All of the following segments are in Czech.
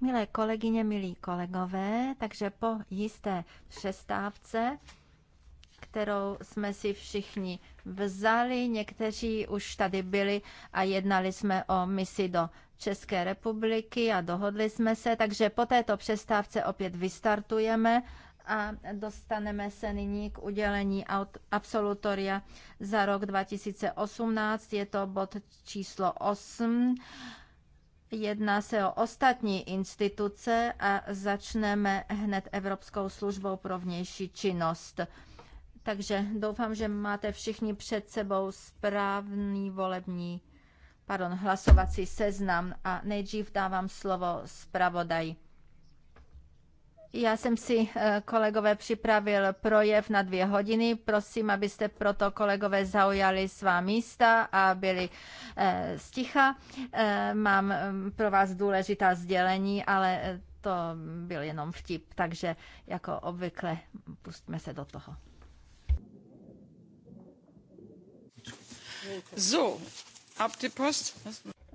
Milé kolegyně, milí kolegové, takže po jisté přestávce, kterou jsme si všichni vzali, někteří už tady byli a jednali jsme o misi do České republiky a dohodli jsme se, takže po této přestávce opět vystartujeme a dostaneme se nyní k udělení absolutoria za rok 2018. Je to bod číslo 8. Jedná se o ostatní instituce a začneme hned Evropskou službou pro vnější činnost. Takže doufám, že máte všichni před sebou správný volební pardon, hlasovací seznam a nejdřív dávám slovo zpravodaj. Já jsem si, eh, kolegové, připravil projev na dvě hodiny. Prosím, abyste proto, kolegové, zaujali svá místa a byli sticha. Eh, eh, mám mm, pro vás důležitá sdělení, ale to byl jenom vtip, takže jako obvykle pustíme se do toho. So, ab die Post.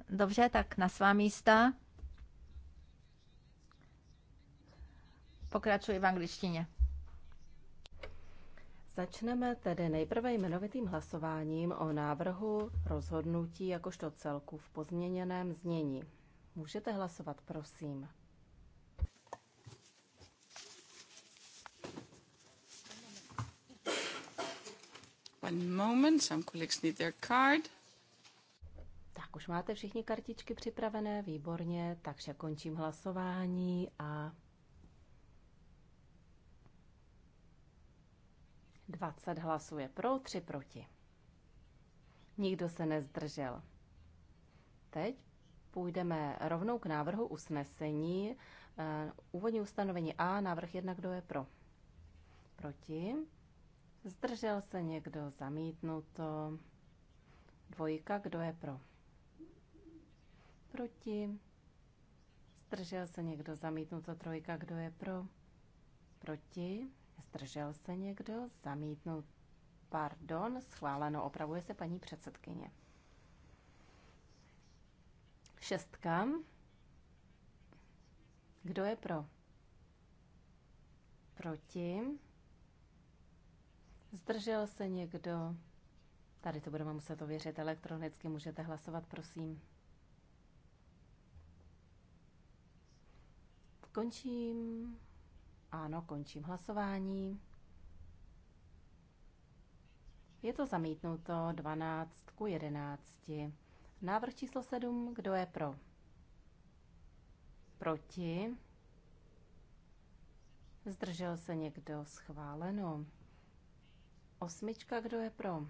Dobře, tak na svá místa. Pokračuji v angličtině. Začneme tedy nejprve jmenovitým hlasováním o návrhu rozhodnutí jakožto celku v pozměněném znění. Můžete hlasovat, prosím. One moment, some colleagues need their card. Tak už máte všichni kartičky připravené, výborně, takže končím hlasování a 20 hlasuje pro, 3 proti. Nikdo se nezdržel. Teď půjdeme rovnou k návrhu usnesení. Eh, úvodní ustanovení A, návrh 1, kdo je pro? Proti. Zdržel se někdo, zamítnuto. Dvojka, kdo je pro? Proti. Zdržel se někdo, zamítnuto. Trojka, kdo je pro? Proti. Zdržel se někdo? Zamítnout. Pardon, schváleno. Opravuje se paní předsedkyně. Šestka. Kdo je pro? Proti. Zdržel se někdo? Tady to budeme muset ověřit elektronicky. Můžete hlasovat, prosím. Končím. Ano, končím hlasování. Je to zamítnuto 12 ku 11. Návrh číslo 7, kdo je pro? Proti? Zdržel se někdo schváleno? Osmička, kdo je pro?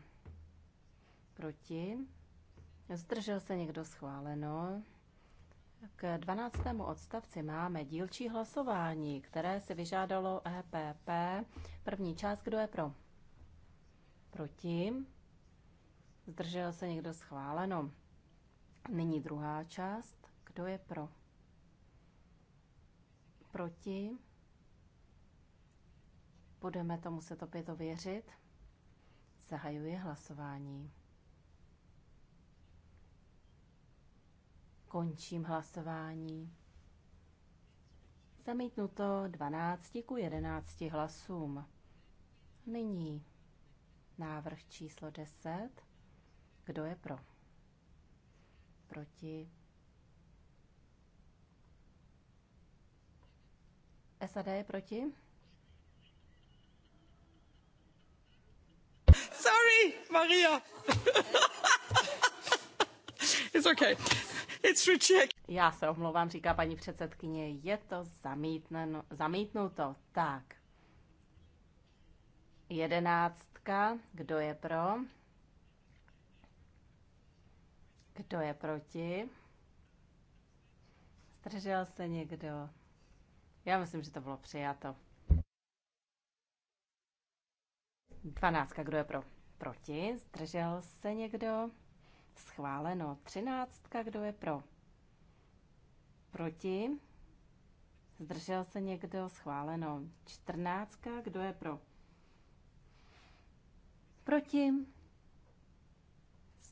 Proti? Zdržel se někdo schváleno? K 12. odstavci máme dílčí hlasování, které se vyžádalo EPP. První část, kdo je pro? Proti? Zdržel se někdo schváleno. Nyní druhá část, kdo je pro? Proti? Budeme to muset opět ověřit. Zahajuji hlasování. Končím hlasování. Zamítnuto 12 ku 11 hlasům. Nyní návrh číslo 10. Kdo je pro? Proti? SAD je proti? Sorry, Maria. It's okay. It's reject. Já se omlouvám, říká paní předsedkyně, je to zamítneno, zamítnuto. Tak. Jedenáctka, kdo je pro? Kdo je proti? Zdržel se někdo? Já myslím, že to bylo přijato. Dvanáctka, kdo je pro? Proti? Zdržel se někdo? Schváleno. Třináctka, kdo je pro? Proti? Zdržel se někdo? Schváleno. Čtrnáctka, kdo je pro? Proti?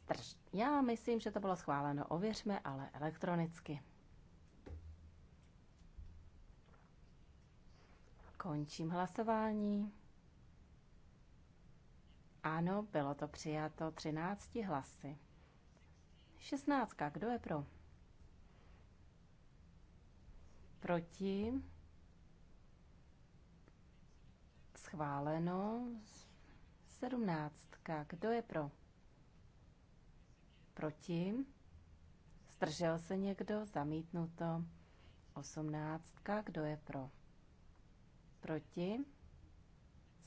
Zdrž... Já myslím, že to bylo schváleno. Ověřme, ale elektronicky. Končím hlasování. Ano, bylo to přijato 13 hlasy. 16. Kdo je pro? Proti? Schváleno. 17. Kdo je pro? Proti? Zdržel se někdo? Zamítnuto. 18. Kdo je pro? Proti?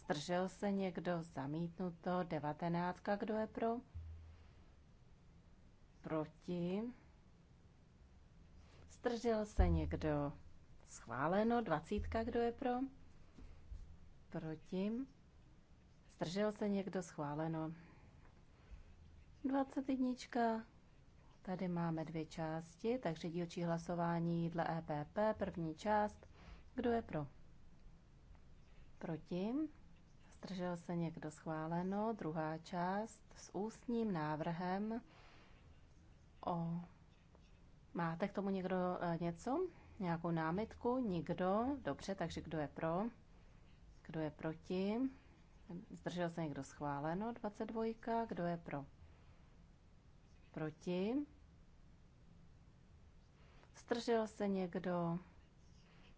Zdržel se někdo? Zamítnuto. 19. Kdo je pro? proti, zdržel se někdo, schváleno, dvacítka, kdo je pro, proti, zdržel se někdo, schváleno, jednička. Tady máme dvě části, takže dílčí hlasování dle EPP, první část, kdo je pro, proti, zdržel se někdo schváleno, druhá část s ústním návrhem, o... Máte k tomu někdo eh, něco? Nějakou námitku? Nikdo? Dobře, takže kdo je pro? Kdo je proti? Zdržel se někdo schváleno? 22. Kdo je pro? Proti? Zdržel se někdo?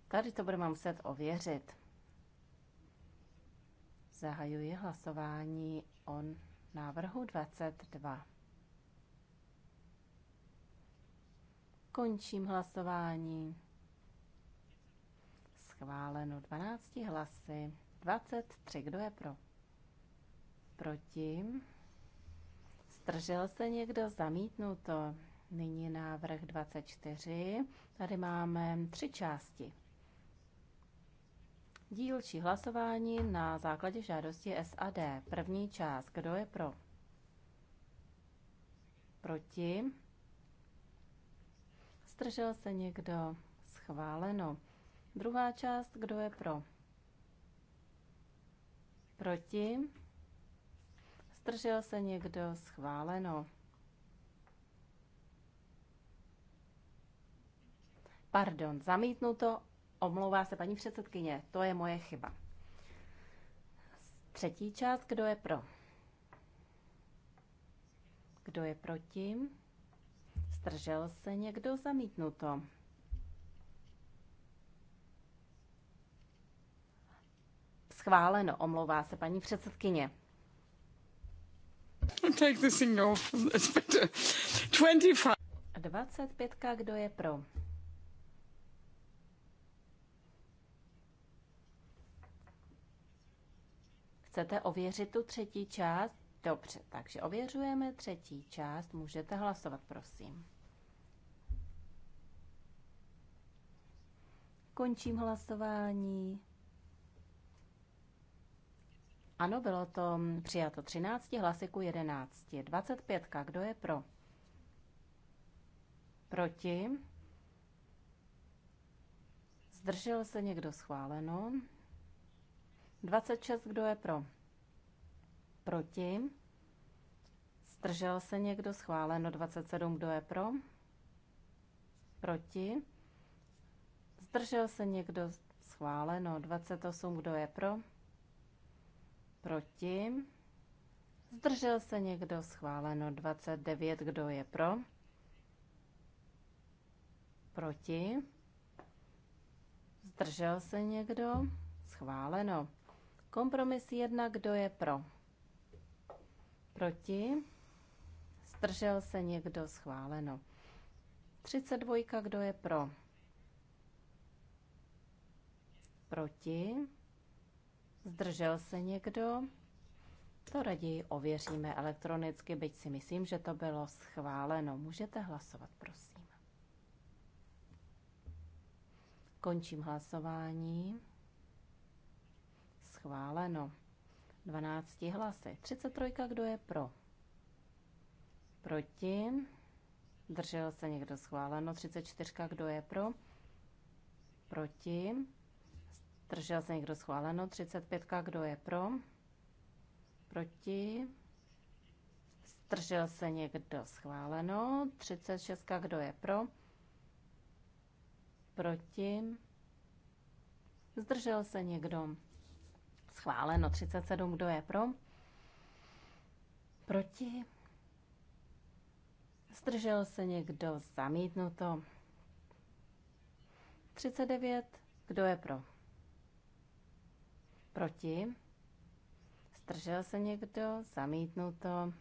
Tady to budeme muset ověřit. Zahajuji hlasování o návrhu 22. Končím hlasování. Schváleno 12 hlasy. 23. Kdo je pro? Proti? Zdržel se někdo? Zamítnuto. Nyní návrh 24. Tady máme tři části. Dílčí hlasování na základě žádosti SAD. První část. Kdo je pro? Proti? Zdržel se někdo? Schváleno. Druhá část, kdo je pro? Proti? Zdržel se někdo? Schváleno. Pardon, zamítnuto. Omlouvá se paní předsedkyně, to je moje chyba. Třetí část, kdo je pro? Kdo je proti? Zdržel se někdo zamítnuto? Schváleno, omlouvá se paní předsedkyně. Take the signal. That's better. 25. 25. Kdo je pro? Chcete ověřit tu třetí část? Dobře, takže ověřujeme třetí část. Můžete hlasovat, prosím. Končím hlasování. Ano, bylo to přijato 13 hlasy ku 11. 25. Kdo je pro? Proti? Zdržel se někdo schváleno? 26. Kdo je pro? Proti? Zdržel se někdo? Schváleno 27. Kdo je pro? Proti? Zdržel se někdo? Schváleno 28. Kdo je pro? Proti? Zdržel se někdo? Schváleno 29. Kdo je pro? Proti? Zdržel se někdo? Schváleno. Kompromis 1. Kdo je pro? Proti? Zdržel se někdo? Schváleno. 32. Kdo je pro? Proti? Zdržel se někdo? To raději ověříme elektronicky, byť si myslím, že to bylo schváleno. Můžete hlasovat, prosím. Končím hlasování. Schváleno. 12 hlasy. 33, kdo je pro? Proti? Držel se někdo schváleno. 34, kdo je pro? Proti? Držel se někdo schváleno. 35, kdo je pro? Proti? Držel se někdo schváleno. 36, kdo je pro? Proti? Zdržel se někdo? Schváleno 37, kdo je pro? Proti? Zdržel se někdo? Zamítnuto. 39, kdo je pro? Proti? Zdržel se někdo? Zamítnuto.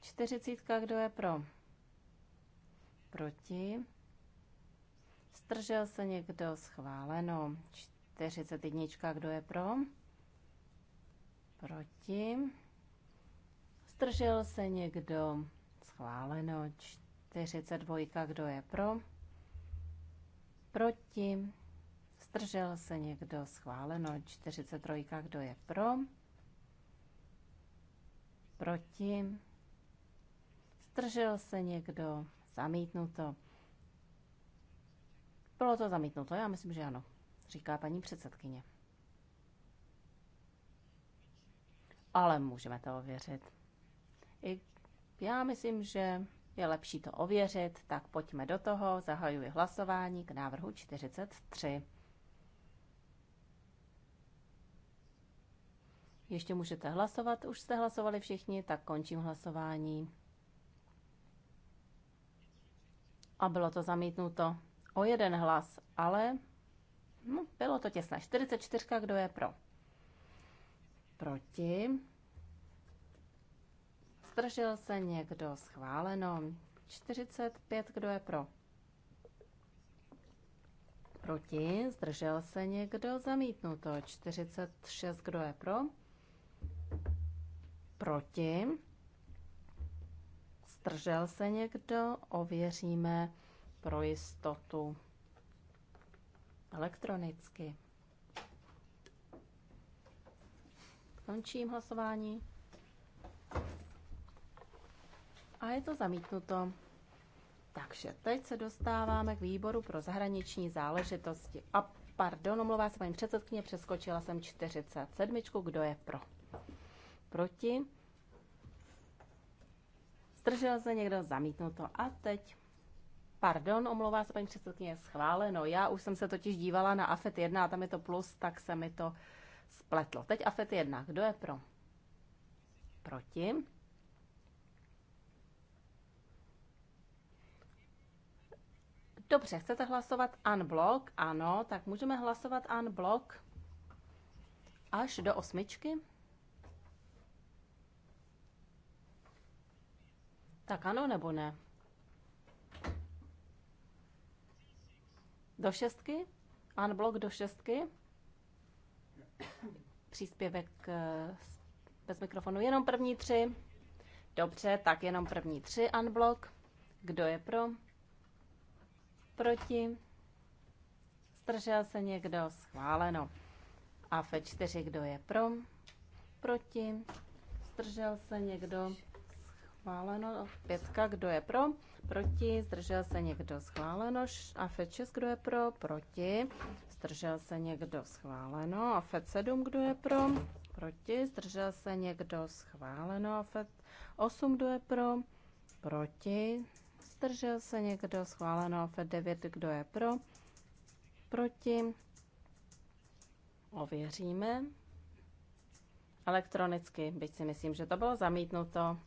40, kdo je pro? Proti? Zdržel se někdo? Schváleno. 41, kdo je pro? Proti. Zdržel se někdo? Schváleno. 42. Kdo je pro? Proti. Zdržel se někdo? Schváleno. 43. Kdo je pro? Proti. Zdržel se někdo? Zamítnuto. Bylo to zamítnuto, já myslím, že ano, říká paní předsedkyně. ale můžeme to ověřit. I já myslím, že je lepší to ověřit, tak pojďme do toho. Zahajuji hlasování k návrhu 43. Ještě můžete hlasovat, už jste hlasovali všichni, tak končím hlasování. A bylo to zamítnuto o jeden hlas, ale no, bylo to těsné. 44, kdo je pro? proti, zdržel se někdo schváleno, 45, kdo je pro, proti, zdržel se někdo zamítnuto, 46, kdo je pro, proti, zdržel se někdo, ověříme pro jistotu elektronicky. Končím hlasování. A je to zamítnuto. Takže teď se dostáváme k výboru pro zahraniční záležitosti. A pardon, omlouvá se paní předsedkyně, přeskočila jsem 47. Kdo je pro? Proti? Zdržel se někdo? Zamítnuto. A teď Pardon, omlouvá se paní předsedkyně, schváleno. Já už jsem se totiž dívala na AFET 1 a tam je to plus, tak se mi to spletlo. Teď AFET jedna. Kdo je pro? Proti. Dobře, chcete hlasovat unblock? Ano, tak můžeme hlasovat unblock až do osmičky. Tak ano nebo ne? Do šestky? Unblock do šestky? příspěvek eh, bez mikrofonu jenom první tři. Dobře, tak jenom první tři unblock. Kdo je pro? Proti? Zdržel se někdo? Schváleno. A fe 4, kdo je pro? Proti? Zdržel se někdo? Schváleno. Pětka, kdo je pro? Proti? Zdržel se někdo? Schváleno. A fe 6, kdo je pro? Proti? zdržel se někdo schváleno. A FED 7, kdo je pro, proti, zdržel se někdo schváleno. A FED 8, kdo je pro, proti, zdržel se někdo schváleno. A FED 9, kdo je pro, proti, ověříme elektronicky, byť si myslím, že to bylo zamítnuto.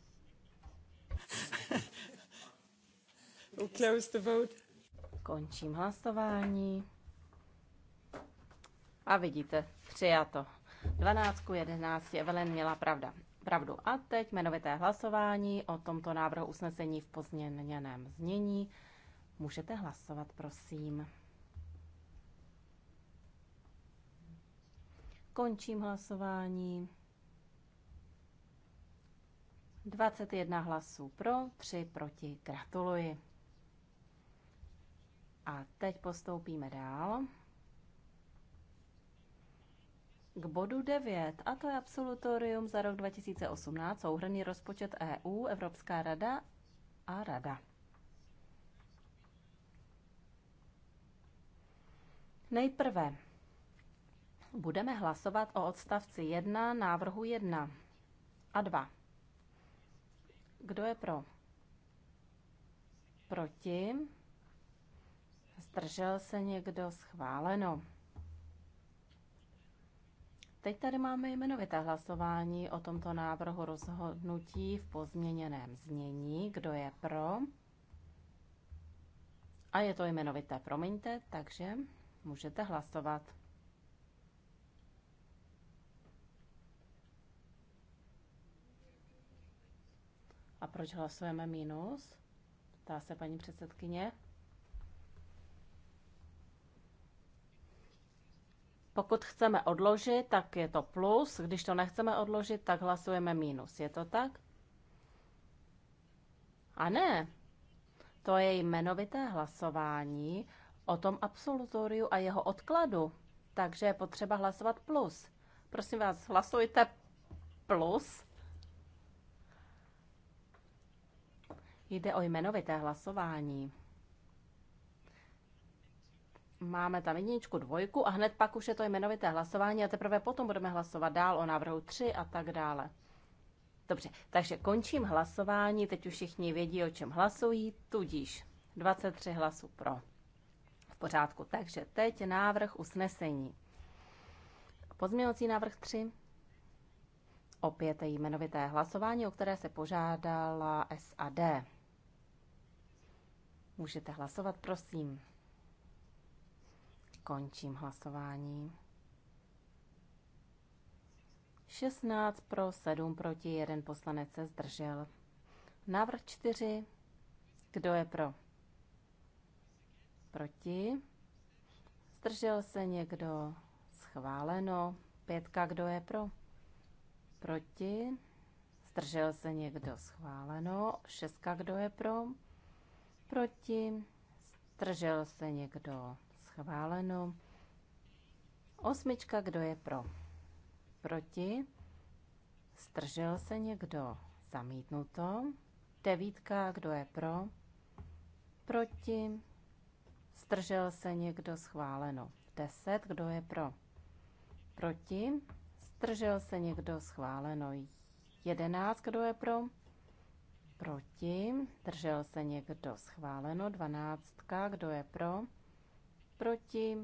We'll close the vote. Končím hlasování. A vidíte, přijato. 12 k 11 Evelyn měla pravda. Pravdu. A teď jmenovité hlasování o tomto návrhu usnesení v pozměněném znění. Můžete hlasovat, prosím. Končím hlasování. 21 hlasů pro, 3 proti. Gratuluji. A teď postoupíme dál k bodu 9, a to je absolutorium za rok 2018, souhrný rozpočet EU, Evropská rada a rada. Nejprve budeme hlasovat o odstavci 1 návrhu 1 a 2. Kdo je pro? Proti? Zdržel se někdo schváleno? Teď tady máme jmenovité hlasování o tomto návrhu rozhodnutí v pozměněném znění. Kdo je pro? A je to jmenovité, promiňte, takže můžete hlasovat. A proč hlasujeme minus? Ptá se paní předsedkyně. Pokud chceme odložit, tak je to plus, když to nechceme odložit, tak hlasujeme minus. Je to tak? A ne, to je jmenovité hlasování o tom absolutoriu a jeho odkladu, takže je potřeba hlasovat plus. Prosím vás, hlasujte plus. Jde o jmenovité hlasování. Máme tam jedničku, dvojku a hned pak už je to jmenovité hlasování a teprve potom budeme hlasovat dál o návrhu 3 a tak dále. Dobře, takže končím hlasování, teď už všichni vědí, o čem hlasují, tudíž 23 hlasů pro. V pořádku, takže teď návrh usnesení. Pozměňovací návrh 3. Opět je jmenovité hlasování, o které se požádala SAD. Můžete hlasovat, prosím. Končím hlasování. 16 pro, 7 proti, 1 poslanec se zdržel. Návrh 4. Kdo je pro? Proti. Zdržel se někdo? Schváleno. Pětka, kdo je pro? Proti. Zdržel se někdo? Schváleno. Šestka, kdo je pro? Proti. Zdržel se někdo? Schváleno. Osmička, kdo je pro? Proti? Stržel se někdo? Zamítnuto. Devítka, kdo je pro? Proti? Stržel se někdo? Schváleno. Deset, kdo je pro? Proti? Stržel se někdo? Schváleno. Jedenáct, kdo je pro? Proti? Držel se někdo? Schváleno. Dvanáctka, kdo je pro? Proti?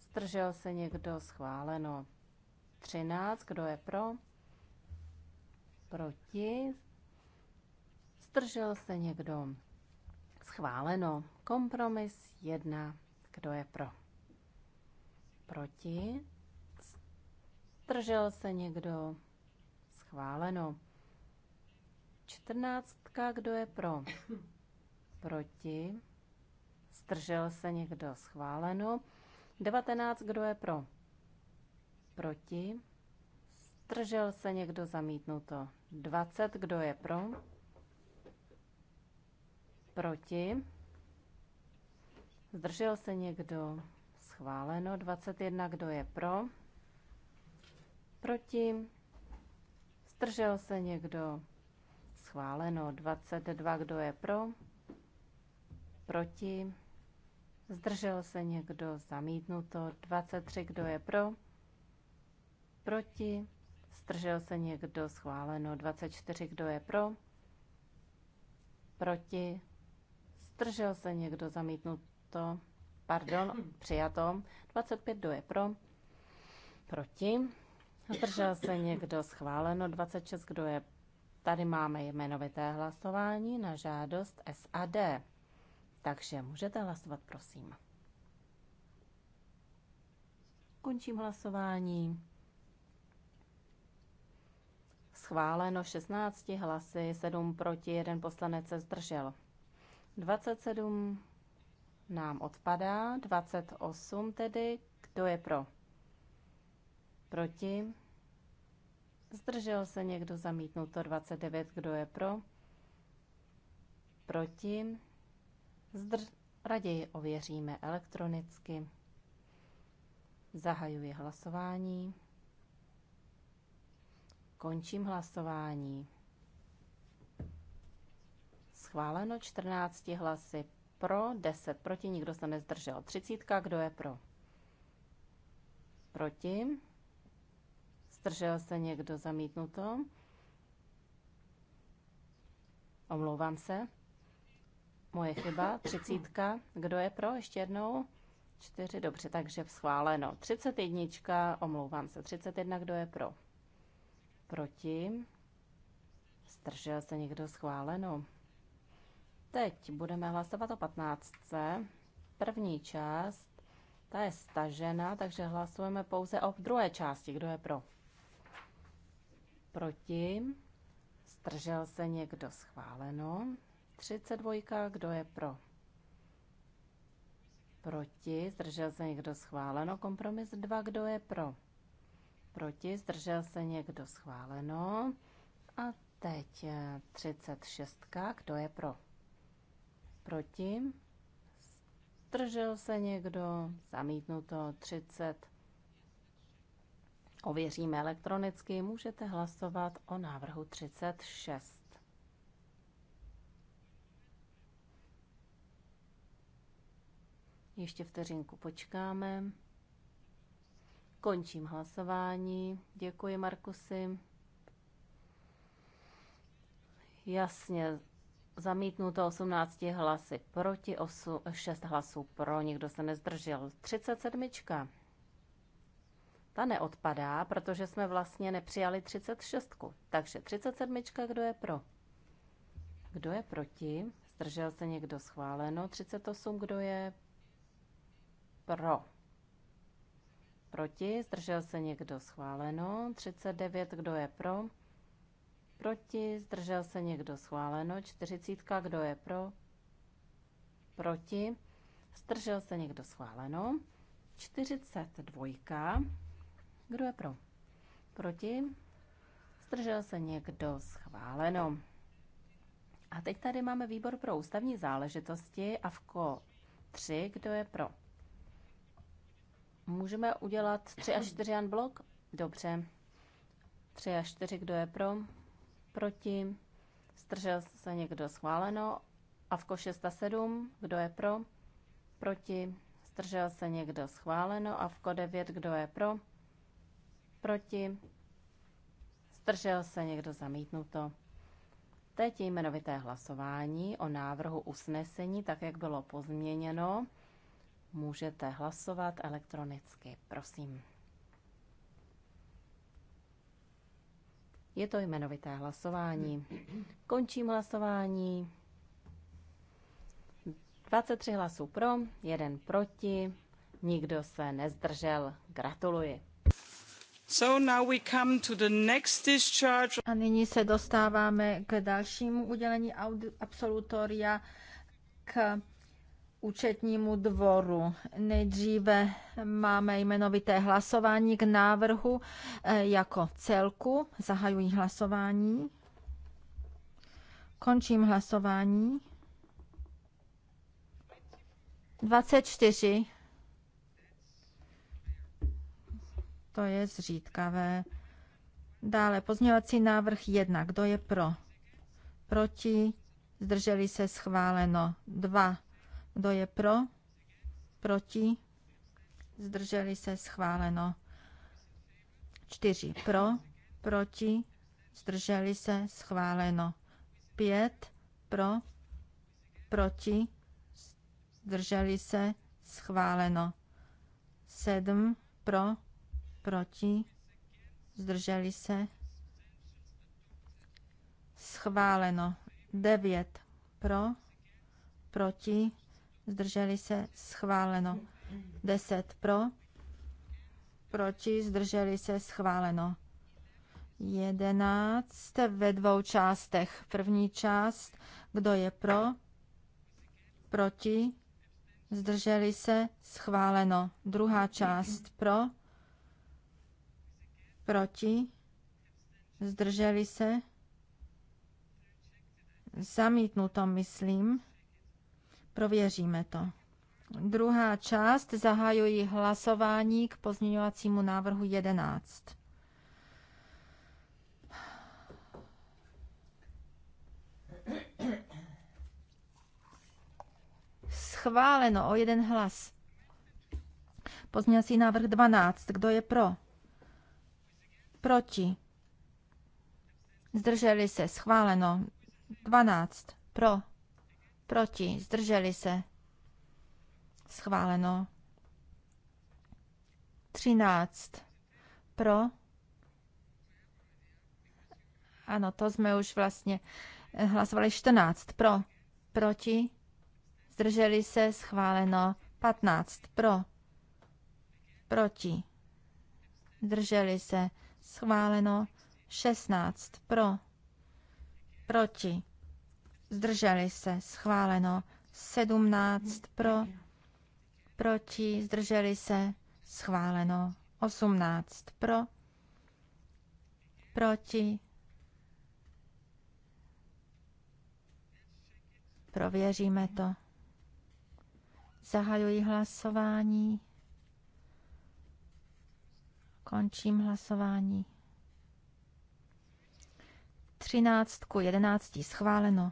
Zdržel se někdo? Schváleno. 13. Kdo je pro? Proti? Zdržel se někdo? Schváleno. Kompromis 1. Kdo je pro? Proti? Zdržel se někdo? Schváleno. 14. kdo je pro? Proti? Zdržel se někdo schváleno. 19. Kdo je pro? Proti. Zdržel se někdo zamítnuto. 20. Kdo je pro? Proti. Zdržel se někdo? Schváleno. 21. Kdo je pro? Proti. Zdržel se někdo? Schváleno. 22. Kdo je pro? Proti. Zdržel se někdo? Zamítnuto. 23. Kdo je pro? Proti? Zdržel se někdo? Schváleno. 24. Kdo je pro? Proti? Zdržel se někdo? Zamítnuto. Pardon, přijato. 25. Kdo je pro? Proti? Zdržel se někdo? Schváleno. 26. Kdo je Tady máme jmenovité hlasování na žádost SAD. Takže můžete hlasovat, prosím. Končím hlasování. Schváleno 16 hlasy, 7 proti, 1 poslanec se zdržel. 27 nám odpadá, 28 tedy. Kdo je pro? Proti? Zdržel se někdo zamítnuto 29, kdo je pro? Proti? Zdr- raději ověříme elektronicky. Zahajuji hlasování. Končím hlasování. Schváleno 14 hlasy pro, 10 proti, nikdo se nezdržel. 30, kdo je pro? Proti. Zdržel se někdo zamítnuto? Omlouvám se. Moje chyba, třicítka. Kdo je pro? Ještě jednou. Čtyři, dobře, takže schváleno. Třicet jednička, omlouvám se. Třicet jedna, kdo je pro? Proti. Zdržel se někdo schváleno. Teď budeme hlasovat o patnáctce. První část, ta je stažena, takže hlasujeme pouze o druhé části. Kdo je pro? Proti. Zdržel se někdo schváleno. 32. Kdo je pro? Proti. Zdržel se někdo schváleno. Kompromis 2. Kdo je pro? Proti. Zdržel se někdo schváleno. A teď 36. Eh, kdo je pro? Proti. Zdržel se někdo. Zamítnuto 30. Ověříme elektronicky. Můžete hlasovat o návrhu 36. Ještě vteřinku počkáme. Končím hlasování. Děkuji, Markusy. Jasně, zamítnuto 18 hlasy proti, 8, 6 hlasů pro, nikdo se nezdržel. 37. Ta neodpadá, protože jsme vlastně nepřijali 36. Takže 37. kdo je pro? Kdo je proti? Zdržel se někdo schváleno? 38. Kdo je pro. Proti, zdržel se někdo schváleno. 39, kdo je pro? Proti, zdržel se někdo schváleno. 40, kdo je pro? Proti, zdržel se někdo schváleno. 42, kdo je pro? Proti, zdržel se někdo schváleno. A teď tady máme výbor pro ústavní záležitosti a v ko 3, kdo je pro? Můžeme udělat 3 až 4 unblock? Dobře. 3 až 4, kdo je pro? Proti? Zdržel se někdo schváleno? A v 107, kdo je pro? Proti? Zdržel se někdo schváleno? A v 9, kdo je pro? Proti? Zdržel se někdo zamítnuto? Teď je jmenovité hlasování o návrhu usnesení, tak jak bylo pozměněno můžete hlasovat elektronicky. Prosím. Je to jmenovité hlasování. Končím hlasování. 23 hlasů pro, jeden proti, nikdo se nezdržel. Gratuluji. So now we come to the next discharge. A nyní se dostáváme k dalšímu udělení absolutoria k účetnímu dvoru. Nejdříve máme jmenovité hlasování k návrhu eh, jako celku. Zahajuji hlasování. Končím hlasování. 24. To je zřídkavé. Dále pozměňovací návrh 1. Kdo je pro? Proti? Zdrželi se schváleno. 2. Kdo je pro? Proti? Zdrželi se schváleno. čtyři pro, proti, zdrželi se schváleno. pět pro, proti, zdrželi se schváleno. sedm pro, proti, zdrželi se schváleno. devět pro, proti, zdrželi se, schváleno. 10 pro, proti, zdrželi se, schváleno. 11 ve dvou částech. První část, kdo je pro, proti, zdrželi se, schváleno. Druhá část pro, proti, zdrželi se, zamítnuto, myslím. Prověříme to. Druhá část zahajuji hlasování k pozměňovacímu návrhu 11. Schváleno o jeden hlas. Pozměňovací návrh 12. Kdo je pro? Proti. Zdrželi se. Schváleno. 12. Pro proti, zdrželi se, schváleno. 13 pro. Ano, to jsme už vlastně eh, hlasovali 14 pro, proti, zdrželi se, schváleno. 15 pro, proti, zdrželi se, schváleno. 16 pro, proti, zdrželi se, schváleno. 17 pro, proti, zdrželi se, schváleno. 18 pro, proti, prověříme to. Zahajuji hlasování. Končím hlasování. 13 ku 11 schváleno.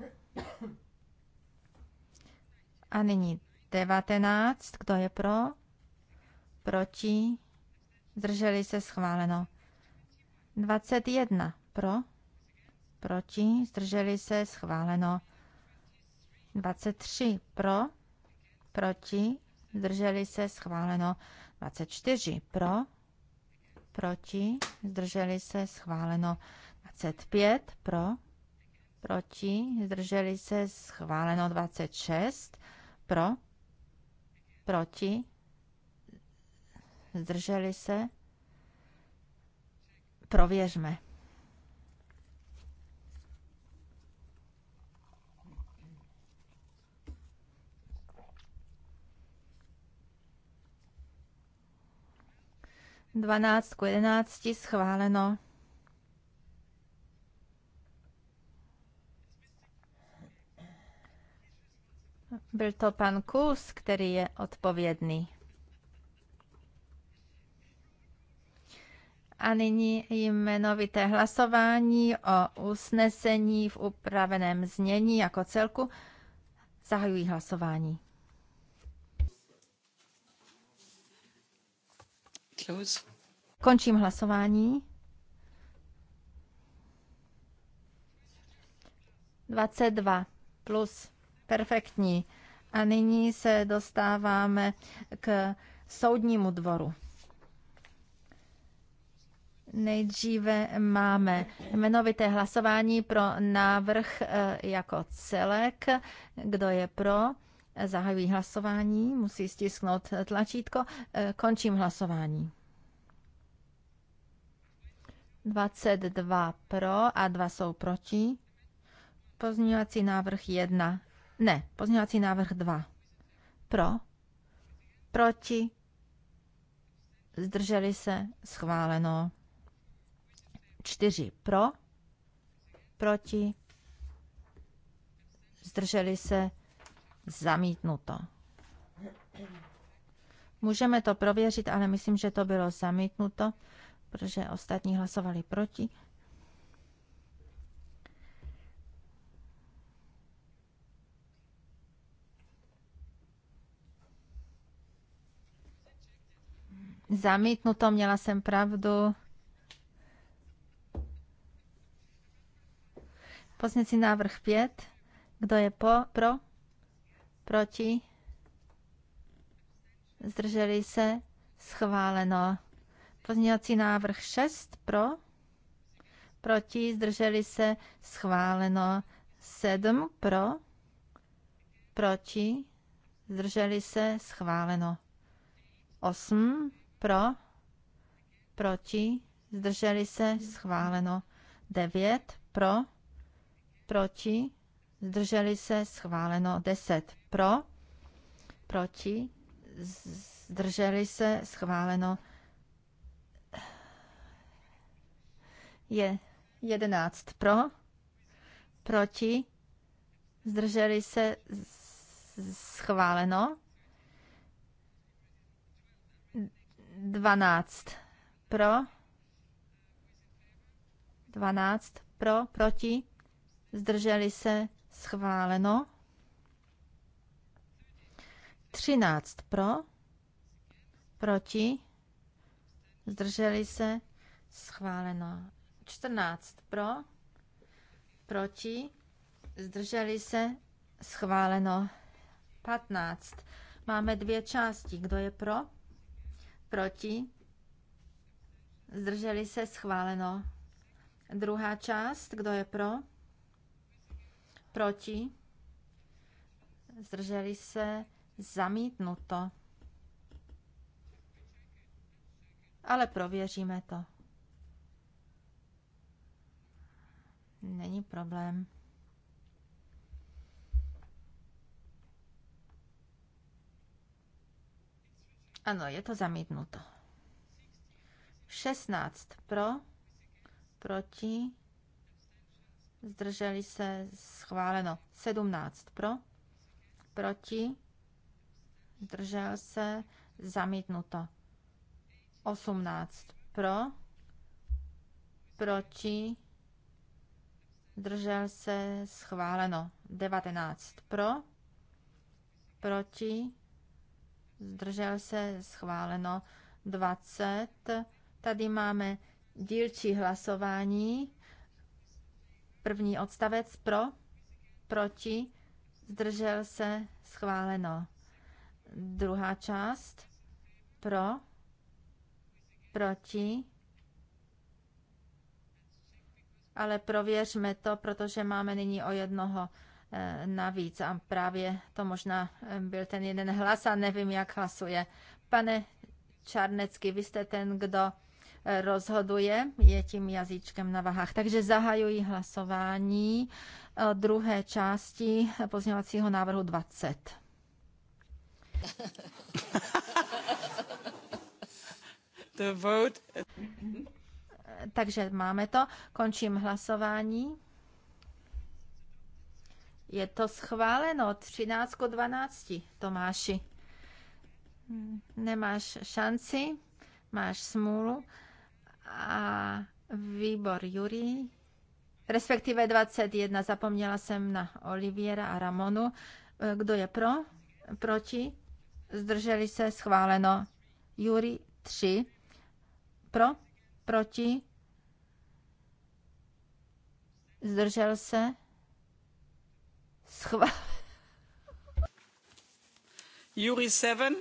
A nyní 19. Kdo je pro? Proti? Zdrželi se schváleno. 21. Pro? Proti? Zdrželi se schváleno. 23. Pro? Proti? Zdrželi se schváleno. 24. Pro? Proti? Zdrželi se schváleno. 25. Pro? proti, zdrželi se schváleno 26, pro, proti, zdrželi se, prověřme. Dvanáct ku jedenácti schváleno. Byl to pan Kus, který je odpovědný. A nyní jmenovité hlasování o usnesení v upraveném znění jako celku. Zahajují hlasování. Close. Končím hlasování. 22 plus perfektní. A nyní se dostáváme k soudnímu dvoru. Nejdříve máme jmenovité hlasování pro návrh eh, jako celek. Kdo je pro? Zahajují hlasování, musí stisknout tlačítko. Eh, končím hlasování. 22 pro a 2 jsou proti. Pozměňovací návrh 1. Ne, pozměňovací návrh 2. Pro, proti, zdrželi se, schváleno. 4 pro, proti, zdrželi se, zamítnuto. Můžeme to prověřit, ale myslím, že to bylo zamítnuto, protože ostatní hlasovali proti. Zamítnuto, měla jsem pravdu. Pozněcí návrh 5. Kdo je po, pro? Proti? Zdrželi se? Schváleno. Pozněcí návrh 6 pro, proti, zdrželi se, schváleno. 7 pro, proti, zdrželi se, schváleno. 8 pro? Proti? Zdrželi se? Schváleno. 9. Pro? Proti? Zdrželi se? Schváleno. 10. Pro? Proti? Zdrželi se? Schváleno. Je 11. Pro? Proti? Zdrželi se? Schváleno. 12 pro, 12 pro, proti, zdrželi se, schváleno. 13 pro, proti, zdrželi se, schváleno. 14 pro, proti, zdrželi se, schváleno. 15. Máme dvě části. Kdo je pro? proti, zdrželi se schváleno. Druhá část, kdo je pro, proti, zdrželi se zamítnuto. Ale prověříme to. Není problém. Ano, je to zamítnuto. 16 pro, proti, zdrželi se, schváleno. 17 pro, proti, zdržel se, zamítnuto. 18 pro, proti, zdržel se, schváleno. 19 pro, proti, zdržel se, schváleno 20. Tady máme dílčí hlasování. První odstavec pro, proti, zdržel se, schváleno. Druhá část pro, proti, ale prověřme to, protože máme nyní o jednoho Eh, navíc. A právě to možná eh, byl ten jeden hlas a nevím, jak hlasuje. Pane Čarnecky, vy jste ten, kdo eh, rozhoduje, je tím jazyčkem na vahách. Takže zahajuji hlasování druhé části pozměňovacího návrhu 20. The vote. Takže máme to. Končím hlasování. Je to schváleno 13 k 12, Tomáši. Nemáš šanci, máš smůlu a výbor Jurí, respektive 21, zapomněla jsem na Oliviera a Ramonu. Kdo je pro? Proti? Zdrželi se schváleno. Jury 3. Pro? Proti? Zdržel se? Schvál... Jury 7.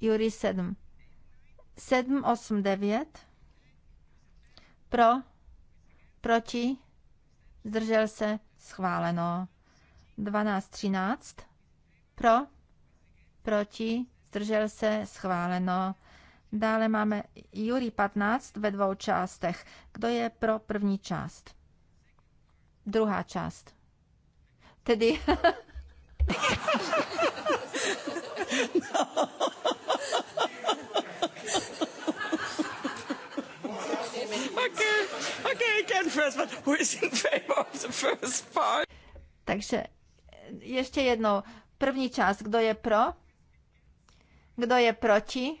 Jury 7. 7, 8, 9. Pro, proti, zdržel se, schváleno. 12, 13. Pro, proti, zdržel se, schváleno. Dále máme Jury 15 ve dvou částech. Kdo je pro první část? Druhá část. Tedy... okay, okay, again first, but who is in favor of the first part? Takže ještě jednou. První část, kdo je pro? Kdo je proti?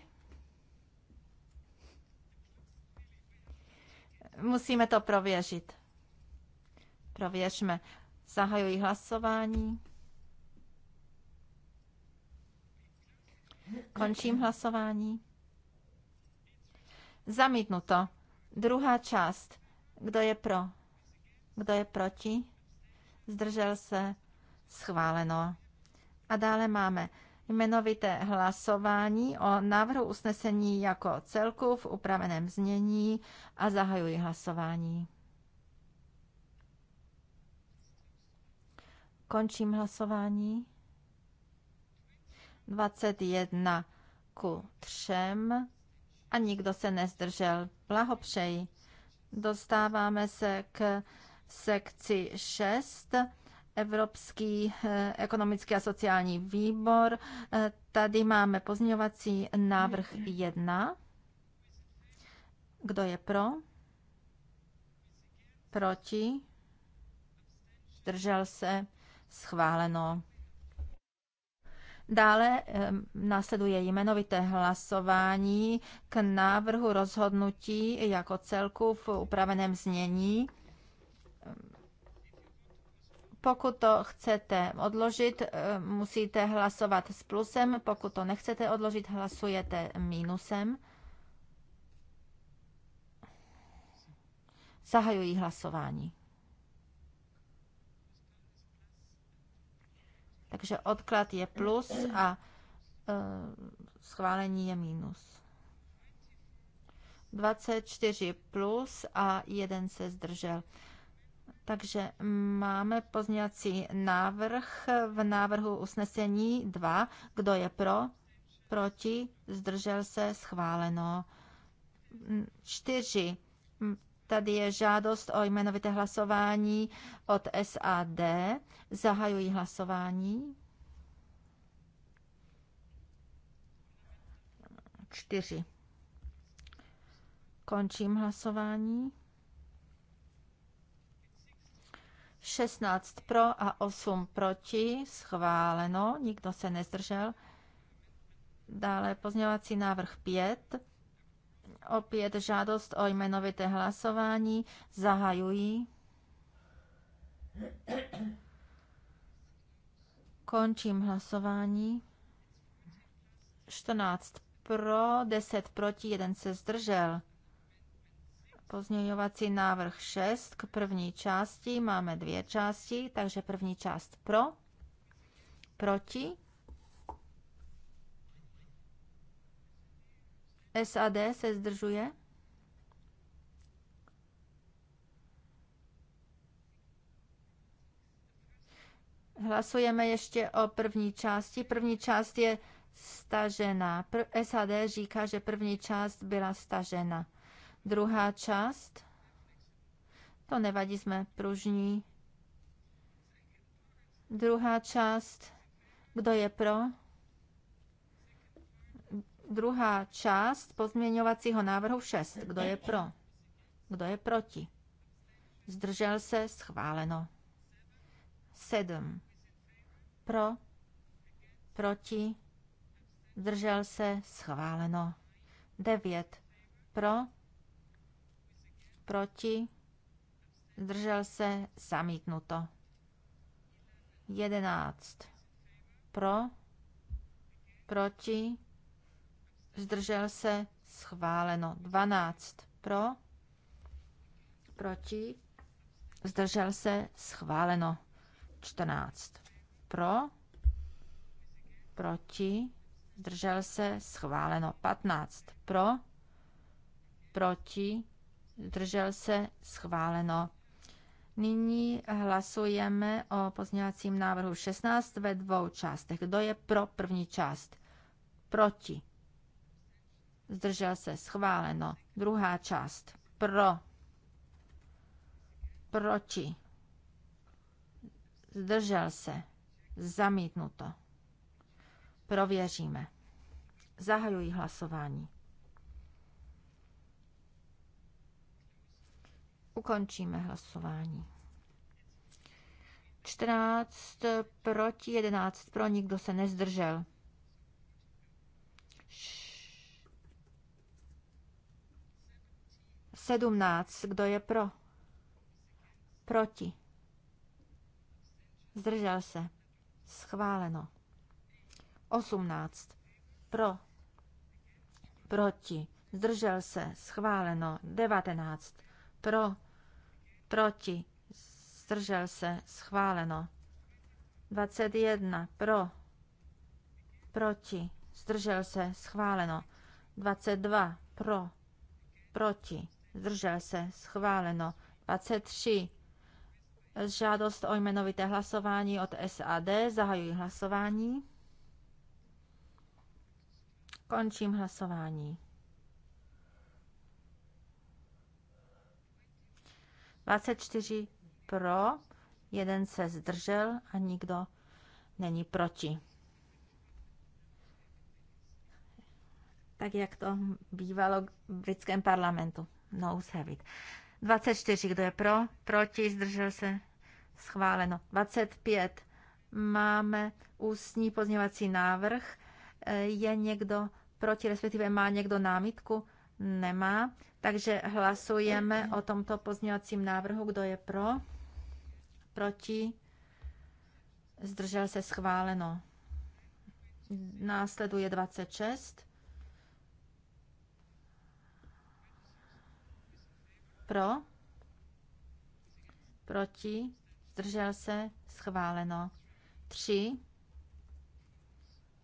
Musíme to prověřit. Prověřme. Zahajuji hlasování. Končím hlasování. Zamítnuto. Druhá část. Kdo je pro? Kdo je proti? Zdržel se? Schváleno. A dále máme jmenovité hlasování o návrhu usnesení jako celku v upraveném znění a zahajuji hlasování. Končím hlasování. 21 ku 3 a nikdo se nezdržel. Blahopřeji. Dostáváme se k sekci 6. Evropský eh, ekonomický a sociální výbor. Eh, tady máme pozměňovací návrh 1. Kdo je pro? Proti? Držel se? schváleno. Dále následuje jmenovité hlasování k návrhu rozhodnutí jako celku v upraveném znění. Pokud to chcete odložit, musíte hlasovat s plusem, pokud to nechcete odložit, hlasujete mínusem. Zahajují hlasování. Takže odklad je plus a e, schválení je minus. 24 plus a jeden se zdržel. Takže máme pozněcí návrh v návrhu usnesení 2. Kdo je pro? Proti? Zdržel se? Schváleno. 4. Tady je žádost o jmenovité hlasování od SAD. Zahajuji hlasování. Čtyři. Končím hlasování. 16 pro a 8 proti. Schváleno. Nikdo se nezdržel. Dále pozměňovací návrh 5 Opět žádost o jmenovité hlasování. Zahajuji. Končím hlasování. 14 pro, 10 proti, 1 se zdržel. Pozměňovací návrh 6 k první části. Máme dvě části, takže první část pro, proti, SAD se zdržuje. Hlasujeme ještě o první části. První část je stažená. Pr- SAD říká, že první část byla stažena. Druhá část, to nevadí, jsme pružní. Druhá část, kdo je pro? Druhá část pozměňovacího návrhu 6. Kdo je pro? Kdo je proti? Zdržel se? Schváleno. 7. Pro? Proti? Zdržel se? Schváleno. 9. Pro? Proti? Zdržel se? Zamítnuto. 11. Pro? Proti? zdržel se, schváleno. 12 pro, proti, zdržel se, schváleno. 14 pro, proti, zdržel se, schváleno. 15 pro, proti, zdržel se, schváleno. Nyní hlasujeme o pozměňovacím návrhu 16 ve dvou částech. Kdo je pro první část? Proti zdržel se, schváleno. Druhá část, pro, proči zdržel se, zamítnuto. Prověříme. Zahajuji hlasování. Ukončíme hlasování. 14 proti 11 pro, nikdo se nezdržel. 17. Kdo je pro? Proti. Zdržel se. Schváleno. 18. Pro. Proti. Zdržel se. Schváleno. 19. Pro. Proti. Zdržel se. Schváleno. 21. Pro. Proti. Zdržel se. Schváleno. 22. Pro. Proti zdržel se, schváleno. 23. Žádost o jmenovité hlasování od SAD, zahajuji hlasování. Končím hlasování. 24 pro, jeden se zdržel a nikdo není proti. Tak jak to bývalo v britském parlamentu nouzhevit. 24, kdo je pro, proti, zdržel se, schváleno. 25, máme ústní pozněvací návrh. Eh, je někdo proti, respektive má někdo námitku? Nemá. Takže hlasujeme o tomto pozněvacím návrhu. Kdo je pro? Proti? Zdržel se schváleno. Následuje 26. Pro? Proti? Zdržel se? Schváleno. 3.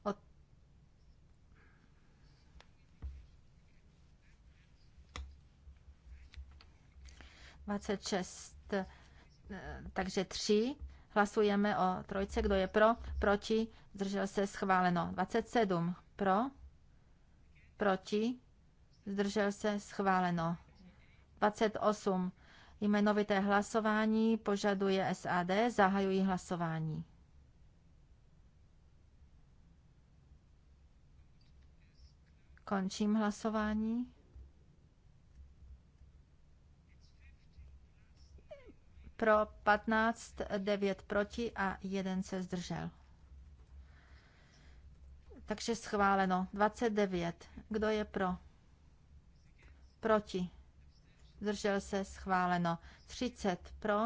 Od... Dvacet šest, eh, takže tři. Hlasujeme o trojce. Kdo je pro? Proti? Zdržel se? Schváleno. sedm, Pro? Proti? Zdržel se? Schváleno. 28. Jmenovité hlasování požaduje SAD. zahajují hlasování. Končím hlasování. Pro 15, 9 proti a 1 se zdržel. Takže schváleno. 29. Kdo je pro? Proti zdržel se, schváleno. 30 pro,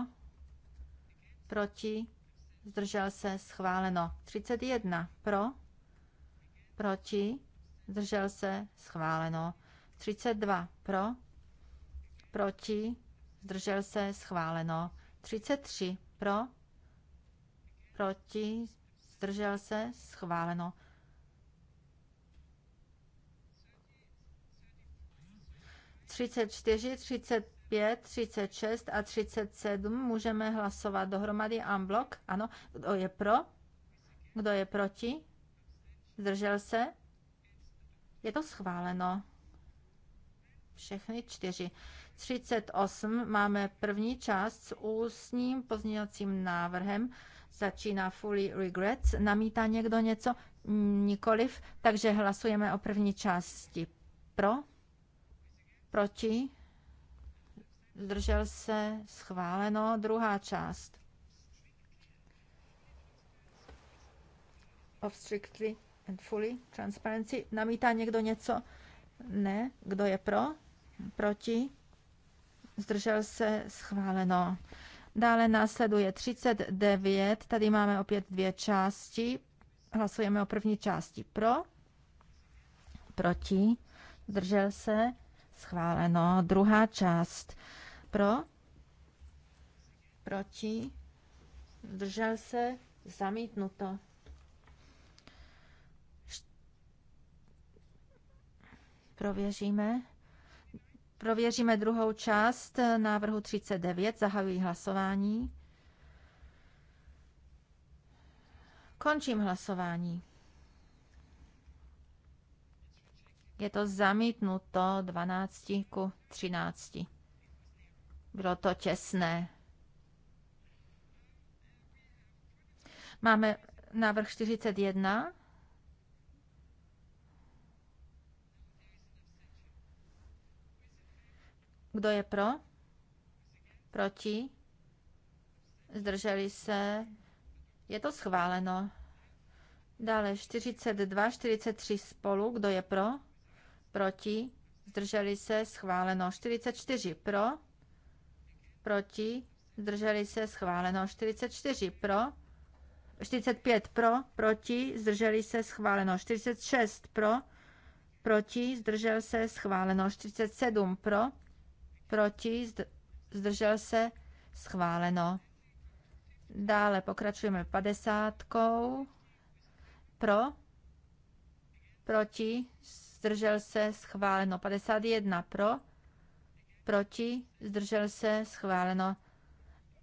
proti, zdržel se, schváleno. 31 pro, proti, zdržel se, schváleno. 32 pro, proti, zdržel se, schváleno. 33 pro, proti, zdržel se, schváleno. 34, 35, 36 a 37 můžeme hlasovat dohromady unblock. Ano, kdo je pro? Kdo je proti? Zdržel se? Je to schváleno. Všechny čtyři. 38 máme první část s ústním pozměňovacím návrhem. Začíná fully regrets. Namítá někdo něco? Nikoliv. Takže hlasujeme o první části. Pro? Proti? Zdržel se? Schváleno. Druhá část. Of strictly and fully transparency. Namítá někdo něco? Ne. Kdo je pro? Proti? Zdržel se? Schváleno. Dále následuje 39. Tady máme opět dvě části. Hlasujeme o první části pro, proti, zdržel se, Schváleno. Druhá část. Pro? Proti? Držel se? Zamítnuto. Prověříme. Prověříme druhou část návrhu 39. Zahajuji hlasování. Končím hlasování. Je to zamítnuto 12 ku 13. Bylo to těsné. Máme návrh 41. Kdo je pro? Proti? Zdrželi se? Je to schváleno. Dále 42, 43 spolu. Kdo je pro? proti, zdrželi se, schváleno 44 pro, proti, zdrželi se, schváleno 44 pro, 45 pro, proti, zdrželi se, schváleno 46 pro, proti, zdržel se, schváleno 47 pro, proti, zdržel se, schváleno. Dále pokračujeme padesátkou. Pro, proti, zdržel se, schváleno. 51 pro, proti, zdržel se, schváleno.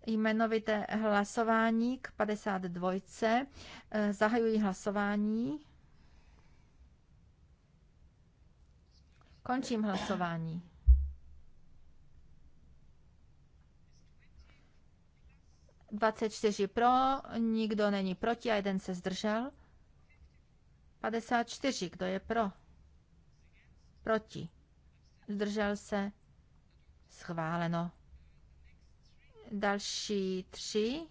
Jmenovité hlasování k 52. Eh, zahajuji hlasování. Končím hlasování. Dvacet čtyři pro, nikdo není proti a jeden se zdržel. Padesát čtyři, kdo je pro? Proti. Zdržel se. Schváleno. Další tři.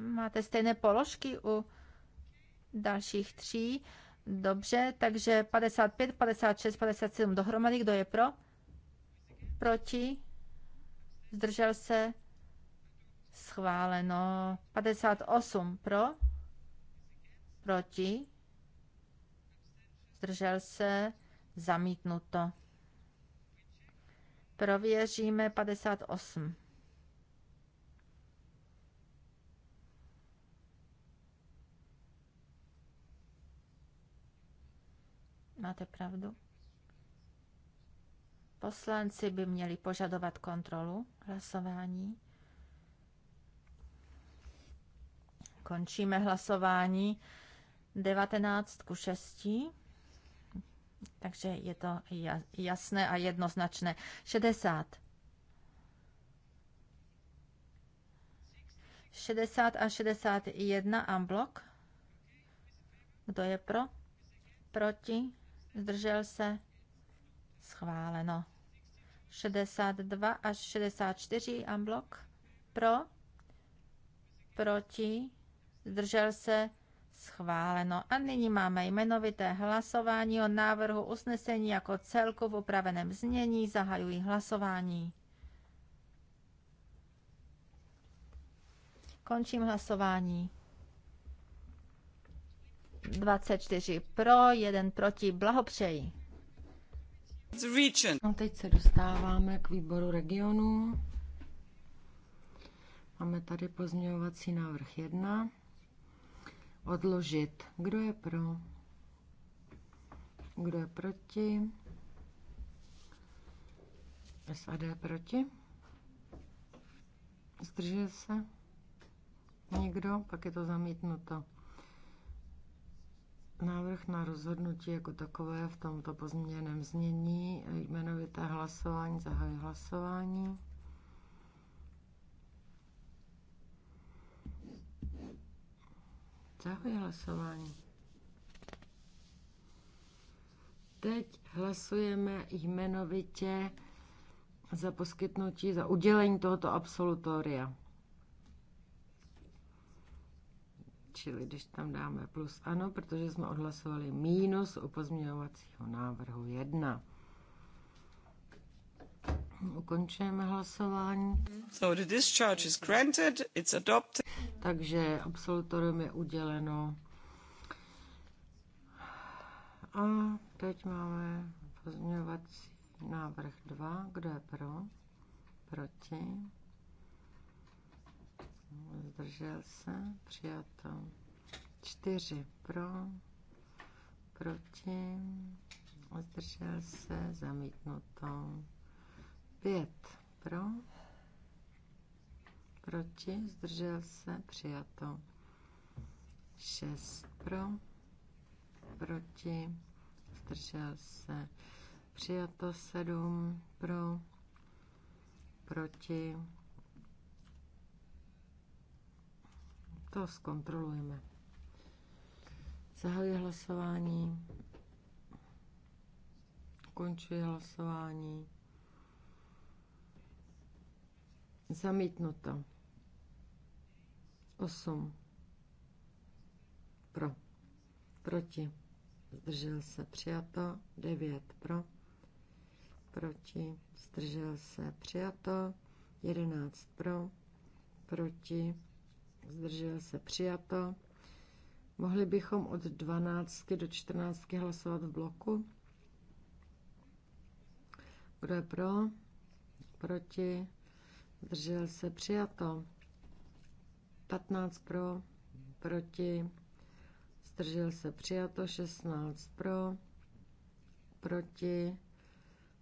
Máte stejné položky u dalších tří. Dobře, takže 55, 56, 57 dohromady. Kdo je pro? Proti? Zdržel se? Schváleno. 58 pro? Proti? Zdržel se? Zamítnuto. Prověříme 58. Máte pravdu. Poslanci by měli požadovat kontrolu hlasování. Končíme hlasování 19 ku 6. Takže je to jasné a jednoznačné. 60. 60 a 61 amblok. Kdo je pro? Proti? Zdržel se? Schváleno. 62 až 64 amblok. Pro? Proti? Zdržel se? schváleno. A nyní máme jmenovité hlasování o návrhu usnesení jako celku v upraveném znění. Zahajuji hlasování. Končím hlasování. 24 pro, 1 proti. Blahopřeji. No, teď se dostáváme k výboru regionu. Máme tady pozměňovací návrh 1 odložit. Kdo je pro? Kdo je proti? SAD proti? Zdržel se? Nikdo? Pak je to zamítnuto. Návrh na rozhodnutí jako takové v tomto pozměněném znění, jmenovité hlasování, zahajuji hlasování. Zahajuji hlasování. Teď hlasujeme jmenovitě za poskytnutí, za udělení tohoto absolutoria. Čili když tam dáme plus ano, protože jsme odhlasovali mínus u pozměňovacího návrhu 1. Ukončujeme hlasování. So the discharge is granted, it's adopted. Takže absolutorium je uděleno. A teď máme pozměňovací návrh 2. Kdo je pro? Proti? Zdržel se? Přijato. 4 pro, proti, zdržel se, zamítnuto. 5 pro, proti, zdržel se, přijato. 6 pro, proti, zdržel se, přijato. 7 pro, proti. To zkontrolujeme. Zahajuji hlasování. Končuji hlasování. Zamítnuto. 8. Pro. Proti. Zdržel se. Přijato. 9. Pro. Proti. Zdržel se. Přijato. 11. Pro. Proti. Zdržel se. Přijato. Mohli bychom od 12 do 14 hlasovat v bloku? Kdo je pro? Proti? zdržel se přijato. 15 pro, proti, zdržel se přijato. 16 pro, proti,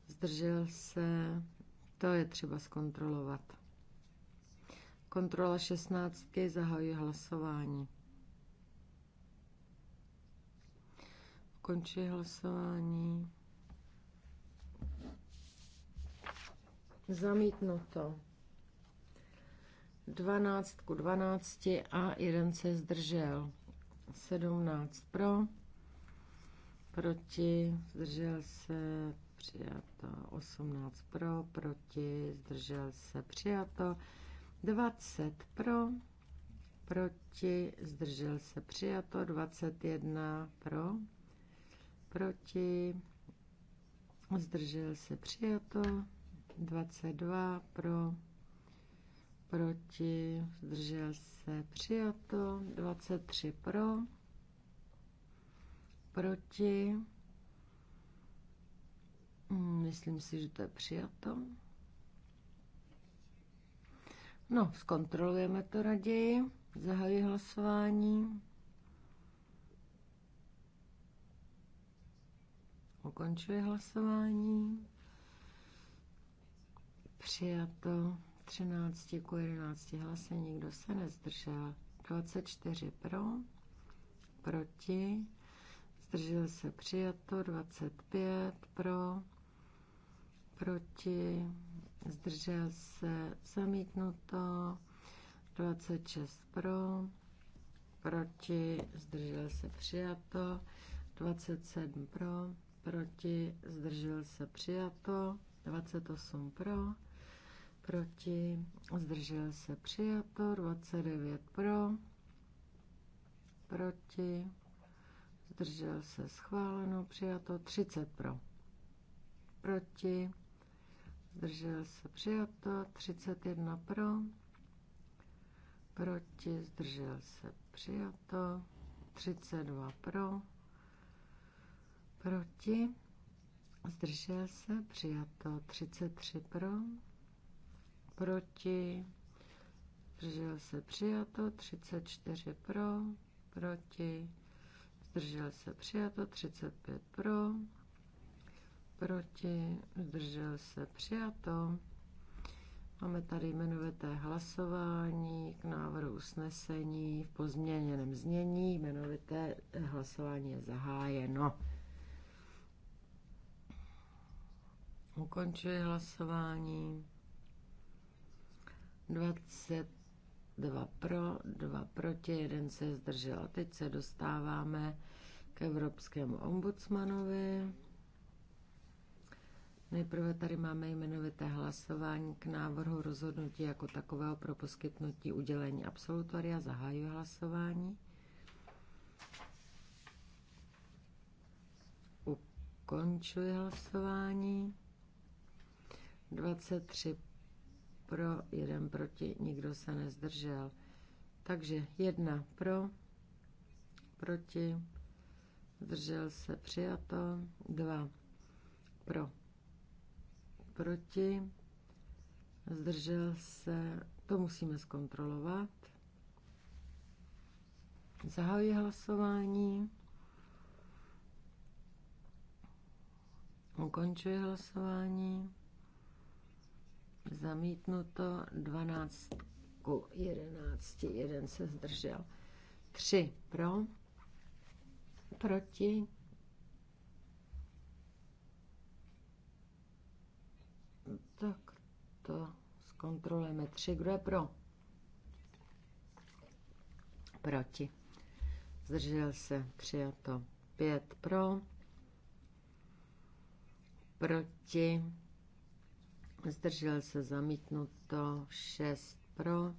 zdržel se, to je třeba zkontrolovat. Kontrola 16. Zahajuji hlasování. Končí hlasování. Zamítnuto. 12 ku 12 a jeden se zdržel. 17 pro, proti, zdržel se, přijato. 18 pro, proti, zdržel se, přijato. 20 pro, proti, zdržel se, přijato. 21 pro, proti, zdržel se, přijato. 22 pro, proti, zdržel se, přijato, 23 pro, proti, hm, myslím si, že to je přijato. No, zkontrolujeme to raději, zahajuji hlasování. Ukončuje hlasování. Přijato. 13 ku 11 hlasy, nikdo se nezdržel. 24 pro, proti, zdržel se přijato, 25 pro, proti, zdržel se zamítnuto, 26 pro, proti, zdržel se přijato, 27 pro, proti, zdržel se přijato, 28 pro, proti, zdržel se přijato, 29 pro, proti, zdržel se schváleno, přijato, 30 pro, proti, zdržel se přijato, 31 pro, proti, zdržel se přijato, 32 pro, proti, zdržel se přijato, 33 pro, proti, zdržel se přijato, 34 pro, proti, zdržel se přijato, 35 pro, proti, zdržel se přijato. Máme tady jmenovité hlasování k návrhu usnesení v pozměněném znění. Jmenovité hlasování je zahájeno. Ukončuji hlasování. 22 pro, 2 proti, 1 se zdržel. A teď se dostáváme k Evropskému ombudsmanovi. Nejprve tady máme jmenovité hlasování k návrhu rozhodnutí jako takového pro poskytnutí udělení absolutoria. Zahajuji hlasování. Ukončuji hlasování. 23 pro, jeden proti, nikdo se nezdržel. Takže jedna pro, proti, zdržel se přijato, dva pro, proti, zdržel se, to musíme zkontrolovat. Zahajuji hlasování. Ukončuji hlasování. Zamítnuto 12 ku 11, jeden se zdržel. 3 pro, proti, tak to zkontrolujeme. 3, kdo je pro? Proti. Zdržel se, přijato. 5 pro, proti zdržel se zamítnuto 6 pro,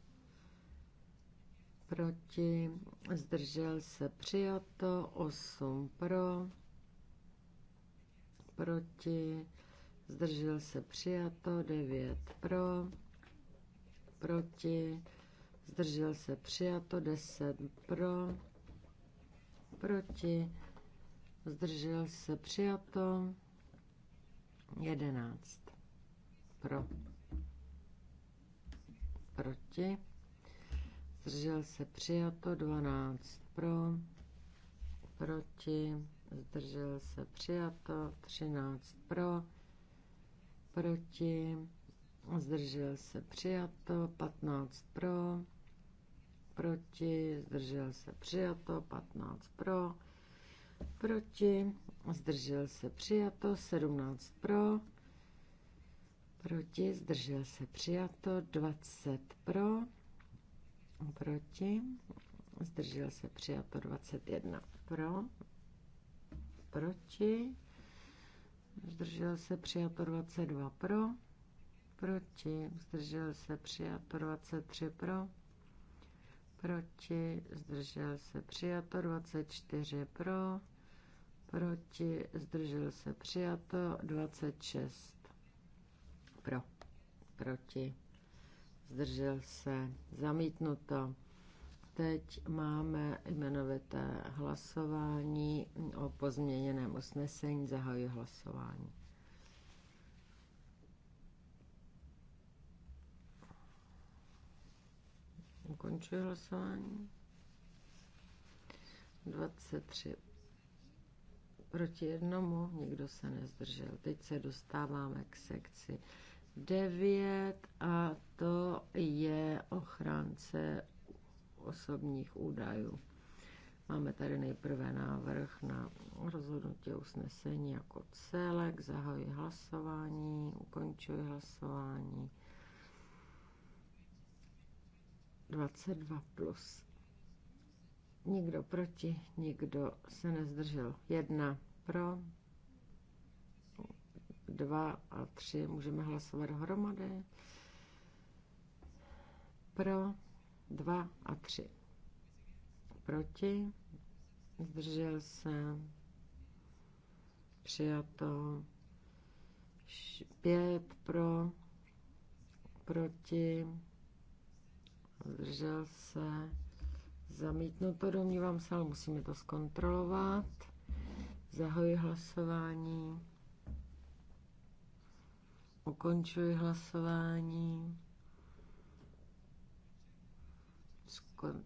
proti, zdržel se přijato 8 pro, proti, zdržel se přijato 9 pro, proti, zdržel se přijato 10 pro, proti, zdržel se přijato 11 pro, proti, zdržel se přijato, 12 pro, proti, zdržel se přijato, 13 pro, proti, zdržel se přijato, 15 pro, proti, zdržel se přijato, 15 pro, proti, zdržel se přijato, 17 pro, proti, zdržel se přijato, 20 pro, proti, zdržel se přijato, 21 pro, proti, zdržel se přijato, 22 pro, proti, zdržel se přijato, 23 pro, proti, zdržel se přijato, 24 pro, proti, zdržel se přijato, 26 proti, zdržel se, zamítnuto. Teď máme jmenovité hlasování o pozměněném usnesení. Zahajuji hlasování. Ukončuji hlasování. 23 proti jednomu, nikdo se nezdržel. Teď se dostáváme k sekci 9 a to je ochránce osobních údajů. Máme tady nejprve návrh na rozhodnutí usnesení jako celek, zahajuji hlasování, ukončuji hlasování. 22 plus. Nikdo proti, nikdo se nezdržel. Jedna pro, 2 a 3 můžeme hlasovat dohromady. Pro 2 a 3. Proti. Zdržel se. Přijato. 5 pro. Proti. Zdržel se. Zamítnuto, domnívám se, ale musíme to zkontrolovat. Zahajuji hlasování. Ukončuji hlasování. Skon,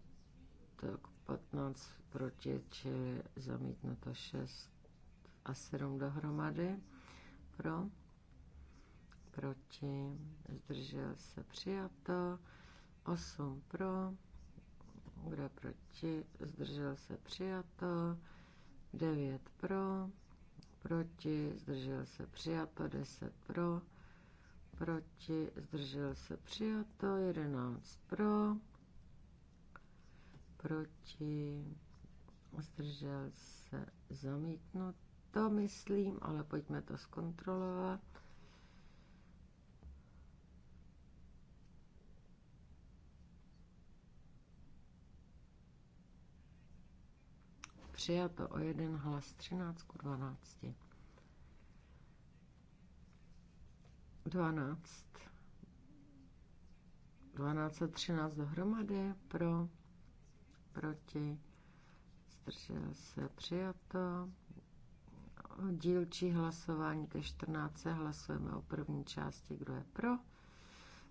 tak 15 proti, čili zamítnuto 6 a 7 dohromady. Pro, proti, zdržel se přijato, 8 pro, kdo proti, zdržel se přijato, 9 pro, proti, zdržel se přijato, 10 pro, proti, zdržel se přijato, 11 pro, proti, zdržel se zamítnut, to myslím, ale pojďme to zkontrolovat. Přijato o jeden hlas 13 k 12. 12. 12 a 13 dohromady pro, proti, zdržel se, přijato. Dílčí hlasování ke 14 hlasujeme o první části, kdo je pro,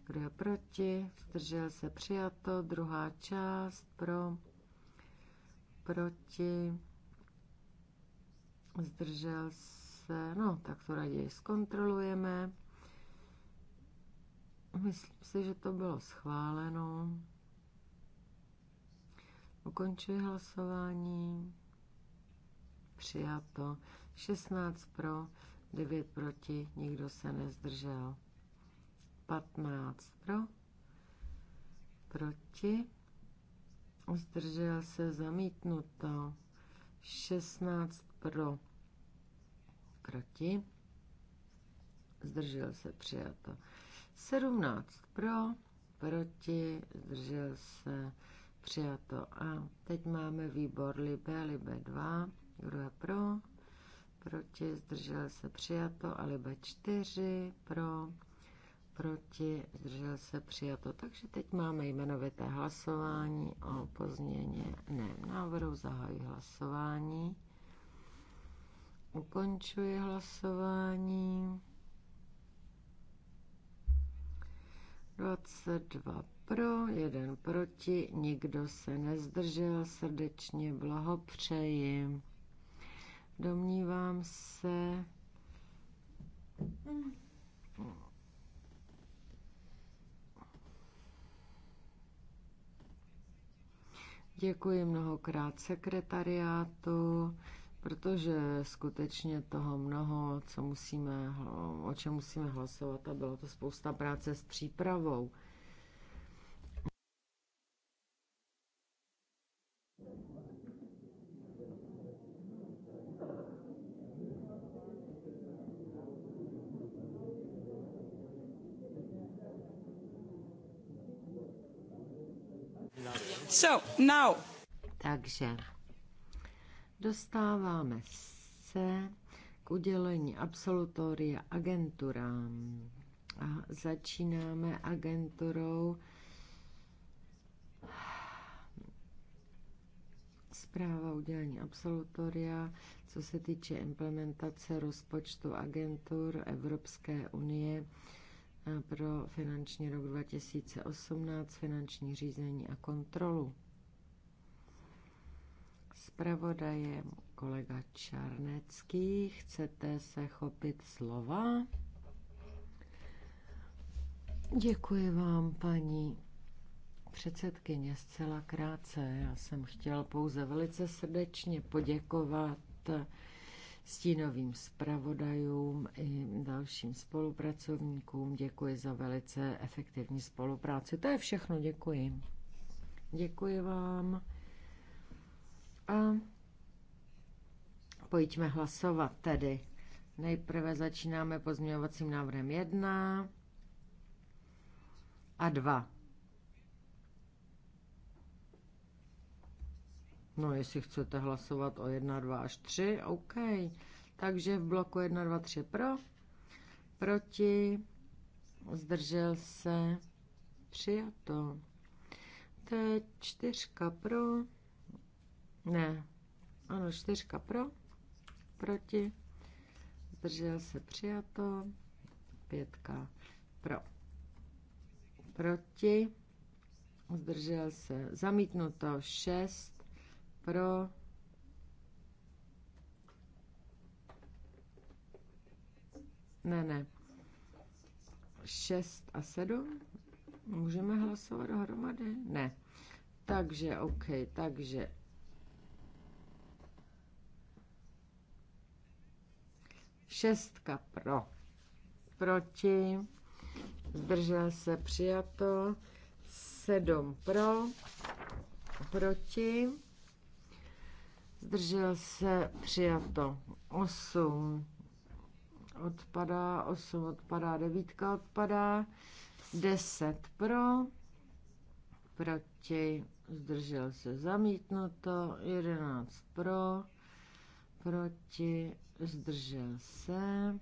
kdo je proti, zdržel se, přijato. Druhá část pro, proti, zdržel se, no tak to raději zkontrolujeme. Myslím si, že to bylo schváleno. Ukončuji hlasování. Přijato. 16 pro, 9 proti, nikdo se nezdržel. 15 pro, proti, zdržel se zamítnuto. 16 pro, proti, zdržel se přijato. 17 pro, proti, zdržel se, přijato. A teď máme výbor Libe, Libe 2, kdo je pro, proti, zdržel se, přijato. A Libe 4 pro, proti, zdržel se, přijato. Takže teď máme jmenovité hlasování o pozměně, ne, návrhu zahají hlasování. Ukončuji hlasování. 22 pro, jeden proti, nikdo se nezdržel, srdečně blahopřeji. Domnívám se, Děkuji mnohokrát sekretariátu protože skutečně toho mnoho, co musíme, o čem musíme hlasovat a bylo to spousta práce s přípravou. So, now. Takže Dostáváme se k udělení absolutoria agenturám. A začínáme agenturou zpráva udělení absolutoria, co se týče implementace rozpočtu agentur Evropské unie pro finanční rok 2018, finanční řízení a kontrolu zpravodajem kolega Čarnecký. Chcete se chopit slova? Děkuji vám, paní předsedkyně, zcela krátce. Já jsem chtěl pouze velice srdečně poděkovat stínovým zpravodajům i dalším spolupracovníkům. Děkuji za velice efektivní spolupráci. To je všechno, děkuji. Děkuji vám. A pojďme hlasovat tedy. Nejprve začínáme pozměňovacím návrhem 1 a 2. No, jestli chcete hlasovat o 1, 2 až 3, OK. Takže v bloku 1, 2, 3 pro, proti, zdržel se, přijato. Teď čtyřka pro, ne. Ano, čtyřka pro, proti, zdržel se přijato, pětka pro, proti, zdržel se zamítnuto, šest pro, ne, ne, šest a sedm, můžeme hlasovat dohromady? Ne. Takže, OK, takže Šestka pro. Proti. Zdržel se přijato. Sedm pro. Proti. Zdržel se přijato. Osm odpadá, osm odpadá, devítka odpadá, deset pro, proti, zdržel se zamítnuto, jedenáct pro, proti, zdržel se,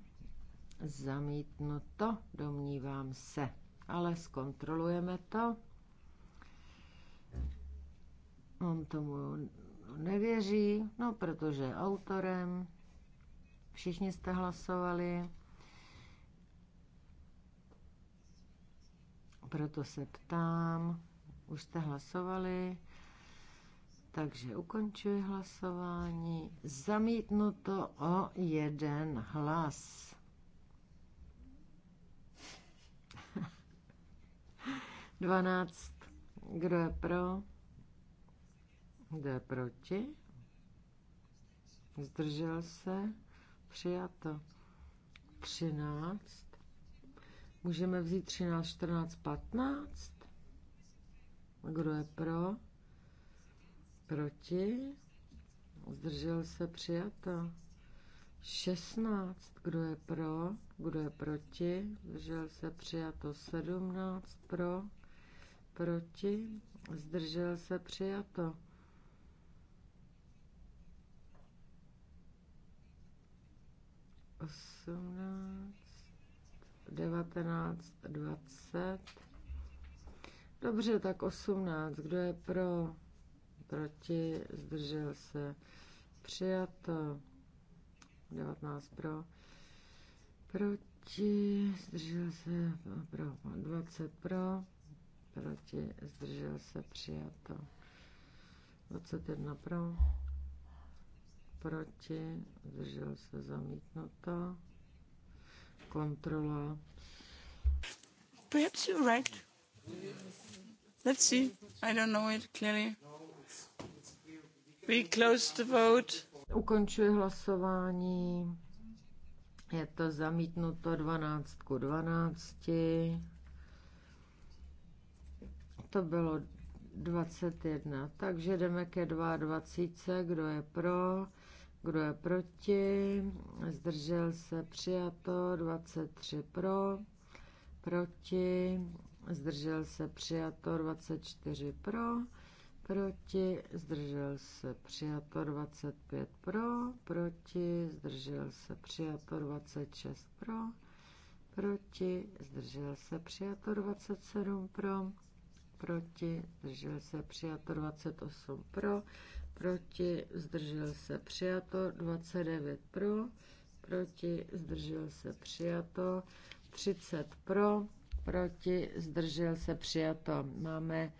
zamítnuto, domnívám se. Ale zkontrolujeme to. On tomu nevěří, no protože autorem všichni jste hlasovali. Proto se ptám, už jste hlasovali? Takže ukončuji hlasování. Zamítnuto o jeden hlas. Dvanáct. Kdo je pro? Kdo je proti? Zdržel se? Přijato. Třináct. Můžeme vzít třináct, čtrnáct, patnáct. Kdo je pro? Proti? Zdržel se přijato. 16. Kdo je pro? Kdo je proti? Zdržel se přijato. 17. Pro? Proti? Zdržel se přijato. Osmnáct, devatenáct, dvacet. Dobře, tak osmnáct. Kdo je pro? proti, zdržel se, přijato, 19 pro, proti, zdržel se, pro, 20 pro, proti, zdržel se, přijato, 21 pro, proti, zdržel se, zamítnuto, kontrola. Perhaps you're right. Let's see. I don't know it clearly. Ukončuji hlasování. Je to zamítnuto 12 ku 12. To bylo 21. Takže jdeme ke 22. Kdo je pro? Kdo je proti? Zdržel se přijato 23 pro. Proti? Zdržel se přijato 24 pro proti, zdržel se přijato 25 pro, proti, zdržel se přijato 26 pro, proti, zdržel se přijato 27 pro, proti, zdržel se přijato 28 pro, proti, zdržel se přijato 29 pro, proti, zdržel se přijato 30 pro, proti, zdržel se přijato. Máme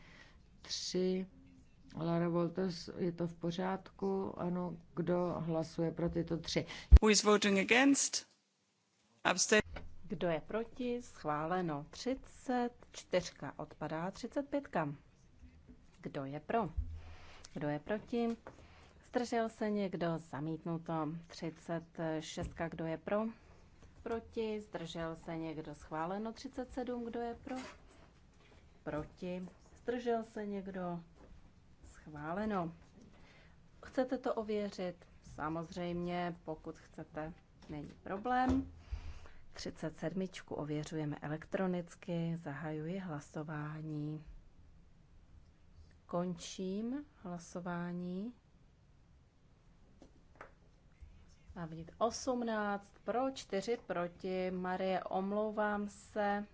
tři Lara Walters, je to v pořádku? Ano, kdo hlasuje pro tyto tři? Who is voting against? Abstain. Kdo je proti? Schváleno 34. Odpadá 35. Kdo je pro? Kdo je proti? Zdržel se někdo? Zamítnuto 36. Kdo je pro? Proti? Zdržel se někdo? Schváleno 37. Kdo je pro? Proti? Zdržel se někdo? schváleno. Chcete to ověřit? Samozřejmě, pokud chcete, není problém. 37. ověřujeme elektronicky, zahajuji hlasování. Končím hlasování. A vidět 18 pro, 4 proti. Marie, omlouvám se.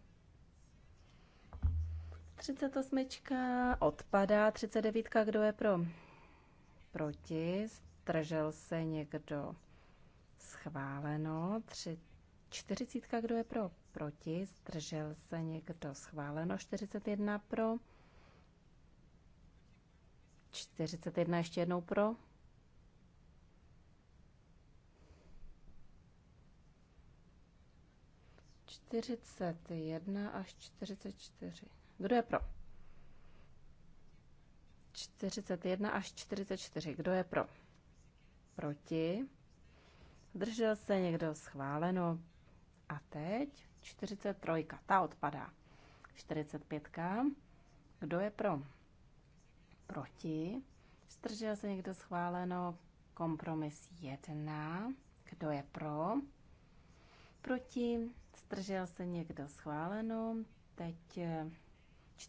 38 odpadá, 39 kdo je pro? Proti, zdržel se někdo schváleno, 40 kdo je pro? Proti, zdržel se někdo schváleno, 41 pro, 41 ještě jednou pro. Čtyřicet jedna až čtyřicet čtyři. Kdo je pro? 41 až 44. Kdo je pro? Proti? Zdržel se někdo schváleno? A teď 43. Ta odpadá. 45. Kdo je pro? Proti? Zdržel se někdo schváleno? Kompromis 1. Kdo je pro? Proti? Zdržel se někdo schváleno? Teď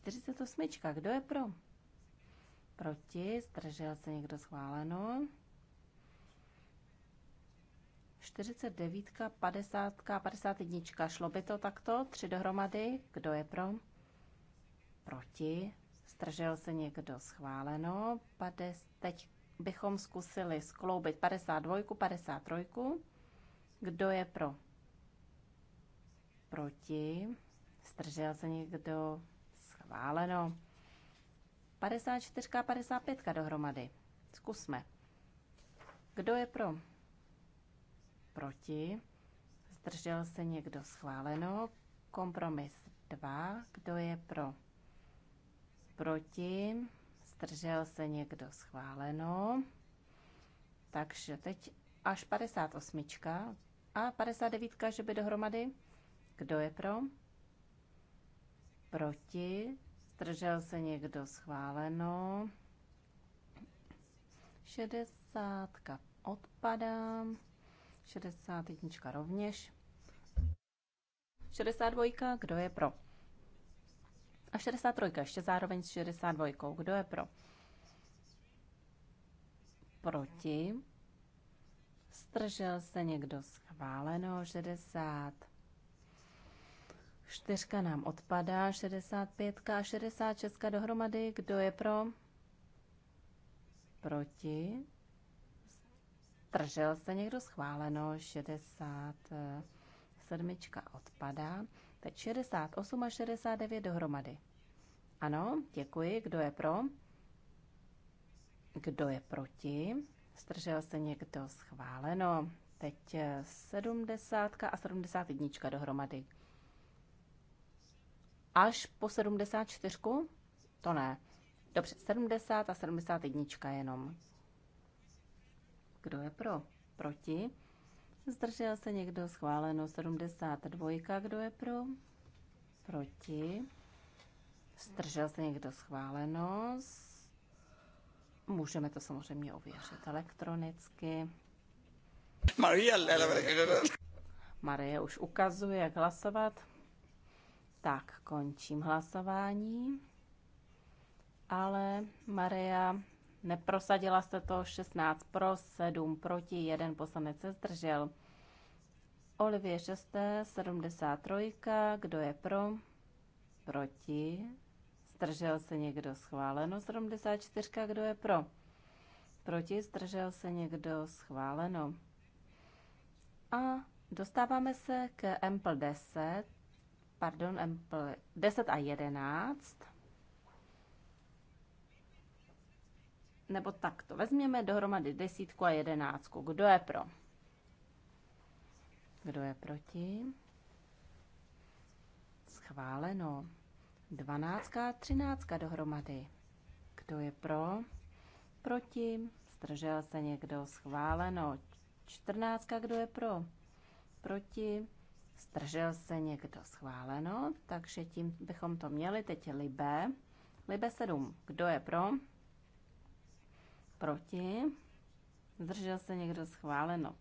48. Kdo je pro? Proti? Zdržel se někdo schváleno? 49, 50, 51. Šlo by to takto? Tři dohromady. Kdo je pro? Proti? Zdržel se někdo schváleno? 50. teď bychom zkusili skloubit 52, 53. Kdo je pro? Proti? Zdržel se někdo Schváleno. 54 a 55 dohromady. Zkusme. Kdo je pro? Proti. Zdržel se někdo schváleno. Kompromis 2. Kdo je pro? Proti. Zdržel se někdo schváleno. Takže teď až 58 a 59, že by dohromady. Kdo je pro? proti, zdržel se někdo schváleno. 60 odpadá, 61 rovněž. 62, kdo je pro? A 63, ještě zároveň s 62, kdo je pro? Proti. Zdržel se někdo schváleno, 60. Čtyřka nám odpadá, 65 a 66 dohromady. Kdo je pro? Proti? Držel se někdo schváleno, 67 odpadá. Teď 68 a 69 dohromady. Ano, děkuji. Kdo je pro? Kdo je proti? Zdržel se někdo schváleno. Teď 70 a 71 dohromady. Až po 74? To ne. Dobře, 70 a 71 jenom. Kdo je pro? Proti? Zdržel se někdo schváleno 72. Kdo je pro? Proti? Zdržel se někdo schváleno? Můžeme to samozřejmě ověřit elektronicky. Marie už ukazuje, jak hlasovat. Tak, končím hlasování. Ale Maria, neprosadila jste to 16 pro, 7 proti, jeden poslanec se zdržel. Olivie 6, 73, kdo je pro? Proti. Zdržel se někdo schváleno? 74, kdo je pro? Proti, zdržel se někdo schváleno. A dostáváme se k Ample 10, pardon, Ample 10 a 11. Nebo takto, vezměme dohromady desítku a jedenáctku. Kdo je pro? Kdo je proti? Schváleno. Dvanáctka a třináctka dohromady. Kdo je pro? Proti? Zdržel se někdo? Schváleno. Čtrnáctka, kdo je pro? Proti? Zdržel se někdo schváleno, takže tím bychom to měli. Teď Libe. Libé. Libe 7. Kdo je pro? Proti? Zdržel se někdo schváleno.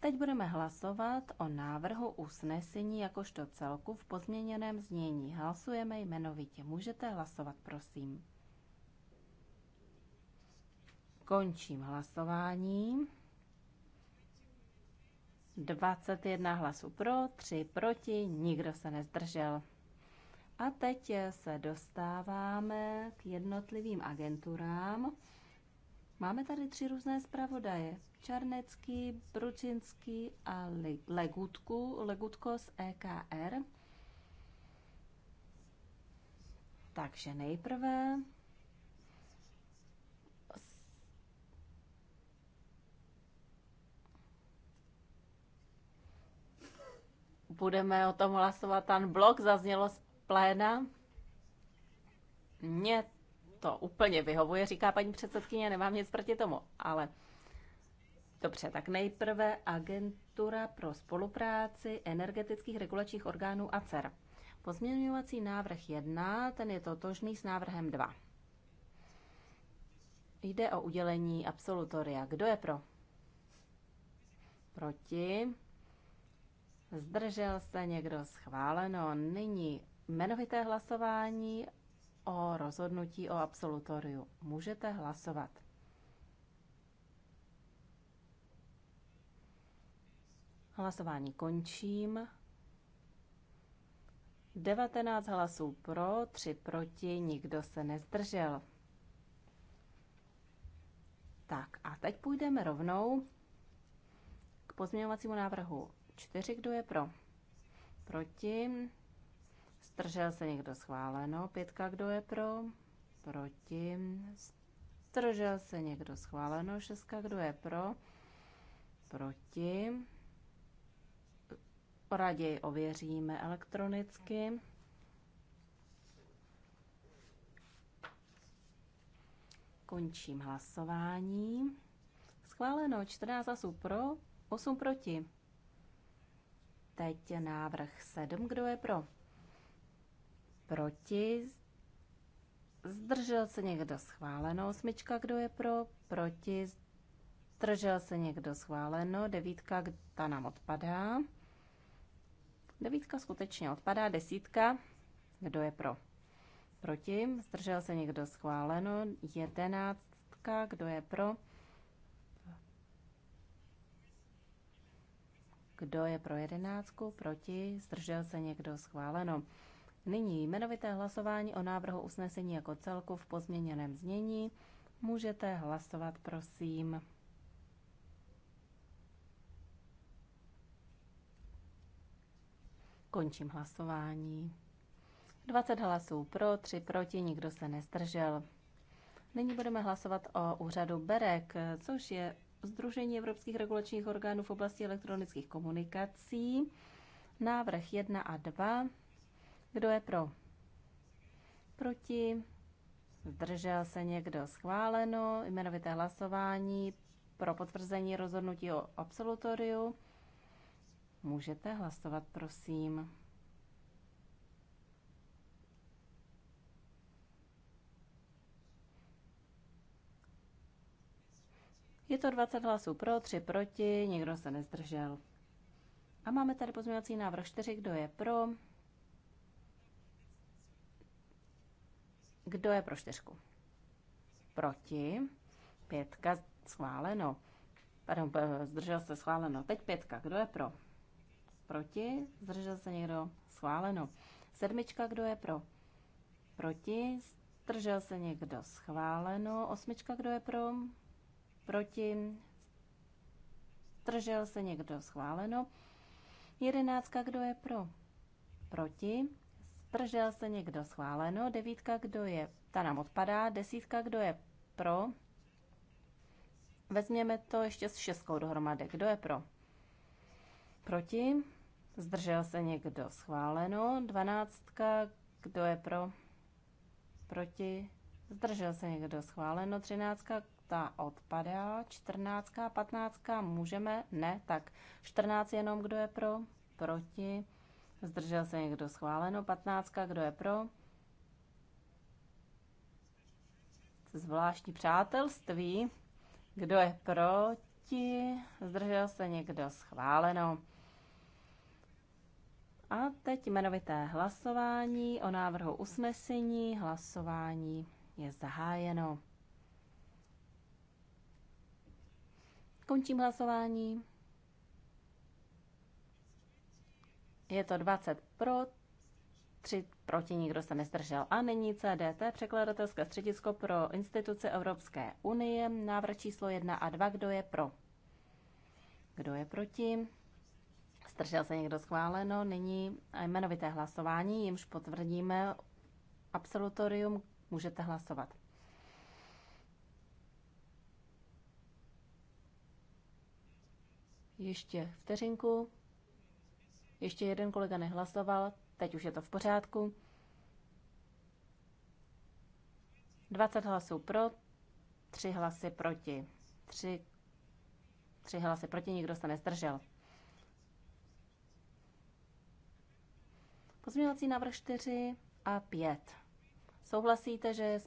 Teď budeme hlasovat o návrhu usnesení jakožto celku v pozměněném znění. Hlasujeme jmenovitě. Můžete hlasovat, prosím. Končím hlasování. 21 hlasů pro, 3 proti, nikdo se nezdržel. A teď se dostáváme k jednotlivým agenturám. Máme tady tři různé zpravodaje. Čarnecký, Bručinský a Legutku, Legutko z EKR. Takže nejprve Budeme o tom hlasovat. Ten blok zaznělo z pléna. Mně to úplně vyhovuje, říká paní předsedkyně, nemám nic proti tomu, ale dobře, tak nejprve Agentura pro spolupráci energetických regulačních orgánů a CER. Pozměňovací návrh 1, ten je totožný s návrhem 2. Jde o udělení absolutoria. Kdo je pro? Proti? zdržel se někdo schváleno. Nyní jmenovité hlasování o rozhodnutí o absolutoriu. Můžete hlasovat. Hlasování končím. 19 hlasů pro, 3 proti, nikdo se nezdržel. Tak a teď půjdeme rovnou k pozměňovacímu návrhu 4. Kdo je pro? Proti. Zdržel se někdo schváleno. Pětka, kdo je pro? Proti. Zdržel se někdo schváleno. Šestka, kdo je pro? Proti. Raději ověříme elektronicky. Končím hlasování. Schváleno 14 hlasů pro, 8 proti teď návrh 7. Kdo je pro? Proti? Zdržel se někdo schváleno? Osmička, kdo je pro? Proti? Zdržel se někdo schváleno? Devítka, ta nám odpadá. Devítka skutečně odpadá. Desítka, kdo je pro? Proti? Zdržel se někdo schváleno? Jedenáctka, kdo je pro? Kdo je pro jedenáctku? Proti? Zdržel se někdo? Schváleno. Nyní jmenovité hlasování o návrhu usnesení jako celku v pozměněném znění. Můžete hlasovat, prosím. Končím hlasování. 20 hlasů pro, 3 proti, nikdo se nestržel. Nyní budeme hlasovat o úřadu BEREK, což je Združení evropských regulačních orgánů v oblasti elektronických komunikací. Návrh 1 a 2. Kdo je pro? Proti? Zdržel se někdo? Schváleno. Jmenovité hlasování pro potvrzení rozhodnutí o absolutoriu. Můžete hlasovat, prosím. Je to 20 hlasů pro, 3 proti, nikdo se nezdržel. A máme tady pozměňovací návrh 4, kdo je pro. Kdo je pro čtyřku? Proti. Pětka schváleno. Pardon, zdržel se schváleno. Teď pětka, kdo je pro? Proti. Zdržel se někdo? Schváleno. Sedmička, kdo je pro? Proti. Zdržel se někdo? Schváleno. Osmička, kdo je pro? proti, zdržel se někdo schváleno. Jedenáctka, kdo je pro, proti, zdržel se někdo schváleno. Devítka, kdo je, ta nám odpadá. Desítka, kdo je pro, vezměme to ještě s šestkou dohromady. Kdo je pro? Proti, zdržel se někdo schváleno. Dvanáctka, kdo je pro? Proti, zdržel se někdo schváleno. Třináctka, ta odpadá. 14, 15 můžeme? Ne, tak 14 jenom kdo je pro, proti, zdržel se někdo schváleno, 15 kdo je pro, zvláštní přátelství, kdo je proti, zdržel se někdo schváleno. A teď jmenovité hlasování o návrhu usnesení. Hlasování je zahájeno. Končím hlasování. Je to 20 pro, 3 proti, nikdo se nezdržel. A nyní CDT, překladatelské středisko pro instituce Evropské unie, návrh číslo 1 a 2, kdo je pro? Kdo je proti? Zdržel se někdo schváleno, nyní jmenovité hlasování, jimž potvrdíme absolutorium, můžete hlasovat. Ještě vteřinku. Ještě jeden kolega nehlasoval. Teď už je to v pořádku. 20 hlasů pro, 3 hlasy proti. 3, 3 hlasy proti, nikdo se nezdržel. Pozměňovací návrh 4 a 5. Souhlasíte, že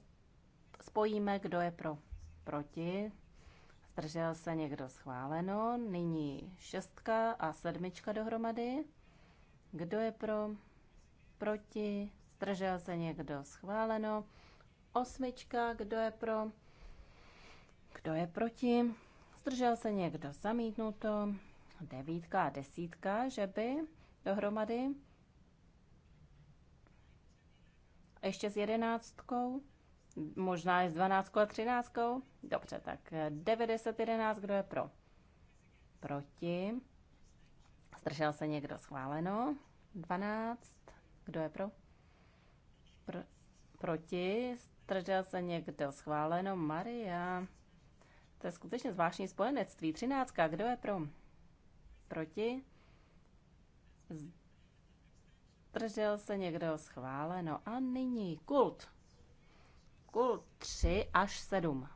spojíme, kdo je pro? Proti. Zdržel se někdo schváleno. Nyní šestka a sedmička dohromady. Kdo je pro? Proti? Zdržel se někdo schváleno. Osmička, kdo je pro? Kdo je proti? Zdržel se někdo zamítnuto. Devítka a desítka, že by dohromady. Ještě s jedenáctkou. Možná i s 12 a 13. Dobře, tak 9011, eh, kdo je pro? Proti. Zdržel se někdo schváleno. 12. Kdo je pro? Pr- proti. Zdržel se někdo schváleno. Maria. To je skutečně zvláštní spojenectví. 13. Kdo je pro? Proti. Zdržel se někdo schváleno. A nyní kult kult 3 až 7.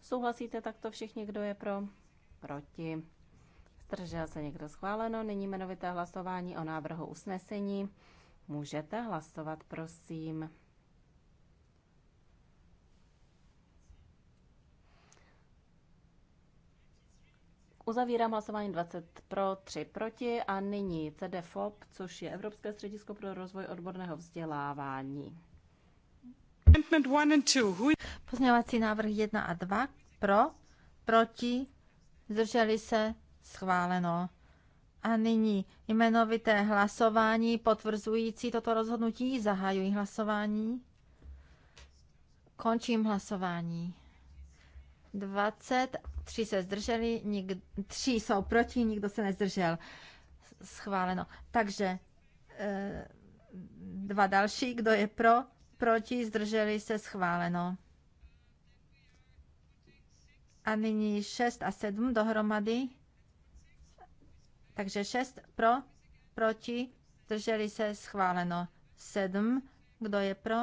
Souhlasíte takto všichni, kdo je pro? Proti. Zdržel se někdo schváleno. Nyní jmenovité hlasování o návrhu usnesení. Můžete hlasovat, prosím. Uzavírám hlasování 20 pro, 3 proti a nyní CDFOP, což je Evropské středisko pro rozvoj odborného vzdělávání. Pozměňovací návrh 1 a 2 pro, proti, zdrželi se, schváleno. A nyní jmenovité hlasování potvrzující toto rozhodnutí. Zahajuji hlasování. Končím hlasování. 20, 3 se zdrželi, nik, 3 jsou proti, nikdo se nezdržel. Schváleno. Takže e, dva další, kdo je pro, proti, zdrželi se schváleno. A nyní 6 a 7 dohromady. Takže 6 pro, proti, zdrželi se schváleno. 7, kdo je pro,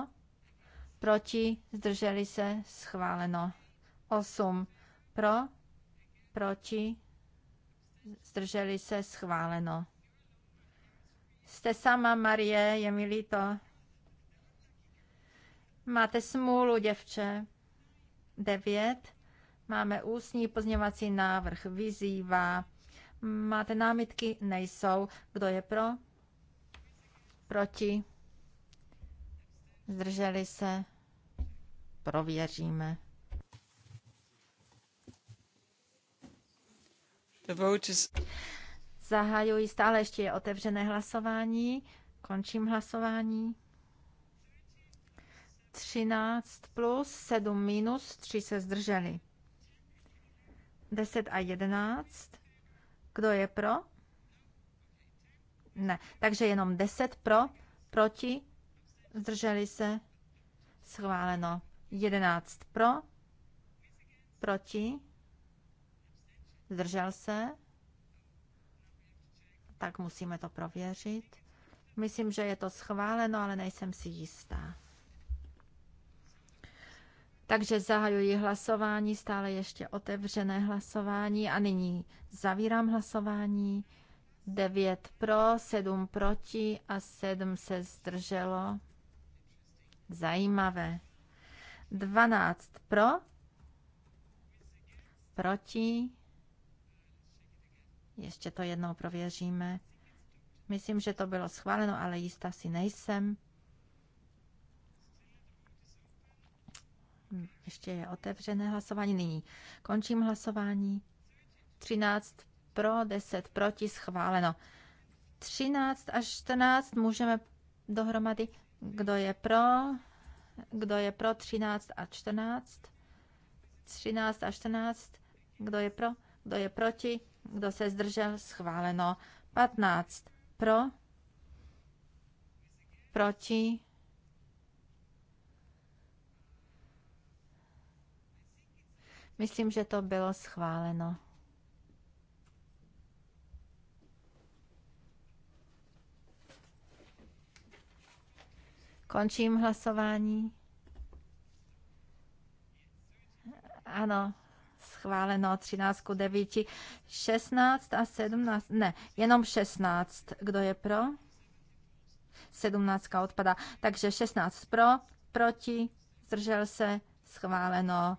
proti, zdrželi se schváleno. 8 pro, proti, zdrželi se schváleno. Jste sama, Marie, je mi líto. Máte smůlu, děvče. 9. Máme ústní pozněvací návrh. Vyzývá. Máte námitky? Nejsou. Kdo je pro? Proti? Zdrželi se? Prověříme. The vote is... Zahajuji stále ještě je otevřené hlasování. Končím hlasování. 13 plus, 7 minus, 3 se zdrželi. 10 a 11. Kdo je pro? Ne. Takže jenom 10 pro, proti, zdrželi se, schváleno. 11 pro, proti, zdržel se, tak musíme to prověřit. Myslím, že je to schváleno, ale nejsem si jistá. Takže zahajuji hlasování, stále ještě otevřené hlasování a nyní zavírám hlasování. 9 pro, 7 proti a 7 se zdrželo. Zajímavé. 12 pro, proti. Ještě to jednou prověříme. Myslím, že to bylo schváleno, ale jistá si nejsem. Hm, ještě je otevřené hlasování. Nyní končím hlasování. 13 pro, 10 proti, schváleno. 13 až 14 můžeme dohromady. Kdo je pro? Kdo je pro 13 a 14? 13 a 14. Kdo je pro? Kdo je proti? Kdo se zdržel? Schváleno. 15 pro, proti, Myslím, že to bylo schváleno. Končím hlasování. Ano, schváleno 13 ku 9, 16 a 17, ne, jenom 16. Kdo je pro? 17 odpada. Takže 16 pro, proti, zdržel se, schváleno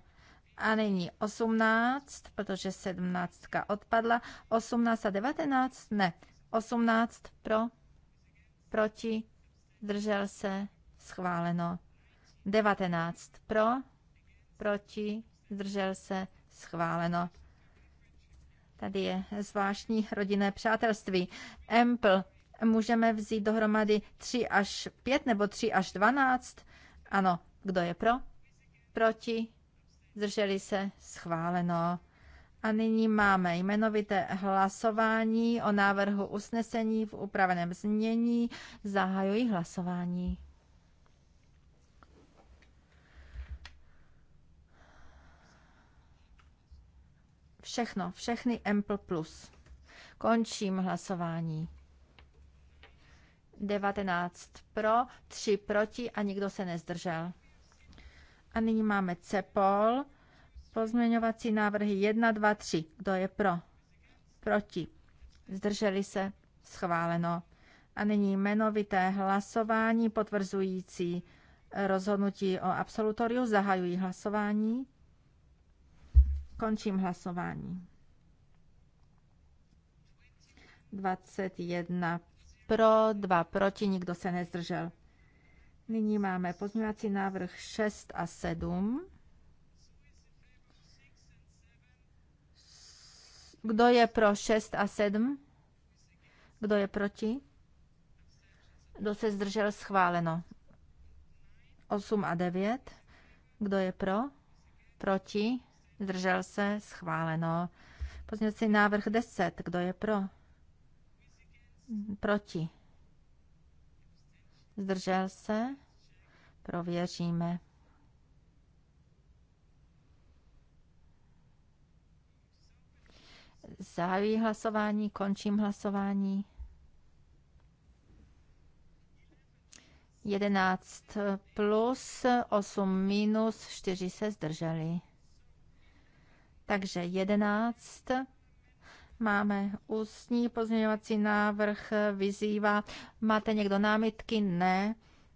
a nyní 18, protože 17 odpadla. 18 a 19? Ne. 18 pro, proti, držel se, schváleno. 19 pro, proti, držel se, schváleno. Tady je zvláštní rodinné přátelství. Empl. Můžeme vzít dohromady 3 až 5 nebo 3 až 12. Ano, kdo je pro? Proti? zdrželi se, schváleno. A nyní máme jmenovité hlasování o návrhu usnesení v upraveném znění. Zahajuji hlasování. Všechno, všechny Ample Plus. Končím hlasování. 19 pro, 3 proti a nikdo se nezdržel. A nyní máme CEPOL, pozměňovací návrhy 1, 2, 3. Kdo je pro? Proti? Zdrželi se? Schváleno. A nyní jmenovité hlasování potvrzující rozhodnutí o absolutoriu. zahajují hlasování. Končím hlasování. 21 pro, 2 proti, nikdo se nezdržel. Nyní máme pozměňovací návrh 6 a 7. Kdo je pro 6 a 7? Kdo je proti? Kdo se zdržel? Schváleno. 8 a 9. Kdo je pro? Proti? Zdržel se? Schváleno. Pozměňovací návrh 10. Kdo je pro? Proti. Zdržel se? Prověříme. Zahajuji hlasování, končím hlasování. 11 plus, 8 minus, 4 se zdrželi. Takže 11 Máme ústní pozměňovací návrh, vyzývá. Máte někdo námitky? Ne.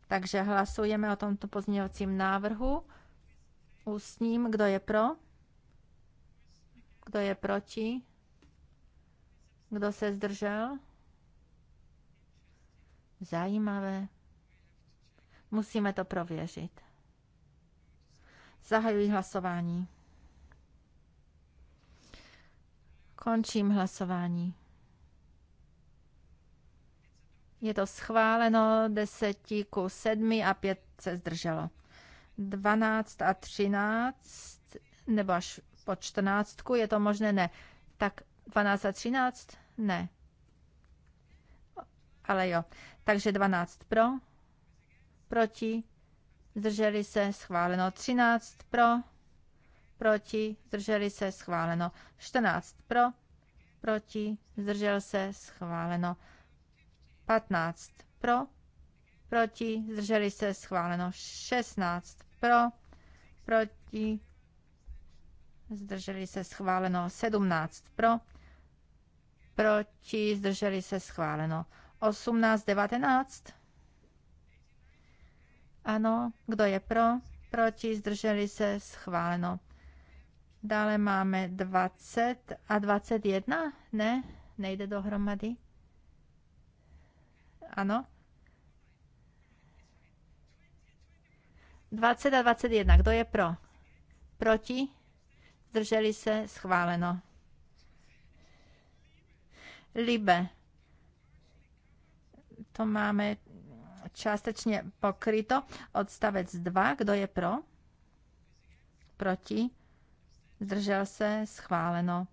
Takže hlasujeme o tomto pozměňovacím návrhu. Ústním, kdo je pro? Kdo je proti? Kdo se zdržel? Zajímavé. Musíme to prověřit. Zahajuji hlasování. Končím hlasování. Je to schváleno 10 ku 7 a 5 se zdrželo. 12 a 13, nebo až po 14, je to možné? Ne. Tak 12 a 13? Ne. Ale jo. Takže 12 pro, proti, zdrželi se, schváleno 13 pro, proti, zdrželi se, schváleno. 14 pro, proti, zdržel se, schváleno. 15 pro, proti, zdrželi se, schváleno. 16 pro, proti, zdrželi se, schváleno. 17 pro, proti, zdrželi se, schváleno. 18, 19. Ano, kdo je pro? Proti, zdrželi se, schváleno. Dále máme 20 a 21? Ne, nejde dohromady. Ano. 20 a 21. Kdo je pro? Proti? Zdrželi se? Schváleno. Libe. To máme částečně pokryto. Odstavec 2. Kdo je pro? Proti? zdržel se, schváleno.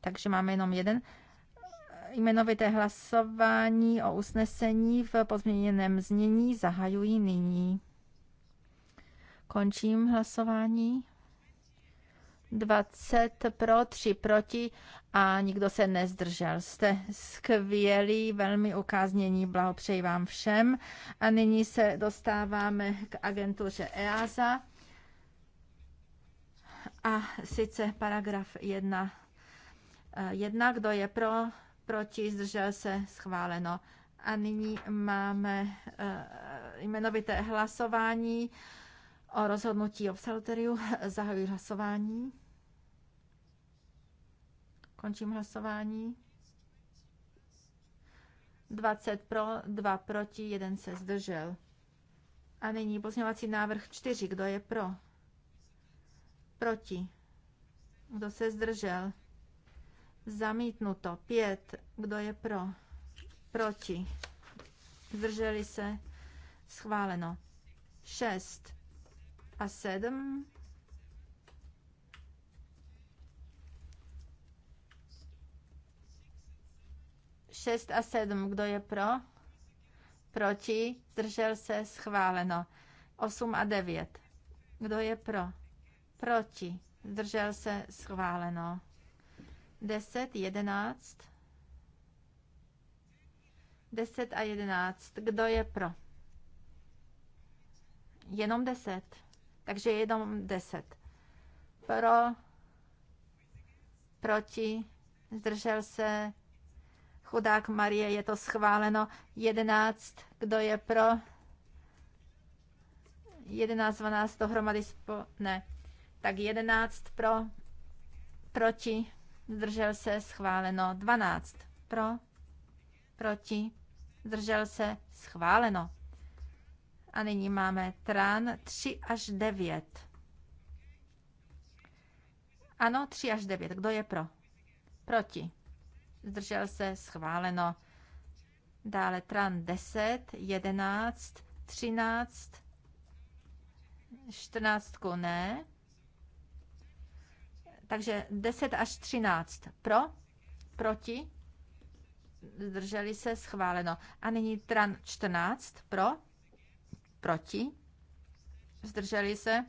Takže máme jenom jeden eh, jmenovité hlasování o usnesení v pozměněném znění zahajují nyní. Končím hlasování. 20 pro, 3 proti a nikdo se nezdržel. Jste skvělí, velmi ukáznění, blahopřeji vám všem. A nyní se dostáváme k agentuře EASA sice paragraf 1. 1. Eh, kdo je pro, proti, zdržel se, schváleno. A nyní máme eh, jmenovité hlasování o rozhodnutí o psalteriu. Zahajuji hlasování. Končím hlasování. 20 pro, 2 proti, 1 se zdržel. A nyní pozměňovací návrh 4. Kdo je pro? Proti. Kdo se zdržel? Zamítnuto. Pět. Kdo je pro? Proti. Zdrželi se? Schváleno. Šest a sedm. Šest a sedm. Kdo je pro? Proti. Zdržel se? Schváleno. Osm a devět. Kdo je pro? proti, zdržel se, schváleno. 10, 11, 10 a 11, kdo je pro? Jenom 10, takže jenom 10. Pro, proti, zdržel se, chudák Marie, je to schváleno. 11, kdo je pro? 11, 12 dohromady spo... ne tak 11 pro, proti, zdržel se, schváleno. 12 pro, proti, zdržel se, schváleno. A nyní máme tran 3 až 9. Ano, 3 až 9. Kdo je pro? Proti. Zdržel se, schváleno. Dále tran 10, 11, 13, 14 ne. Takže 10 až 13 pro, proti, zdrželi se, schváleno. A nyní tran 14 pro, proti, zdrželi se.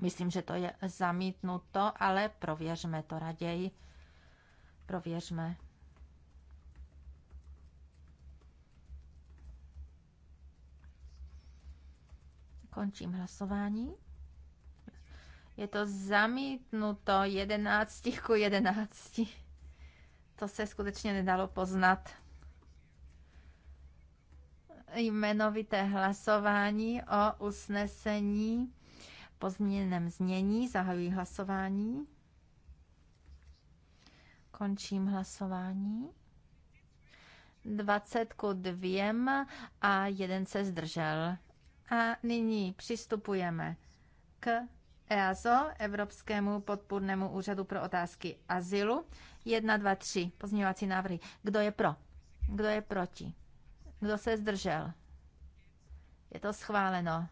Myslím, že to je zamítnuto, ale prověřme to raději. Prověřme. Končím hlasování. Je to zamítnuto 11 ku 11. To se skutečně nedalo poznat. Jmenovité hlasování o usnesení po změněném znění. Zahajuji hlasování. Končím hlasování. 20 ku 2 a jeden se zdržel. A nyní přistupujeme k EASO, Evropskému podpůrnému úřadu pro otázky azylu. 1, 2, 3 pozměňovací návrhy. Kdo je pro? Kdo je proti? Kdo se zdržel? Je to schváleno.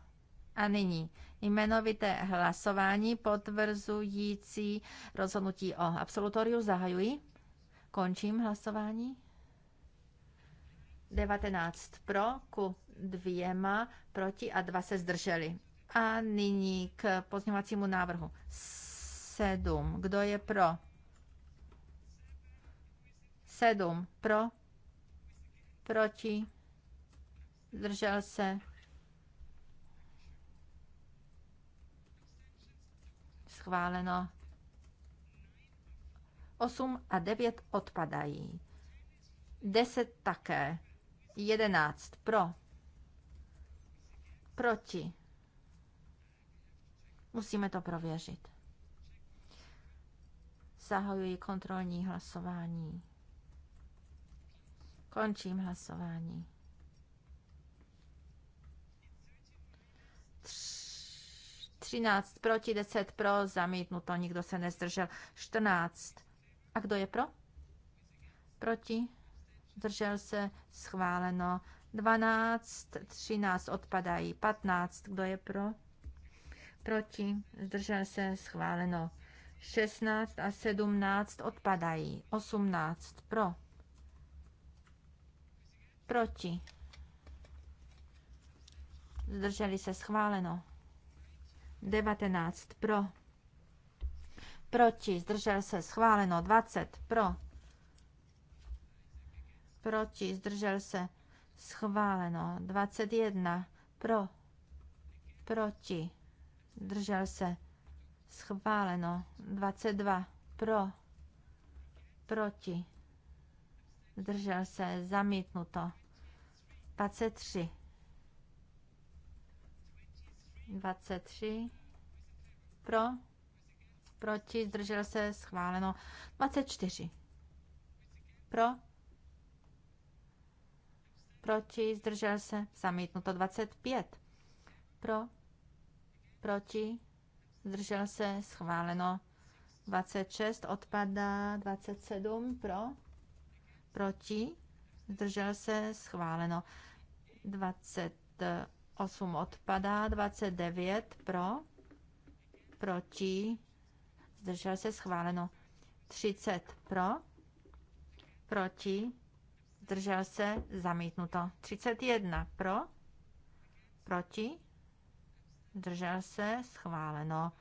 A nyní jmenovité hlasování potvrzující rozhodnutí o absolutoriu zahajuji. Končím hlasování. 19 pro ku dvěma proti a dva se zdrželi. A nyní k pozměňovacímu návrhu. Sedm. Kdo je pro? Sedm. Pro? Proti? Zdržel se? Schváleno. Osm a devět odpadají. Deset také. Jedenáct. Pro? Proti? Musíme to prověřit. Zahajuji kontrolní hlasování. Končím hlasování. Třináct proti, deset pro, zamítnuto, nikdo se nezdržel. Čtrnáct. A kdo je pro? Proti? Zdržel se, schváleno. Dvanáct, třináct, odpadají. Patnáct. kdo je pro? proti, zdržel se, schváleno. 16 a 17 odpadají. 18 pro. Proti. Zdrželi se schváleno. 19 pro. Proti. Zdržel se schváleno. 20 pro. Proti. Zdržel se schváleno. 21 pro. Proti zdržel se, schváleno. 22 pro, proti, zdržel se, zamítnuto. 23 23 pro, proti, zdržel se, schváleno. 24 pro, proti, zdržel se, zamítnuto. 25 pro, proti, zdržel se, schváleno. 26 odpadá, 27 pro, proti, zdržel se, schváleno. 28 odpadá, 29 pro, proti, zdržel se, schváleno. 30 pro, proti, zdržel se, zamítnuto. 31 pro, proti, zdržel se, schváleno.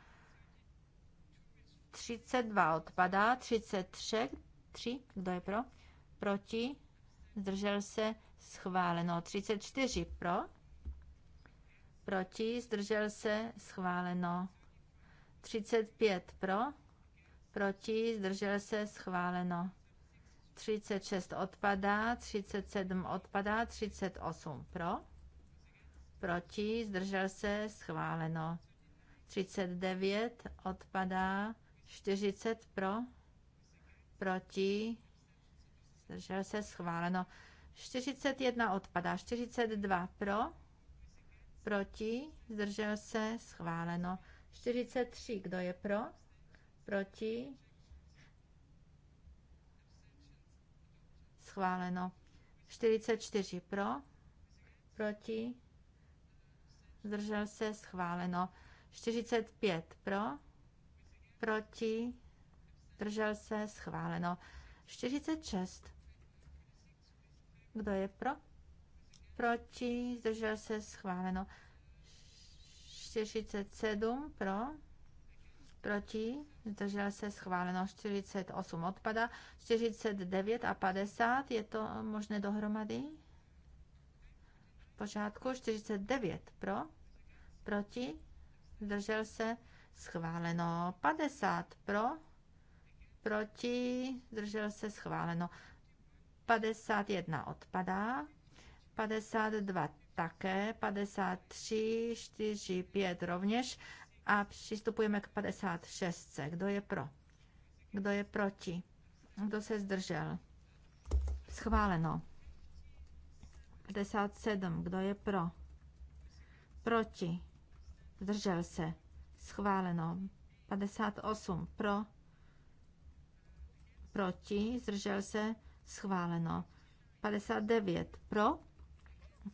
32 odpadá, 33, 3, kdo je pro? Proti, zdržel se, schváleno. 34 pro, proti, zdržel se, schváleno. 35 pro, proti, zdržel se, schváleno. 36 odpadá, 37 odpadá, 38 pro proti, zdržel se, schváleno. 39 odpadá, 40 pro, proti, zdržel se, schváleno. 41 odpadá, 42 pro, proti, zdržel se, schváleno. 43, kdo je pro, proti, schváleno. 44 pro, proti, zdržel se, schváleno. 45 pro, proti, zdržel se, schváleno. 46. Kdo je pro? Proti, zdržel se, schváleno. 47 pro, proti, zdržel se, schváleno. 48 odpada. 49 a 50, je to možné dohromady? V pořádku. 49 pro, proti, zdržel se, schváleno 50 pro, proti, zdržel se, schváleno 51 odpadá, 52 také, 53, 4, 5 rovněž a přistupujeme k 56. Kdo je pro? Kdo je proti? Kdo se zdržel? Schváleno. 57. Kdo je pro? Proti zdržel se, schváleno. 58 pro, proti, zdržel se, schváleno. 59 pro,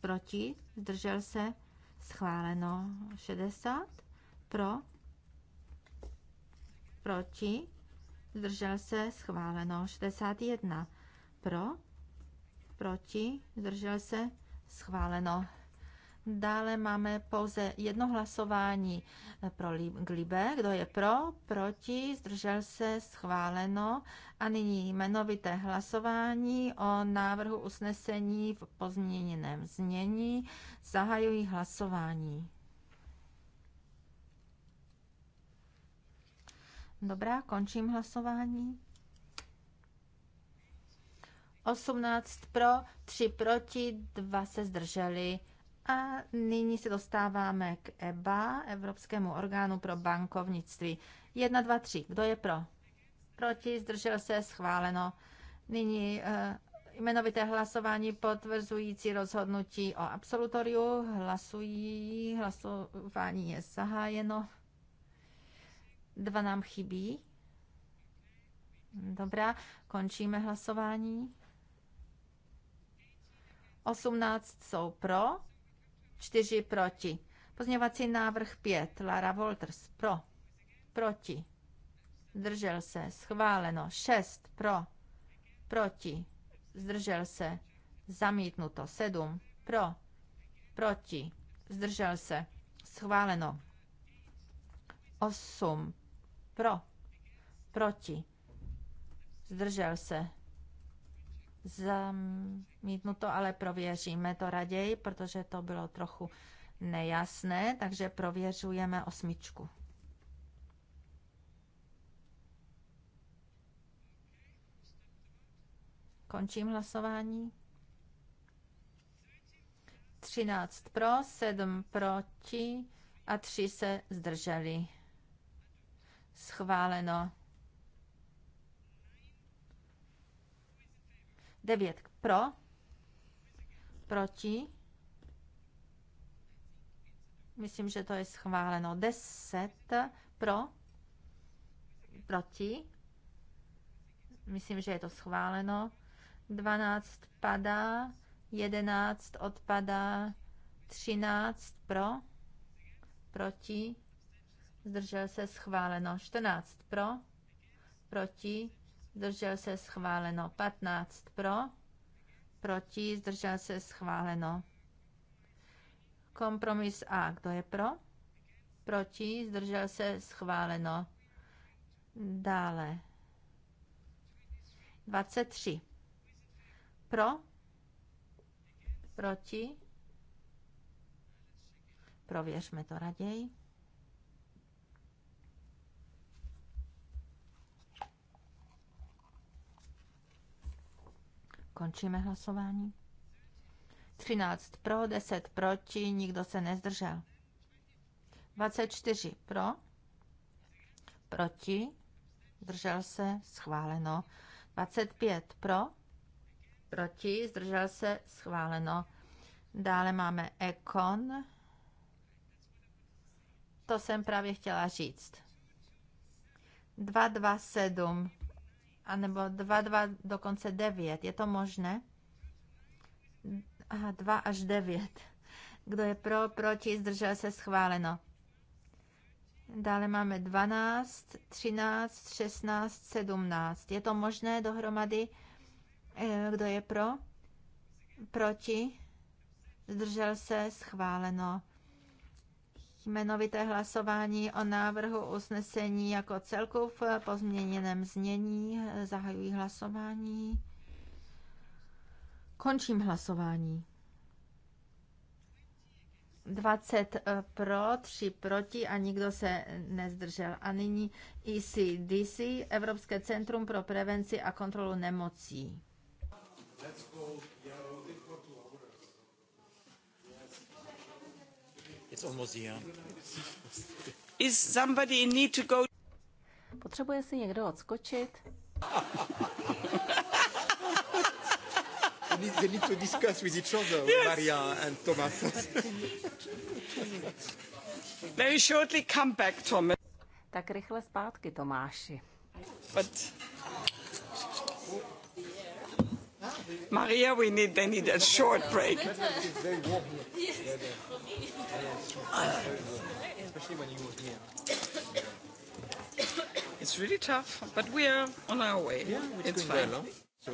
proti, zdržel se, schváleno. 60 pro, proti, zdržel se, schváleno. 61 pro, proti, zdržel se, schváleno. Dále máme pouze jedno hlasování eh, pro Glibe. Kdo je pro, proti, zdržel se, schváleno. A nyní jmenovité hlasování o návrhu usnesení v pozměněném znění. Zahajuji hlasování. Dobrá, končím hlasování. 18 pro, 3 proti, 2 se zdrželi. A nyní se dostáváme k EBA, Evropskému orgánu pro bankovnictví. 1, 2, 3. Kdo je pro? Proti, zdržel se, schváleno. Nyní eh, jmenovité hlasování potvrzující rozhodnutí o absolutoriu. Hlasují, hlasování je zahájeno. Dva nám chybí. Dobrá, končíme hlasování. 18 jsou pro, 4 proti. Pozměňovací návrh 5. Lara Wolters pro. Proti. Zdržel se. Schváleno. 6 pro. Proti. Zdržel se. Zamítnuto. 7 pro. Proti. Zdržel se. Schváleno. 8 pro. Proti. Zdržel se zamítnuto, ale prověříme to raději, protože to bylo trochu nejasné, takže prověřujeme osmičku. Končím hlasování. 13 pro, 7 proti a 3 se zdrželi. Schváleno. 9 pro, proti, myslím, že to je schváleno, 10 pro, proti, myslím, že je to schváleno, 12 padá, 11 odpadá, 13 pro, proti, zdržel se schváleno, 14 pro, proti, zdržel se schváleno. 15 pro, proti, zdržel se schváleno. Kompromis A, kdo je pro? Proti, zdržel se schváleno. Dále. 23. Pro? Proti? Prověřme to raději. Končíme hlasování. 13 pro, 10 proti, nikdo se nezdržel. 24 pro, proti, zdržel se, schváleno. 25 pro, proti, zdržel se, schváleno. Dále máme Ekon. To jsem právě chtěla říct. 227 anebo 2, dokonce 9. Je to možné? Aha, 2 až 9. Kdo je pro, proti, zdržel se schváleno. Dále máme 12, 13, 16, 17. Je to možné dohromady? Eh, kdo je pro? Proti? Zdržel se schváleno jmenovité hlasování o návrhu usnesení jako celku v pozměněném znění. Zahajuji hlasování. Končím hlasování. 20 eh, pro, 3 proti a nikdo se nezdržel. A nyní ECDC, Evropské centrum pro prevenci a kontrolu nemocí. Let's go. Is somebody in need to go? Potřebuje si někdo odskočit? they, need, they need to discuss with each other, yes. Maria and Thomas. Very shortly come back, Thomas. Tak rychle zpátky, Tomáši. But Maria, we need, they need a short break. It's really tough, but we are on our way. Yeah, it's, it's fine. Well, huh? so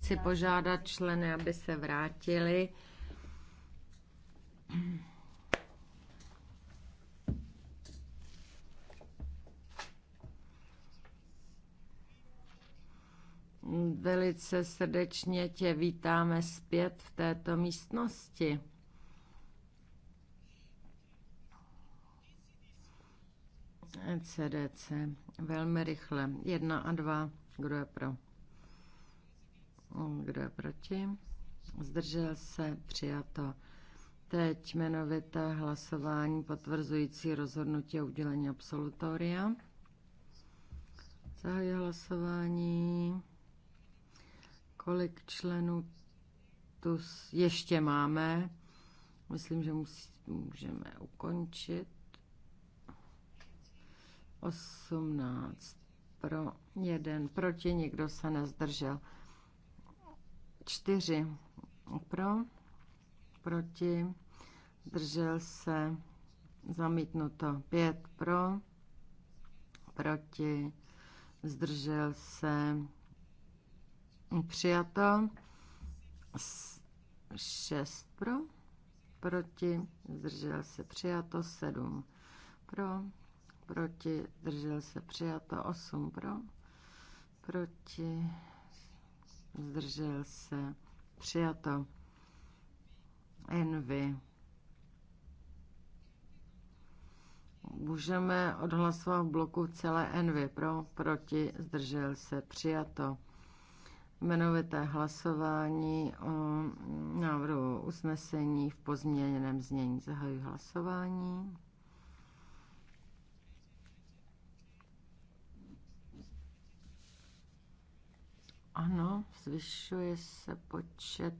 Chci požádat členy, aby se vrátili. Velice srdečně tě vítáme zpět v této místnosti. CDC. Velmi rychle. Jedna a dva. Kdo je pro? Kdo je proti? Zdržel se? Přijato. Teď jmenovité hlasování potvrzující rozhodnutí o udělení absolutoria. Zahajuji hlasování. Kolik členů tu ještě máme? Myslím, že musí, můžeme ukončit. 18 pro, 1 proti, nikdo se nezdržel. 4 pro, proti, zdržel se, zamítnuto 5 pro, proti, zdržel se, přijato 6 pro, proti, zdržel se, přijato 7 pro, proti, zdržel se, přijato 8 pro, proti, zdržel se, přijato. Envy. Můžeme odhlasovat v bloku celé envy. Pro, proti, zdržel se, přijato. Jmenovité hlasování o návrhu usnesení v pozměněném znění. Zahajuji hlasování. Ano, zvyšuje se počet.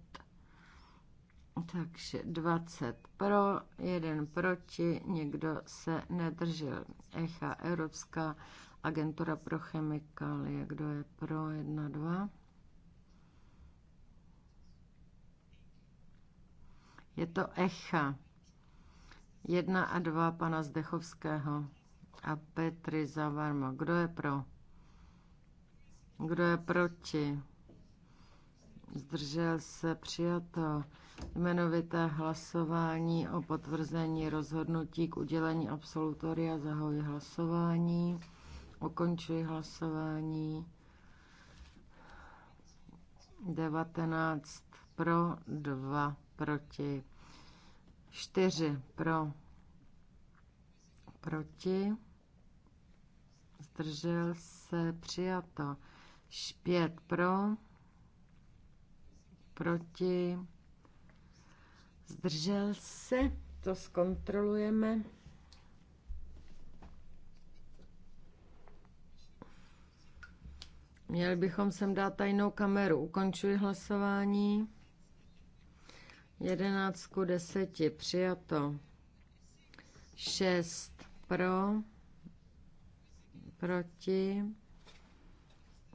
Takže 20 pro, jeden proti, někdo se nedržel. ECHA, Evropská agentura pro chemikálie, kdo je pro, jedna, dva. Je to ECHA. Jedna a dva pana Zdechovského a Petry Zavarma. Kdo je pro? Kdo je proti? Zdržel se přijato jmenovité hlasování o potvrzení rozhodnutí k udělení absolutoria. Zahoji hlasování. Ukončuji hlasování. 19 pro, 2 proti, 4 pro, proti, zdržel se, přijato. 5 pro, proti, zdržel se, to zkontrolujeme. Měli bychom sem dát tajnou kameru. Ukončuji hlasování. 11 ku 10 přijato. 6 pro, proti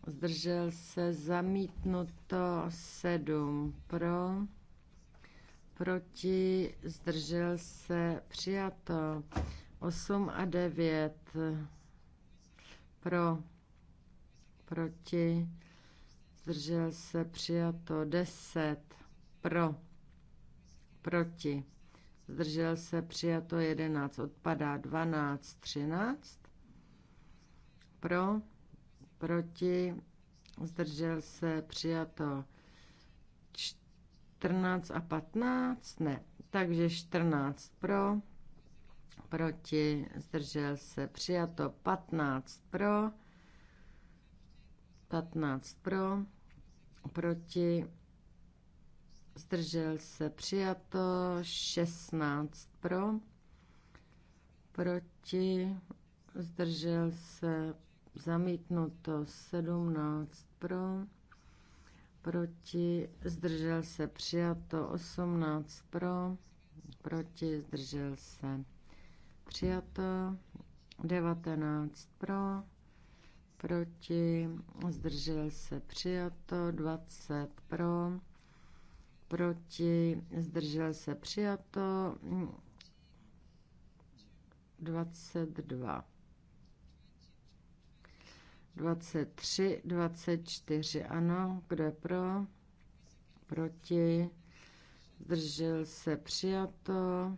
zdržel se zamítnuto 7 pro, proti zdržel se přijato 8 a 9 pro, proti zdržel se přijato 10 pro, proti zdržel se přijato 11 odpadá 12, 13 pro, proti, zdržel se, přijato 14 a 15, ne, takže 14 pro, proti, zdržel se, přijato 15 pro, 15 pro, proti, zdržel se, přijato 16 pro, proti, zdržel se, Zamítnuto 17 pro, proti, zdržel se přijato 18 pro, proti, zdržel se přijato 19 pro, proti, zdržel se přijato 20 pro, proti, zdržel se přijato 22. 23, 24, ano, kdo je pro, proti, zdržel se přijato.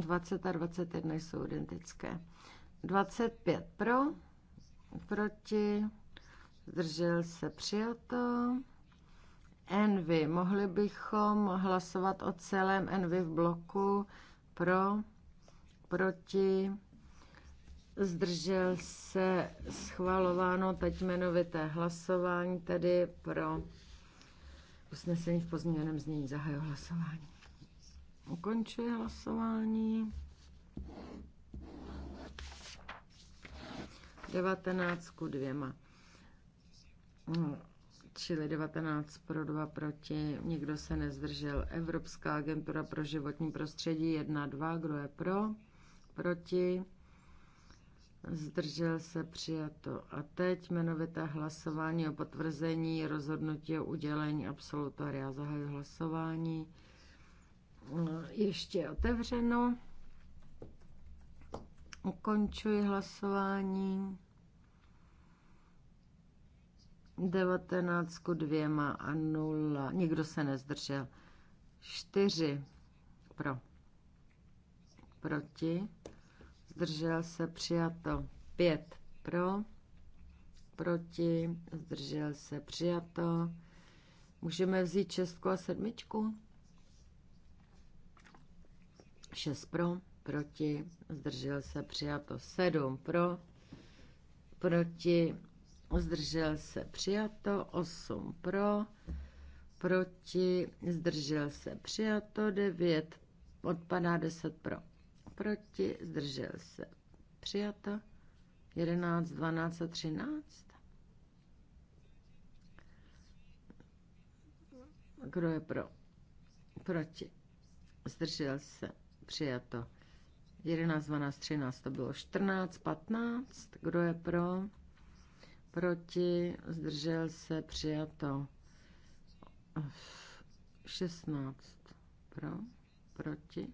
Dvacet a jedna jsou identické. dvacet pět pro, proti, zdržel se přijato. Envy, mohli bychom hlasovat o celém Envy v bloku pro, proti, zdržel se schvalováno, teď jmenovité hlasování, tedy pro usnesení v pozměněném znění zahajil hlasování. Ukončuji hlasování. 19 ku 2 čili 19 pro 2 proti, nikdo se nezdržel. Evropská agentura pro životní prostředí 1, 2, kdo je pro, proti, zdržel se přijato. A teď jmenovité hlasování o potvrzení rozhodnutí o udělení absolutoria. Zahajuji hlasování. Ještě otevřeno. Ukončuji hlasování. 19 ku 2 a 0. Nikdo se nezdržel. 4 pro. Proti. Zdržel se přijato. 5 pro. Proti. Zdržel se přijato. Můžeme vzít šestku a sedmičku. 6 pro. Proti. Zdržel se přijato. 7 pro. Proti zdržel se přijato, 8 pro, proti, zdržel se přijato, 9 odpadá, 10 pro, proti, zdržel se přijato, 11, 12 a 13. Kdo je pro? Proti. Zdržel se. Přijato. 11, 12, 13, to bylo 14, 15. Kdo je pro? proti, zdržel se, přijato. 16 pro, proti,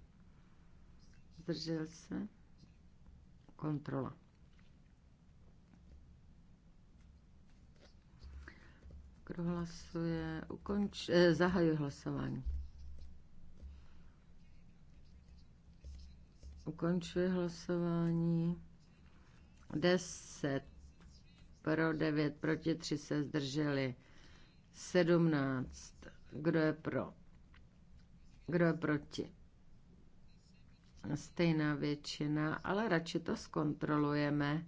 zdržel se, kontrola. Kdo hlasuje, ukonč, eh, zahajuje hlasování. Ukončuje hlasování. 10 pro 9, proti 3 se zdrželi. 17. Kdo je pro? Kdo je proti? Stejná většina, ale radši to zkontrolujeme.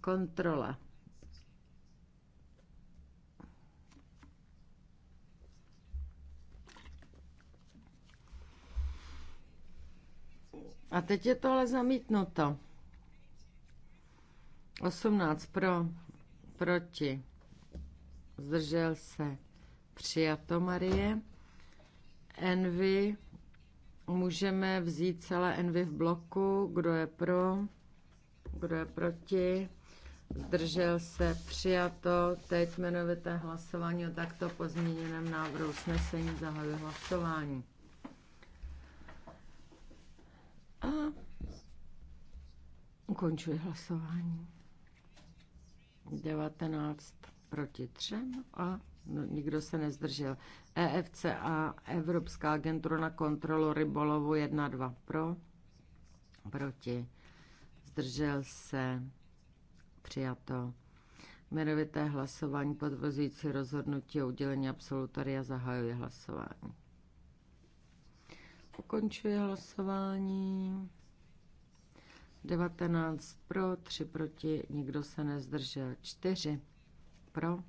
Kontrola. A teď je to ale zamítnuto. 18 pro, proti, zdržel se, přijato Marie. Envy, můžeme vzít celé envy v bloku, kdo je pro, kdo je proti, zdržel se, přijato. Teď jmenovité hlasování o takto pozměněném návrhu usnesení zahajuje hlasování. A ukončuji hlasování. 19 proti 3 a no, nikdo se nezdržel. EFCA, Evropská agentura na kontrolu rybolovu 1-2 pro, proti, zdržel se, přijato. Jmenovité hlasování potvrzující rozhodnutí o udělení absolutoria zahajuje hlasování. Ukončuje hlasování. 19 pro, 3 proti, nikdo se nezdržel. 4 pro,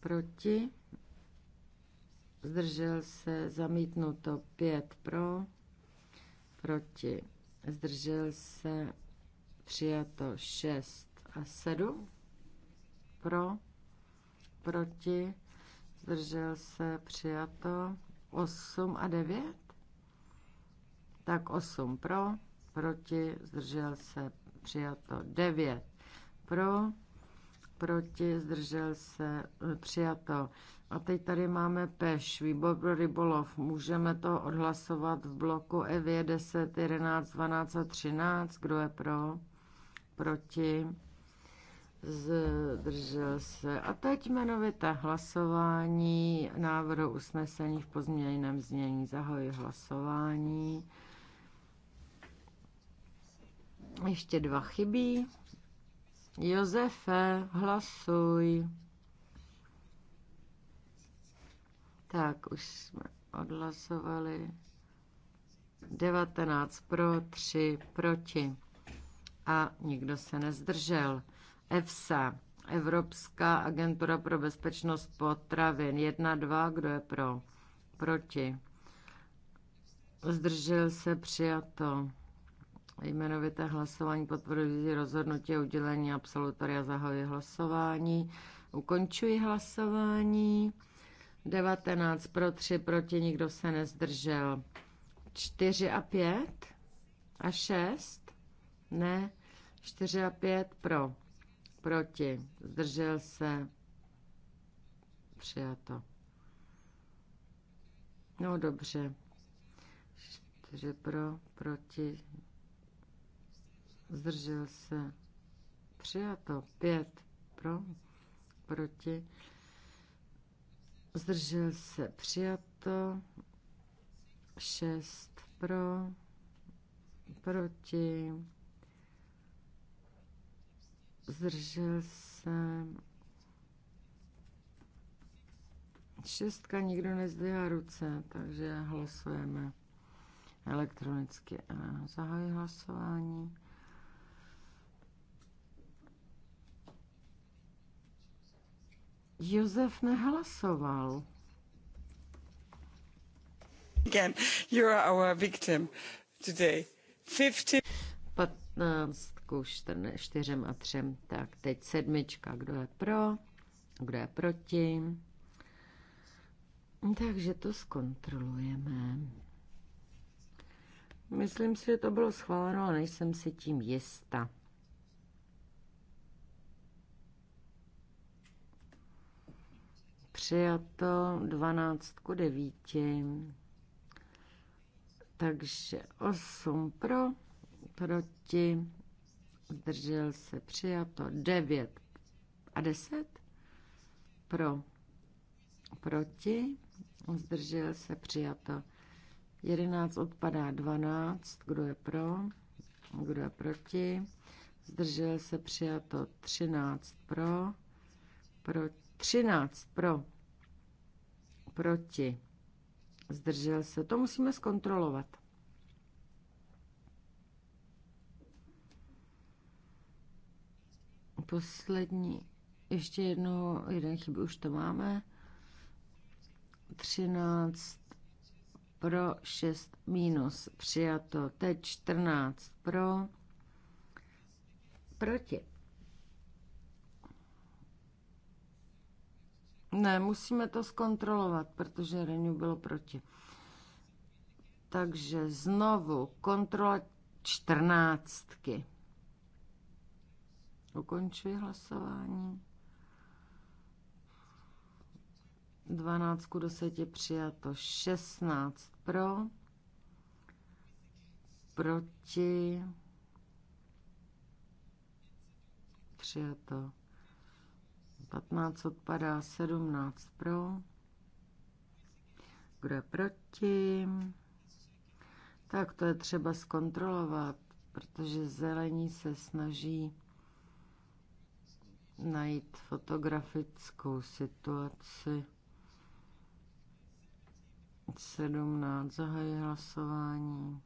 proti, zdržel se, zamítnuto 5 pro, proti, zdržel se, přijato 6 a 7 pro, proti, zdržel se, přijato 8 a 9, tak 8 pro, proti, zdržel se, přijato 9 pro, proti, zdržel se, přijato. A teď tady máme peš, výbor pro rybolov. Můžeme to odhlasovat v bloku e 10, 11, 12 a 13. Kdo je pro? Proti? Zdržel se. A teď jmenovité hlasování návrhu usnesení v pozměněném znění. Zahoji hlasování. Ještě dva chybí. Josefe, hlasuj. Tak, už jsme odhlasovali. 19 pro, 3 proti. A nikdo se nezdržel. EFSA, Evropská agentura pro bezpečnost potravin. 1, 2, kdo je pro? Proti. Zdržel se přijato jmenovité hlasování potvrdující rozhodnutí o udělení absolutoria. Zahajuji hlasování. Ukončuji hlasování. 19 pro 3, proti nikdo se nezdržel. 4 a 5 a 6? Ne. 4 a 5 pro, proti. Zdržel se. Přijato. No dobře. 4 pro, proti zdržel se, přijato. Pět pro, proti, zdržel se, přijato. Šest pro, proti, zdržel se. Šestka nikdo nezdvihá ruce, takže hlasujeme elektronicky. Zahajuji hlasování. Josef nehlasoval. Again, you are our victim today. 15 ku 4 a 3. Tak, teď sedmička. Kdo je pro? Kdo je proti? Takže to zkontrolujeme. Myslím si, že to bylo schváleno, ale nejsem si tím jista. přijato 12 ku 9. Takže 8 pro, proti, zdržel se přijato 9 a 10 pro, proti, zdržel se přijato 11 odpadá 12, kdo je pro, kdo je proti, zdržel se přijato 13 pro, pro 13 pro, proti, zdržel se. To musíme zkontrolovat. Poslední, ještě jedno, jeden chybu už to máme. 13 pro, 6 minus, přijato, teď 14 pro, proti. Ne, musíme to zkontrolovat, protože Renew bylo proti. Takže znovu kontrola čtrnáctky. Ukončuji hlasování. Dvanáctku k 10 přijato 16 pro, proti, přijato 15 odpadá, 17 pro. Kdo je proti? Tak to je třeba zkontrolovat, protože zelení se snaží najít fotografickou situaci. 17 zahají hlasování.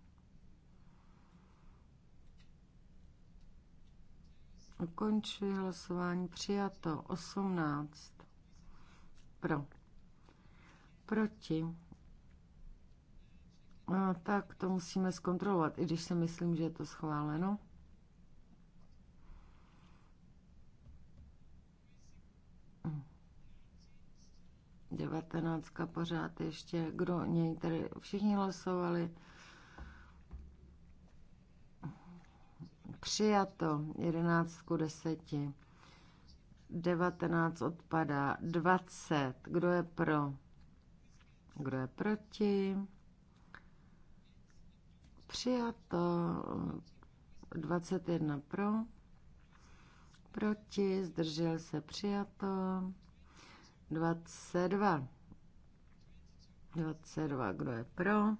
Ukončuji hlasování. Přijato 18. Pro. Proti. No, tak to musíme zkontrolovat, i když si myslím, že je to schváleno. Devatenáctka pořád ještě, kdo něj tady všichni hlasovali. Přijato 11 ku 10. 19 odpadá. 20. Kdo je pro? Kdo je proti? Přijato 21 pro. Proti. Zdržel se přijato. 22. 22. Kdo je pro?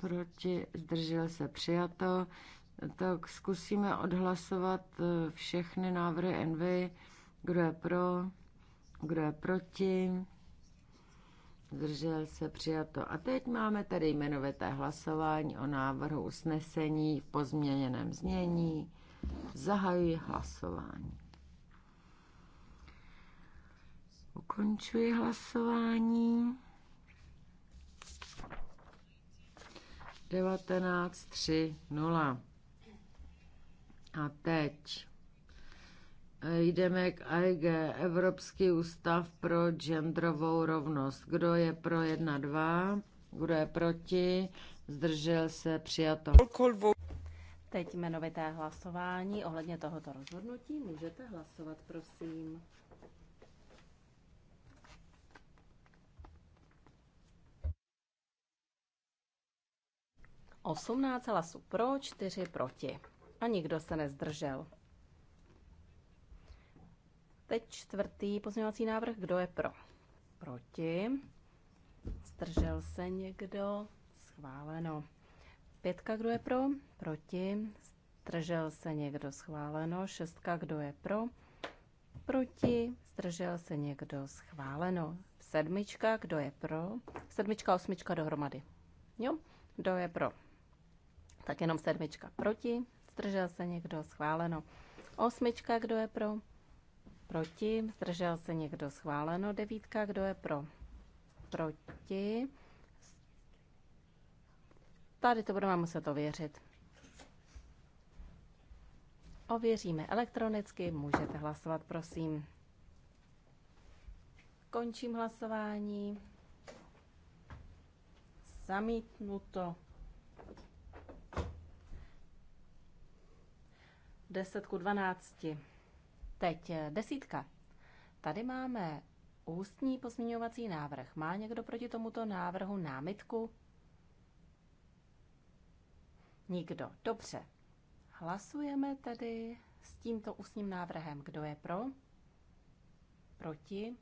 proti, zdržel se přijato. Tak zkusíme odhlasovat eh, všechny návrhy Envy, kdo je pro, kdo je proti, zdržel se přijato. A teď máme tady jmenovité hlasování o návrhu usnesení v pozměněném znění. Zahajuji hlasování. Ukončuji hlasování. 19.3.0. A teď eh, jdeme k AIG, Evropský ústav pro genderovou rovnost. Kdo je pro 1.2? Kdo je proti? Zdržel se přijato. Teď jmenovité hlasování ohledně tohoto rozhodnutí. Můžete hlasovat, prosím. 18 hlasů pro, 4 proti. A nikdo se nezdržel. Teď čtvrtý pozměňovací návrh. Kdo je pro? Proti. Zdržel se někdo? Schváleno. Pětka, kdo je pro? Proti. Zdržel se někdo? Schváleno. Šestka, kdo je pro? Proti. Zdržel se někdo? Schváleno. Sedmička, kdo je pro? Sedmička, osmička dohromady. Jo? Kdo je pro? Tak jenom sedmička proti. Zdržel se někdo? Schváleno. Osmička, kdo je pro? Proti. Zdržel se někdo? Schváleno. Devítka, kdo je pro? Proti. Tady to budeme muset ověřit. Ověříme elektronicky, můžete hlasovat, prosím. Končím hlasování. Zamítnuto. 10 ku 12. Teď eh, desítka. Tady máme ústní pozměňovací návrh. Má někdo proti tomuto návrhu námitku? Nikdo. Dobře. Hlasujeme tedy s tímto ústním návrhem. Kdo je pro? Proti?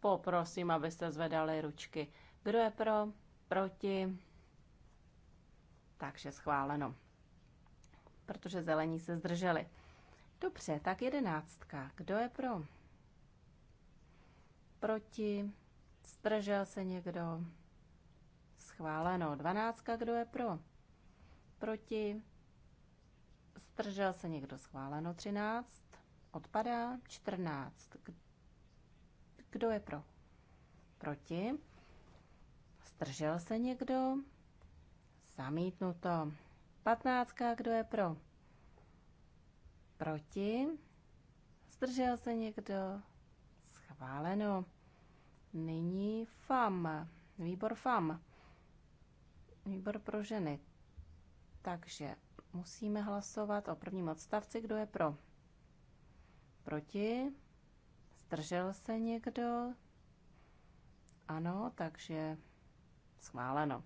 Poprosím, abyste zvedali ručky. Kdo je pro? proti, takže schváleno, protože zelení se zdrželi. Dobře, tak jedenáctka. Kdo je pro? Proti, zdržel se někdo, schváleno. Dvanáctka, kdo je pro? Proti, zdržel se někdo, schváleno. Třináct, odpadá. Čtrnáct, kdo je pro? Proti. Zdržel se někdo? Zamítnuto. Patnáctka, kdo je pro? Proti? Zdržel se někdo? Schváleno. Nyní FAM. Výbor FAM. Výbor pro ženy. Takže musíme hlasovat o prvním odstavci, kdo je pro. Proti? Zdržel se někdo? Ano, takže Schváleno.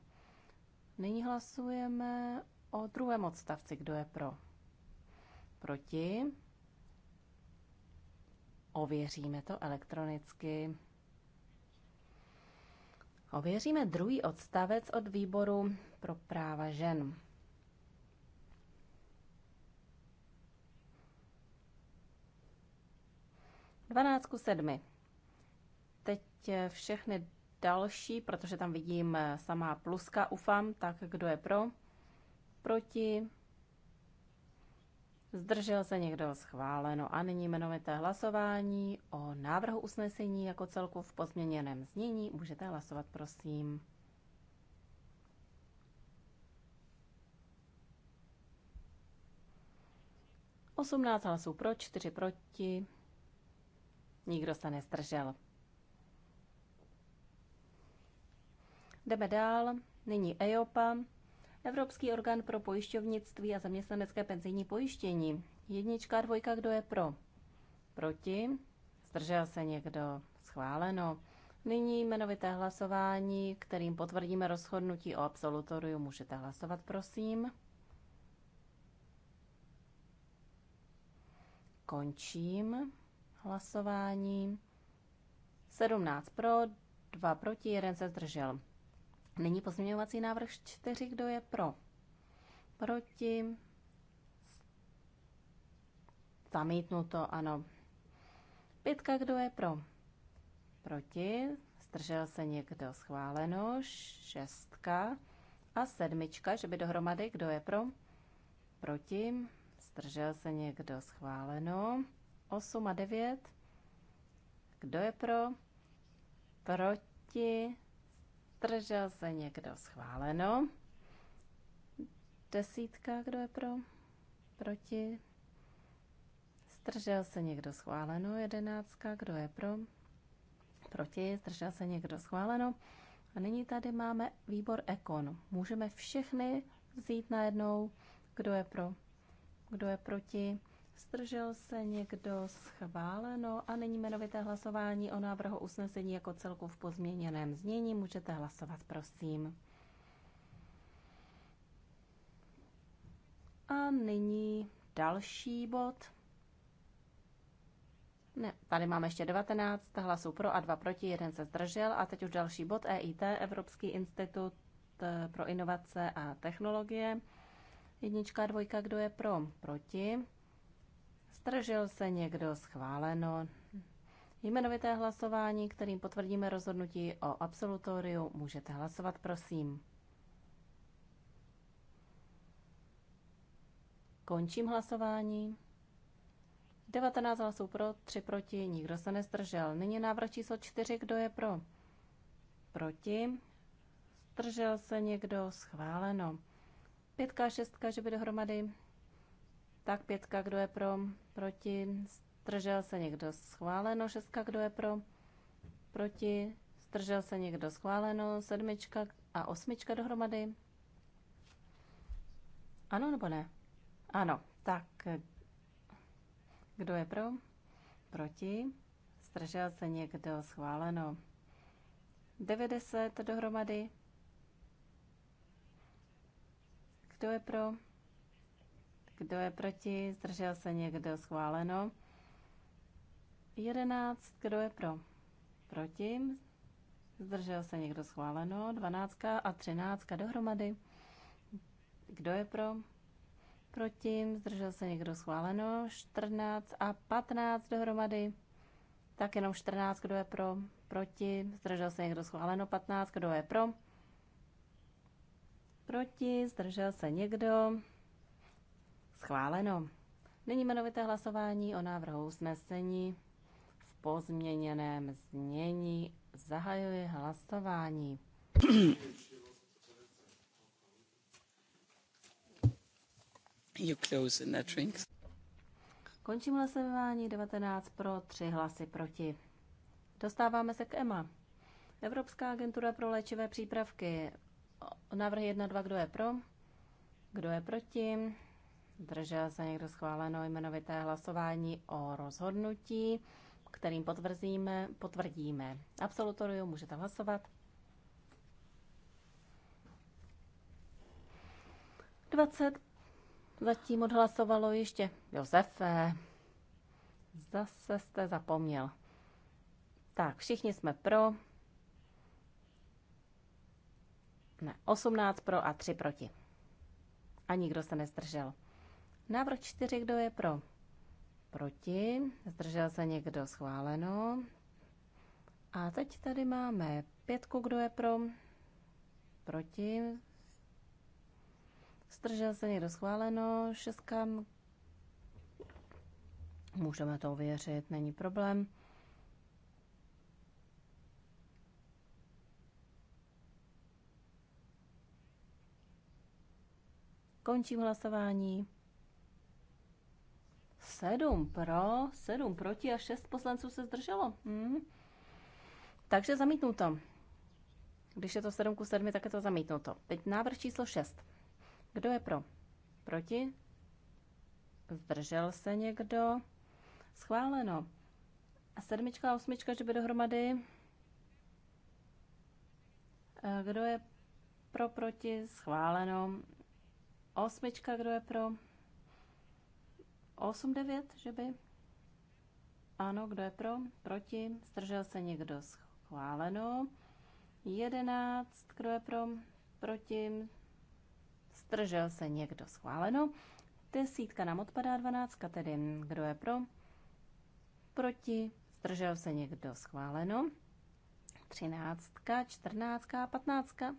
Nyní hlasujeme o druhém odstavci. Kdo je pro? Proti? Ověříme to elektronicky. Ověříme druhý odstavec od výboru pro práva žen. Dvanáctku sedmi. Teď všechny další, protože tam vidím eh, samá pluska, ufam, tak kdo je pro? Proti? Zdržel se někdo schváleno a nyní jmenujete hlasování o návrhu usnesení jako celku v pozměněném znění. Můžete hlasovat, prosím. Osmnáct hlasů pro, čtyři proti. Nikdo se nestržel. Jdeme dál. Nyní EOPA, Evropský orgán pro pojišťovnictví a zaměstnanecké penzijní pojištění. Jednička, dvojka, kdo je pro? Proti? Zdržel se někdo? Schváleno. Nyní jmenovité hlasování, kterým potvrdíme rozhodnutí o absolutoriu. Můžete hlasovat, prosím. Končím hlasování. 17 pro, 2 proti, 1 se zdržel. Není pozměňovací návrh 4, kdo je pro? Proti? Zamítnuto, ano. Pětka, kdo je pro? Proti? Zdržel se někdo schváleno? Šestka a sedmička, že by dohromady, kdo je pro? Proti? Zdržel se někdo schváleno? osm a devět. Kdo je pro? Proti? zdržel se někdo schváleno. Desítka, kdo je pro? Proti? Zdržel se někdo schváleno. Jedenáctka, kdo je pro? Proti? Zdržel se někdo schváleno. A nyní tady máme výbor Ekon. Můžeme všechny vzít najednou. Kdo je pro? Kdo je proti? Zdržel se někdo schváleno a nyní jmenovité hlasování o návrhu usnesení jako celku v pozměněném znění. Můžete hlasovat, prosím. A nyní další bod. Ne, tady máme ještě 19 hlasů pro a 2 proti, jeden se zdržel. A teď už další bod EIT, Evropský institut eh, pro inovace a technologie. Jednička, dvojka, kdo je pro, proti. Zdržel se někdo schváleno? Jmenovité hlasování, kterým potvrdíme rozhodnutí o absolutoriu, můžete hlasovat, prosím. Končím hlasování. 19 hlasů pro, 3 proti, nikdo se nestržel. Nyní návrh číslo 4, kdo je pro? Proti. Zdržel se někdo? Schváleno. Pětka a šestka, že by dohromady. Tak pětka, kdo je pro? proti, zdržel se někdo schváleno, šestka, kdo je pro, proti, zdržel se někdo schváleno, sedmička a osmička dohromady. Ano nebo ne? Ano, tak kdo je pro, proti, zdržel se někdo schváleno. 90 dohromady. Kdo je pro? Kdo je proti? Zdržel se někdo? Schváleno. 11. Kdo je pro? Proti? Zdržel se někdo? Schváleno. 12. a 13. dohromady. Kdo je pro? Proti? Zdržel se někdo? Schváleno. 14 a 15 dohromady. Tak jenom 14. Kdo je pro? Proti? Zdržel se někdo? Schváleno. 15. Kdo je pro? Proti? Zdržel se někdo? Schváleno. Nyní jmenovité hlasování o návrhu usnesení v pozměněném znění. zahajuje hlasování. You close the drinks. Končím hlasování 19 pro, 3 hlasy proti. Dostáváme se k EMA. Evropská agentura pro léčivé přípravky. Návrh 1, 2, kdo je pro? Kdo je proti? zdržel se někdo schváleno jmenovité hlasování o rozhodnutí, kterým potvrdíme, potvrdíme absolutorium, můžete hlasovat. 20 zatím odhlasovalo ještě Josefe. Zase jste zapomněl. Tak, všichni jsme pro. Ne, 18 pro a 3 proti. A nikdo se nezdržel. Návrh 4, kdo je pro? Proti. Zdržel se někdo schváleno. A teď tady máme pětku, kdo je pro? Proti. Zdržel se někdo schváleno. Šestka. Můžeme to ověřit, není problém. Končím hlasování. Sedm pro, sedm proti a šest poslanců se zdrželo. Hmm. Takže zamítnuto. Když je to sedm ku sedmi, tak je to zamítnuto. Teď návrh číslo šest. Kdo je pro? Proti? Zdržel se někdo? Schváleno. A sedmička a osmička, že by dohromady. Eh, kdo je pro, proti? Schváleno. Osmička, kdo je pro? 8-9, že by? Ano, kdo je pro? Proti? Zdržel se někdo? Schváleno. 11, kdo je pro? Proti? Zdržel se někdo? Schváleno. Desítka nám odpadá, dvanáctka tedy. Kdo je pro? Proti? Zdržel se někdo? Schváleno. Třináctka, čtrnáctka, patnáctka.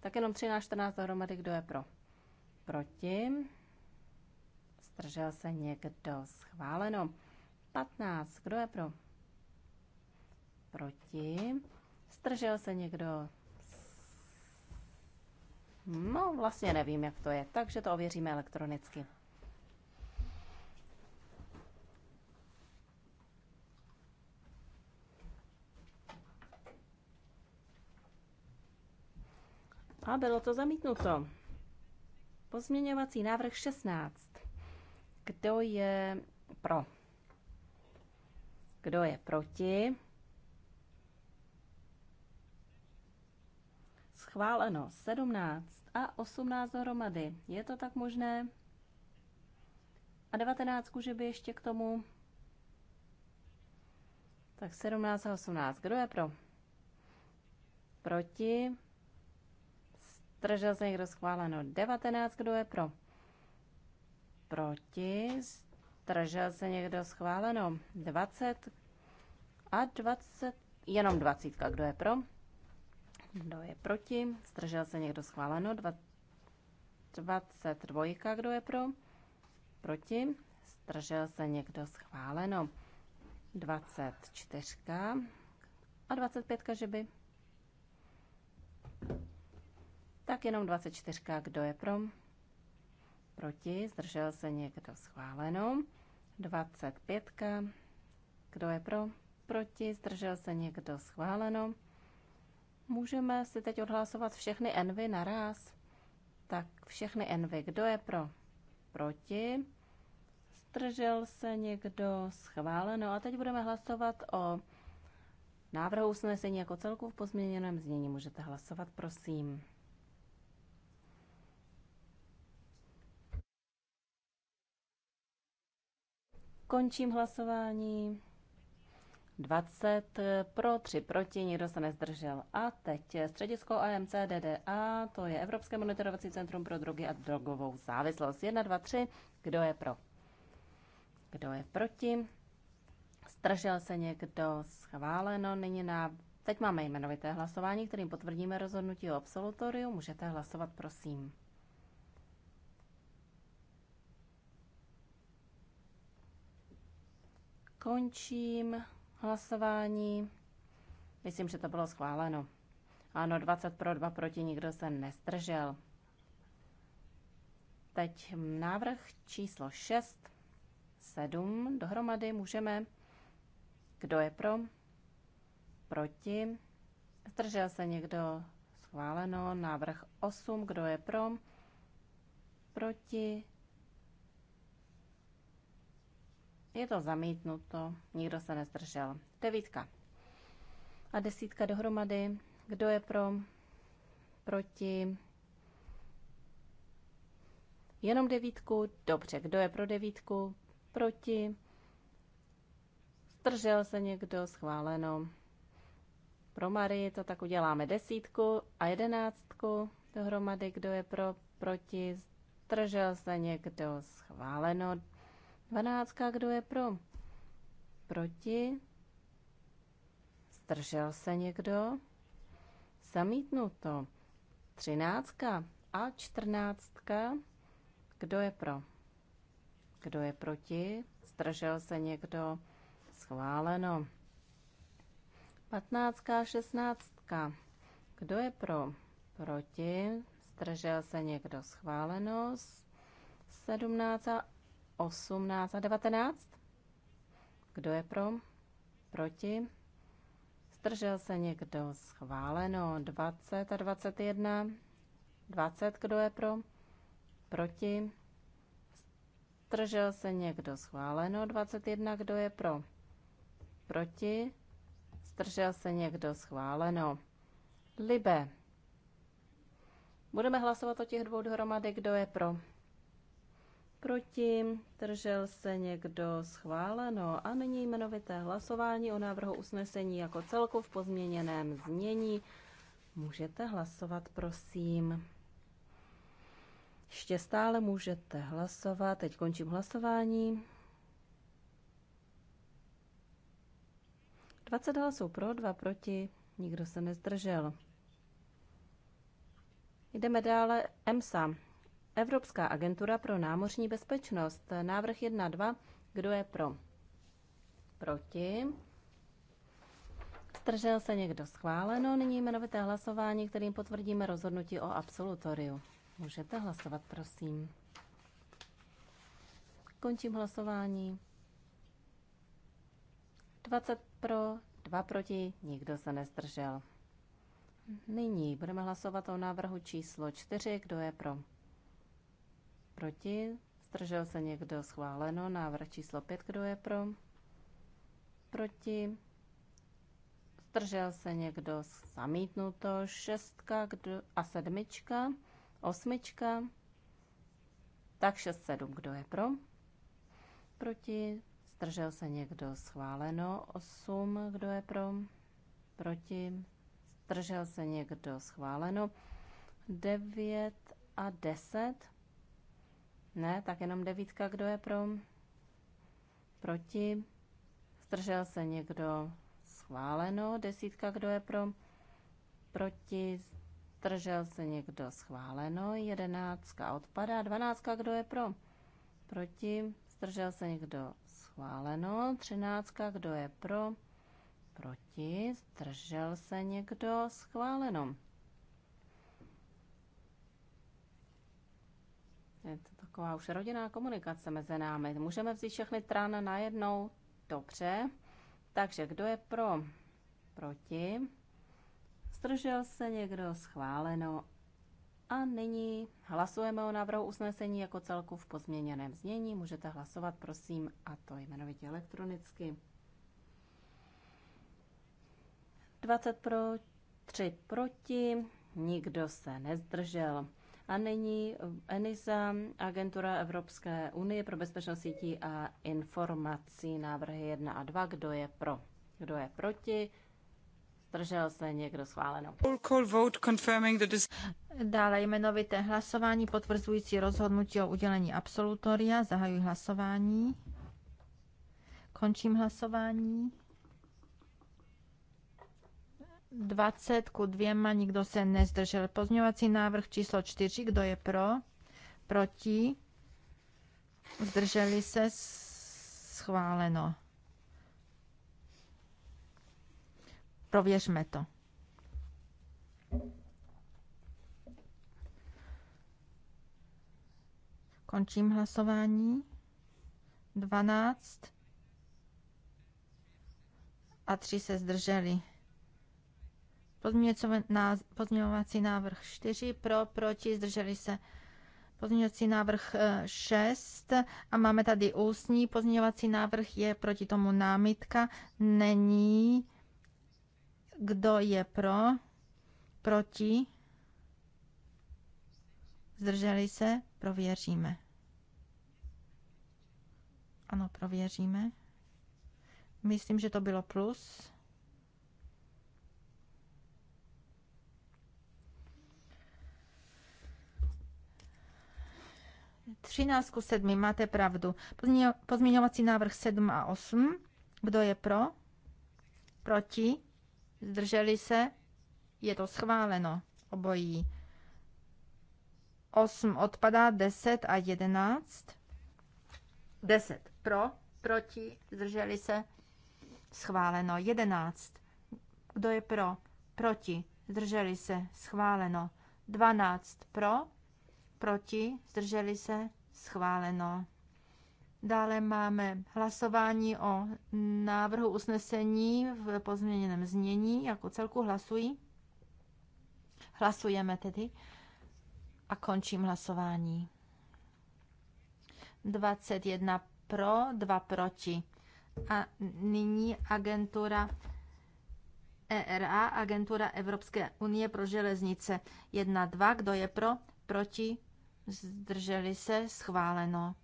Tak jenom 13, 14 dohromady, kdo je pro? Proti zdržel se někdo schváleno. 15. Kdo je pro? Proti. Zdržel se někdo? No, vlastně nevím, jak to je, takže to ověříme elektronicky. A bylo to zamítnuto. Pozměňovací návrh 16. Kdo je pro? Kdo je proti? Schváleno 17 a 18 hromady. Je to tak možné? A 19, že by ještě k tomu? Tak 17 a 18. Kdo je pro? Proti? Zdržel se někdo schváleno 19. Kdo je pro? proti, zdržel se někdo schváleno 20 a 20, jenom 20, kdo je pro, kdo je proti, zdržel se někdo schváleno 22, kdo je pro, proti, zdržel se někdo schváleno 24 a 25, že by. Tak jenom 24, kdo je pro, proti, zdržel se někdo schváleno. 25. Kdo je pro, proti, zdržel se někdo schváleno. Můžeme si teď odhlasovat všechny envy naraz. Tak všechny envy, kdo je pro, proti, zdržel se někdo schváleno. A teď budeme hlasovat o návrhu usnesení jako celku v pozměněném znění. Můžete hlasovat, prosím. Končím hlasování. 20 pro, 3 proti, nikdo se nezdržel. A teď středisko AMC DDA, to je Evropské monitorovací centrum pro drogy a drogovou závislost. 1, 2, 3, kdo je pro? Kdo je proti? Zdržel se někdo? Schváleno. Nyní na... Teď máme jmenovité hlasování, kterým potvrdíme rozhodnutí o absolutoriu. Můžete hlasovat, prosím. Končím hlasování. Myslím, že to bylo schváleno. Ano, 20 pro, 2 proti, nikdo se nestržel. Teď návrh číslo 6, 7 dohromady můžeme. Kdo je pro? Proti. Zdržel se někdo? Schváleno. Návrh 8, kdo je pro? Proti. Je to zamítnuto, nikdo se nezdržel. Devítka. A desítka dohromady. Kdo je pro? Proti? Jenom devítku? Dobře, kdo je pro devítku? Proti? Zdržel se někdo? Schváleno. Pro Marii to tak uděláme desítku a jedenáctku dohromady. Kdo je pro? Proti? Zdržel se někdo? Schváleno. Dvanáctka, kdo je pro? Proti? Zdržel se někdo? Zamítnuto. Třináctka a čtrnáctka, kdo je pro? Kdo je proti? Zdržel se někdo? Schváleno. Patnáctka a šestnáctka, kdo je pro? Proti? Zdržel se někdo? Schváleno. Sedmnáctka 18 a 19. Kdo je pro? Proti? Zdržel se někdo? Schváleno. 20 a 21. 20. Kdo je pro? Proti? Zdržel se někdo? Schváleno. 21. Kdo je pro? Proti? Zdržel se někdo? Schváleno. Libe. Budeme hlasovat o těch dvou dohromady. Kdo je pro? Proti držel se někdo schváleno a nyní jmenovité hlasování o návrhu usnesení jako celku v pozměněném znění. Můžete hlasovat, prosím. Ještě stále můžete hlasovat. Teď končím hlasování. 20 hlasů pro, 2 proti, nikdo se nezdržel. Jdeme dále. EMSA. Evropská agentura pro námořní bezpečnost. Návrh 1.2. Kdo je pro? Proti? Zdržel se někdo schváleno? Nyní jmenovité hlasování, kterým potvrdíme rozhodnutí o absolutoriu. Můžete hlasovat, prosím. Končím hlasování. 20 pro, 2 proti, nikdo se nezdržel. Nyní budeme hlasovat o návrhu číslo 4. Kdo je pro? Proti? Zdržel se někdo? Schváleno. Návrh číslo 5. Kdo je pro? Proti? Zdržel se někdo? Zamítnuto. Šestka kdo, a sedmička. Osmička. Tak 6-7. Kdo je pro? Proti? Zdržel se někdo? Schváleno. 8. Kdo je pro? Proti? Zdržel se někdo? Schváleno. 9 a 10. Ne, tak jenom devítka, kdo je pro? Proti? Zdržel se někdo? Schváleno. Desítka, kdo je pro? Proti? Zdržel se někdo? Schváleno. Jedenáctka odpadá. Dvanáctka, kdo je pro? Proti? Zdržel se někdo? Schváleno. Třináctka, kdo je pro? Proti? Zdržel se někdo? Schváleno. Je to taková už rodinná komunikace mezi námi. Můžeme vzít všechny tran najednou? Dobře. Takže kdo je pro? Proti. Zdržel se někdo? Schváleno. A nyní hlasujeme o návrhu usnesení jako celku v pozměněném znění. Můžete hlasovat, prosím, a to jmenovitě elektronicky. 20 pro, 3 proti, nikdo se nezdržel. A nyní ENISA, Agentura Evropské unie pro bezpečnost sítí a informací, návrhy 1 a 2. Kdo je pro? Kdo je proti? Zdržel se někdo schváleno. Dále jmenovité hlasování potvrzující rozhodnutí o udělení absolutoria. Zahajuji hlasování. Končím hlasování. 20 ku dvěma, nikdo se nezdržel. Pozměňovací návrh číslo 4, kdo je pro? Proti? Zdrželi se? Schváleno. Prověřme to. Končím hlasování. 12 a 3 se zdrželi. Pozměňovací návrh 4 pro, proti, zdrželi se pozměňovací návrh 6 eh, a máme tady ústní pozměňovací návrh, je proti tomu námitka, není, kdo je pro, proti, zdrželi se, prověříme. Ano, prověříme. Myslím, že to bylo plus. 13 ku 7, máte pravdu. Pozměňovací návrh 7 a 8. Kdo je pro? Proti? Zdrželi se? Je to schváleno obojí. 8 odpadá, 10 a 11. 10 pro, proti, zdrželi se, schváleno. 11. Kdo je pro? Proti, zdrželi se, schváleno. 12 pro, proti, zdrželi se, schváleno. Dále máme hlasování o návrhu usnesení v pozměněném znění. Jako celku hlasují. Hlasujeme tedy a končím hlasování. 21 pro, 2 proti. A nyní agentura ERA, agentura Evropské unie pro železnice. 1, 2, kdo je pro, proti, zdrželi se, schváleno.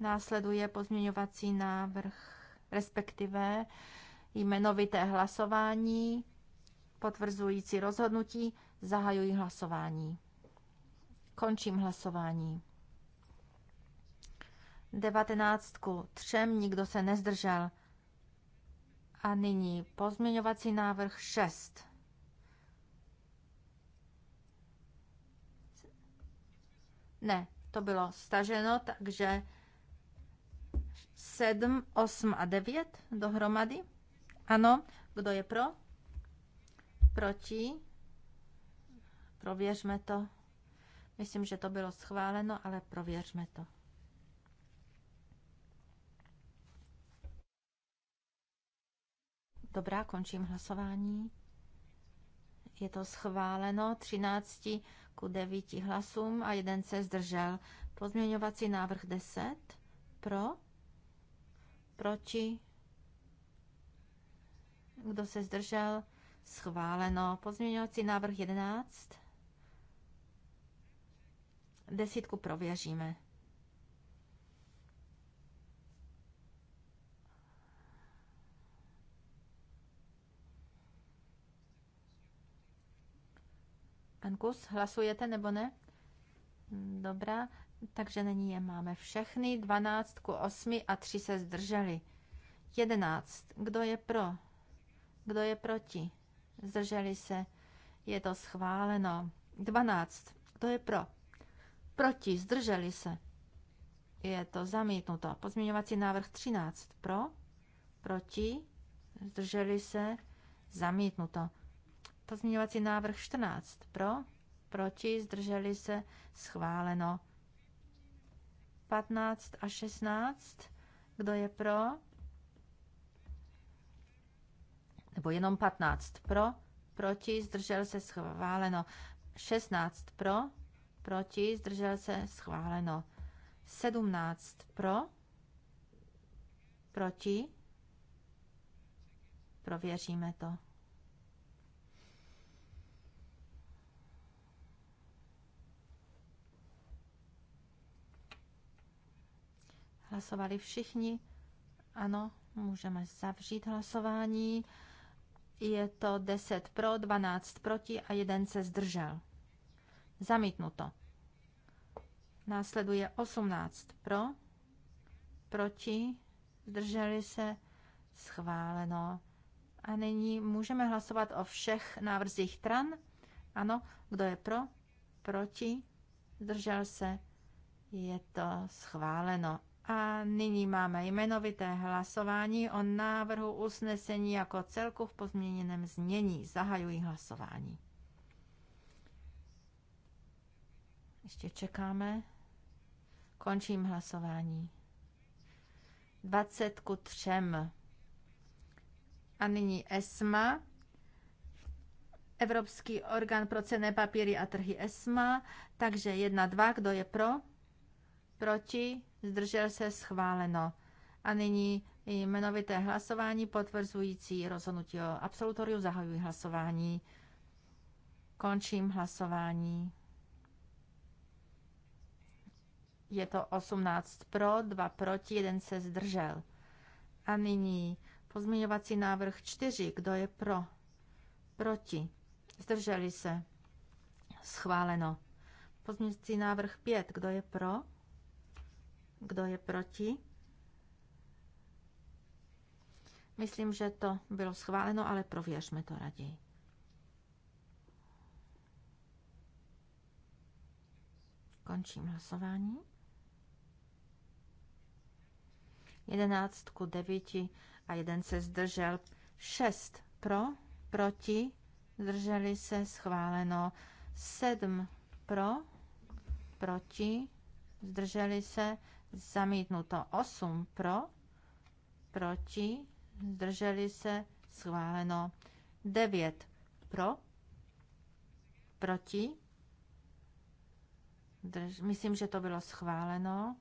Následuje pozměňovací návrh, respektive jmenovité hlasování, potvrzující rozhodnutí, zahajují hlasování. Končím hlasování. 19 třem nikdo se nezdržel. A nyní pozměňovací návrh 6. Ne, to bylo staženo, takže 7, 8 a 9 dohromady. Ano, kdo je pro? Proti? Prověřme to. Myslím, že to bylo schváleno, ale prověřme to. Dobrá, končím hlasování. Je to schváleno 13 ku 9 hlasům a jeden se zdržel. Pozměňovací návrh 10 pro, proti, kdo se zdržel, schváleno. Pozměňovací návrh 11, desítku prověříme. Ankus, hlasujete nebo ne? Dobrá, takže není je máme všechny. 12 ku 8 a 3 se zdrželi. 11. Kdo je pro? Kdo je proti? Zdrželi se. Je to schváleno. 12. Kdo je pro? Proti. Zdrželi se. Je to zamítnuto. Pozměňovací návrh 13. Pro? Proti? Zdrželi se. Zamítnuto. Pozměňovací návrh 14 pro, proti, zdrželi se, schváleno. 15 a 16, kdo je pro? Nebo jenom 15 pro, proti, zdržel se, schváleno. 16 pro, proti, zdržel se, schváleno. 17 pro, proti, prověříme to. Hlasovali všichni? Ano, můžeme zavřít hlasování. Je to 10 pro, 12 proti a jeden se zdržel. Zamítnuto. Následuje 18 pro, proti, zdrželi se, schváleno. A nyní můžeme hlasovat o všech návrzích TRAN. Ano, kdo je pro, proti, zdržel se, je to schváleno. A nyní máme jmenovité hlasování o návrhu usnesení jako celku v pozměněném znění. Zahajuji hlasování. Ještě čekáme. Končím hlasování. 20 ku 3. A nyní ESMA, Evropský orgán pro cené papíry a trhy ESMA. Takže 1, 2, kdo je pro? Proti? zdržel se schváleno. A nyní jmenovité hlasování potvrzující rozhodnutí o absolutoriu. Zahajuji hlasování. Končím hlasování. Je to 18 pro, 2 proti, 1 se zdržel. A nyní pozměňovací návrh 4. Kdo je pro? Proti. Zdrželi se. Schváleno. Pozměňovací návrh 5. Kdo je pro? Kdo je proti? Myslím, že to bylo schváleno, ale prověřme to raději. Končím hlasování. 11 ku 9 a jeden se zdržel. 6 pro, proti, zdrželi se, schváleno. 7 pro, proti, zdrželi se, zamítnuto 8 pro, proti, zdrželi se, schváleno 9 pro, proti, drž, myslím, že to bylo schváleno,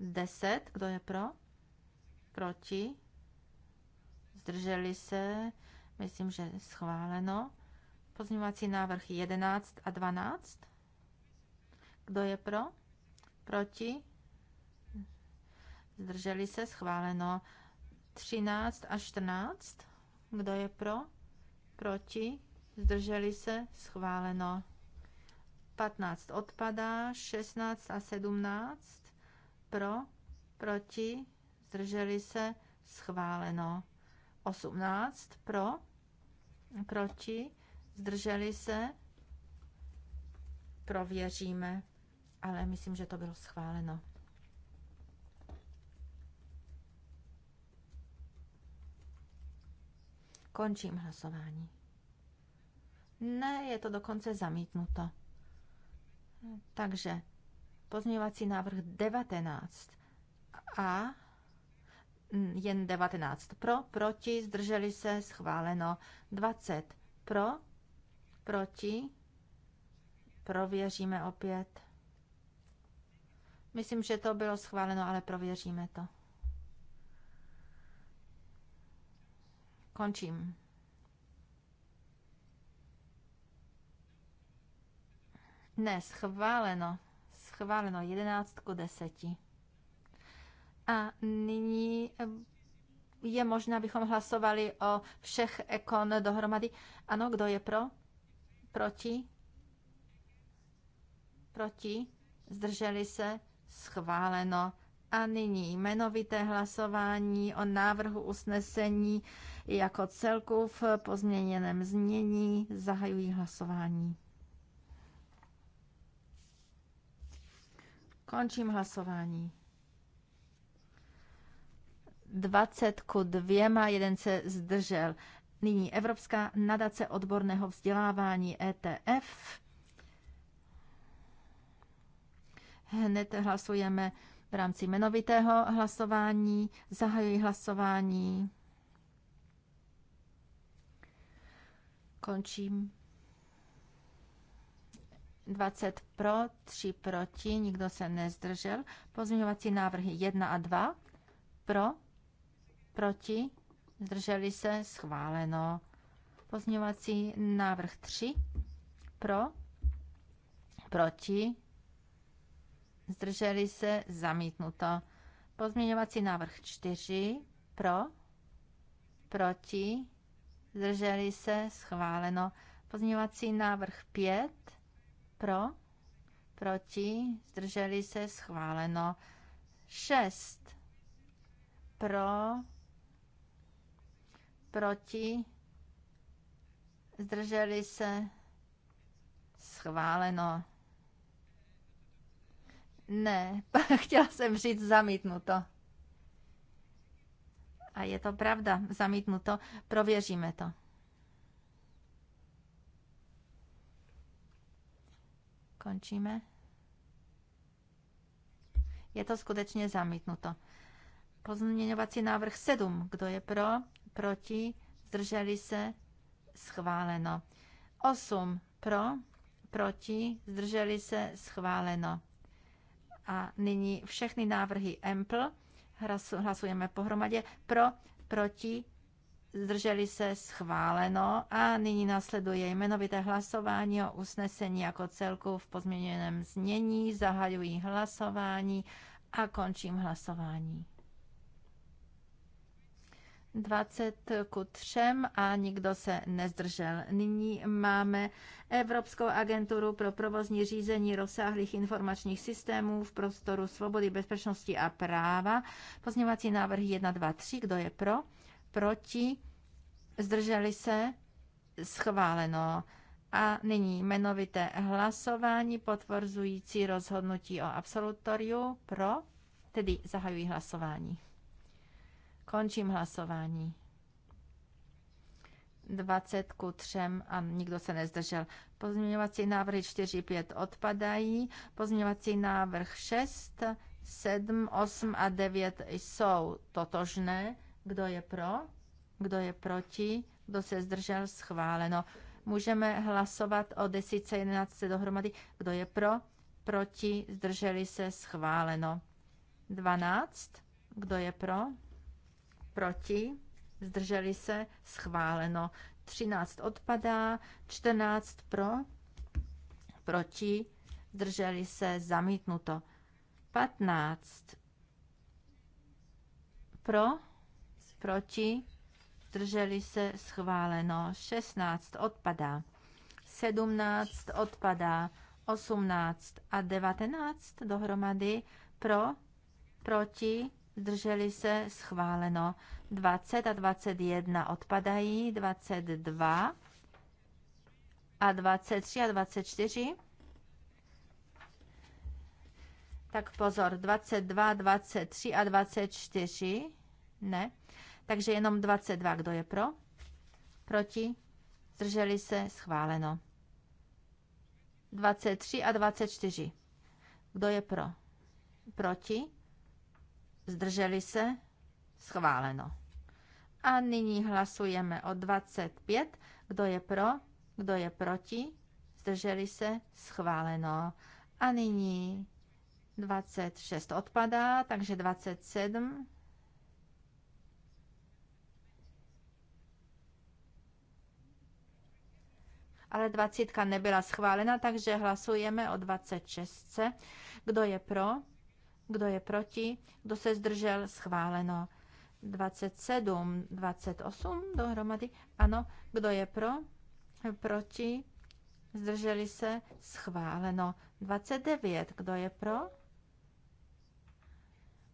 10, kdo je pro, proti, zdrželi se, myslím, že schváleno, pozměňovací návrh 11 a 12, kdo je pro, proti, zdrželi se, schváleno. 13 a 14, kdo je pro, proti, zdrželi se, schváleno. 15 odpadá, 16 a 17 pro, proti, zdrželi se, schváleno. 18 pro, proti, zdrželi se, prověříme, ale myslím, že to bylo schváleno. Končím hlasování. Ne, je to dokonce zamítnuto. Takže pozměňovací návrh 19 a jen 19 pro, proti, zdrželi se, schváleno 20 pro, proti, prověříme opět. Myslím, že to bylo schváleno, ale prověříme to. Končím. Ne, schváleno. Schváleno jedenáctku deseti. A nyní je možné, abychom hlasovali o všech ekon dohromady. Ano, kdo je pro? Proti? Proti? Zdrželi se? Schváleno. A nyní jmenovité hlasování o návrhu usnesení jako celku v pozměněném znění. Zahajují hlasování. Končím hlasování. 20 ku dvěma, jeden se zdržel. Nyní Evropská nadace odborného vzdělávání ETF. Hned hlasujeme v rámci jmenovitého hlasování. Zahajuji hlasování. Končím. 20 pro, 3 proti, nikdo se nezdržel. Pozměňovací návrhy 1 a 2 pro, proti, zdrželi se, schváleno. Pozměňovací návrh 3 pro, proti, zdrželi se, zamítnuto. Pozměňovací návrh 4 pro, proti, zdrželi se, schváleno. Pozměňovací návrh 5, pro, proti, zdrželi se, schváleno. 6, pro, proti, zdrželi se, schváleno. Ne, chtěla jsem říct zamítnuto a je to pravda, Zamítnu to? prověříme to. Končíme. Je to skutečně zamítnuto. Pozměňovací návrh 7. Kdo je pro? Proti? Zdrželi se? Schváleno. 8. Pro? Proti? Zdrželi se? Schváleno. A nyní všechny návrhy EMPL Hlasujeme pohromadě pro, proti, zdrželi se schváleno a nyní nasleduje jmenovité hlasování o usnesení jako celku v pozměněném znění. zahajují hlasování a končím hlasování. 20 ku 3 a nikdo se nezdržel. Nyní máme Evropskou agenturu pro provozní řízení rozsáhlých informačních systémů v prostoru svobody, bezpečnosti a práva. Pozněvací návrh 1, 2, 3. Kdo je pro? Proti? Zdrželi se? Schváleno. A nyní jmenovité hlasování potvrzující rozhodnutí o absolutoriu pro, tedy zahajují hlasování. Končím hlasování. 20 ku 3 a nikdo se nezdržel. Pozměňovací návrhy 4, 5 odpadají. Pozměňovací návrh 6, 7, 8 a 9 jsou totožné. Kdo je pro? Kdo je proti? Kdo se zdržel? Schváleno. Můžeme hlasovat o 10, 11 dohromady. Kdo je pro? Proti? Zdrželi se? Schváleno. 12. Kdo je pro? proti, zdrželi se, schváleno. 13 odpadá, 14 pro, proti, zdrželi se, zamítnuto. 15 pro, proti, zdrželi se, schváleno. 16 odpadá, 17 odpadá, 18 a 19 dohromady pro, proti, zdrželi se, schváleno. 20 a 21 odpadají, 22 a 23 a 24. Tak pozor, 22, 23 a 24. Ne. Takže jenom 22, kdo je pro? Proti? Zdrželi se? Schváleno. 23 a 24. Kdo je pro? Proti? zdrželi se, schváleno. A nyní hlasujeme o 25, kdo je pro, kdo je proti, zdrželi se, schváleno. A nyní 26 odpadá, takže 27. Ale 20 nebyla schválena, takže hlasujeme o 26. Kdo je pro? Kdo je proti? Kdo se zdržel? Schváleno. 27, 28 dohromady. Ano. Kdo je pro? Proti? Zdrželi se? Schváleno. 29. Kdo je pro?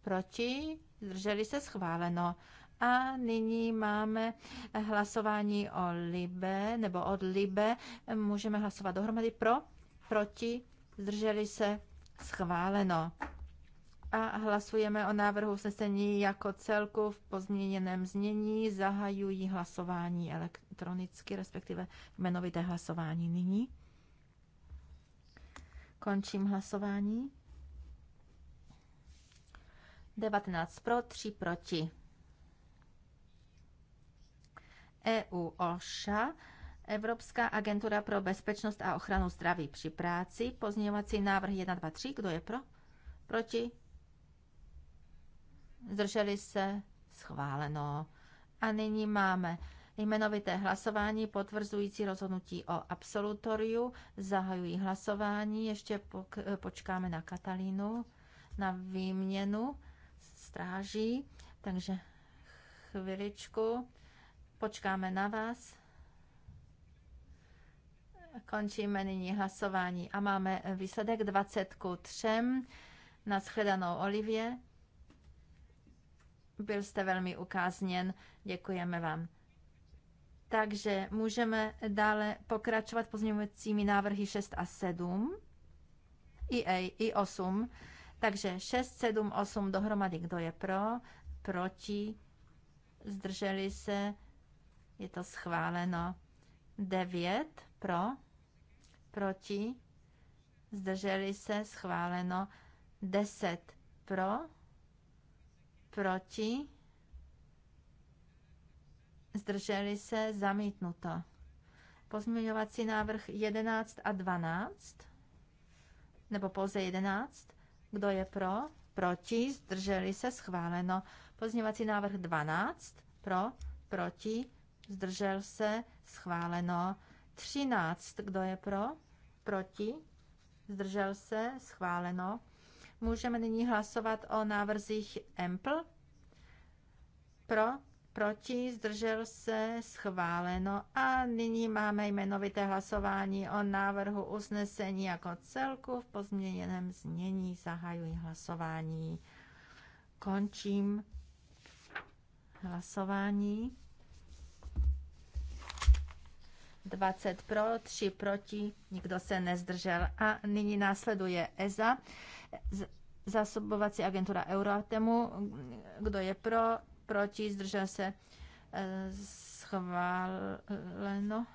Proti? Zdrželi se? Schváleno. A nyní máme hlasování o Libe, nebo od Libe. Můžeme hlasovat dohromady pro, proti, zdrželi se, schváleno a hlasujeme o návrhu usnesení jako celku v pozměněném znění. Zahajují hlasování elektronicky, respektive jmenovité hlasování nyní. Končím hlasování. 19 pro, 3 proti. EU OŠA, Evropská agentura pro bezpečnost a ochranu zdraví při práci, pozměňovací návrh 123, kdo je pro? Proti? zdrželi se, schváleno. A nyní máme jmenovité hlasování potvrzující rozhodnutí o absolutoriu. Zahajují hlasování, ještě počkáme na Katalínu, na výměnu stráží, takže chviličku, počkáme na vás. Končíme nyní hlasování a máme výsledek 20 ku 3 na shledanou Olivě. Byl jste velmi ukázněn, děkujeme vám. Takže můžeme dále pokračovat pozměňovacími návrhy 6 a 7 i, a, i 8. Takže 6, 7, 8 dohromady, kdo je pro, proti, zdrželi se, je to schváleno. 9 pro, proti, zdrželi se, schváleno. 10 pro, proti, zdrželi se, zamítnuto. Pozměňovací návrh 11 a 12, nebo pouze 11, kdo je pro, proti, zdrželi se, schváleno. Pozměňovací návrh 12, pro, proti, zdržel se, schváleno. 13, kdo je pro, proti, zdržel se, schváleno. Můžeme nyní hlasovat o návrzích EMPL. Pro, proti, zdržel se, schváleno. A nyní máme jmenovité hlasování o návrhu usnesení jako celku v pozměněném znění. Zahajuji hlasování. Končím hlasování. 20 pro, 3 proti, nikdo se nezdržel. A nyní následuje EZA. Zasobovací agentura Euratemu. Kdo je pro? Proti? Zdržel se? E, schváleno.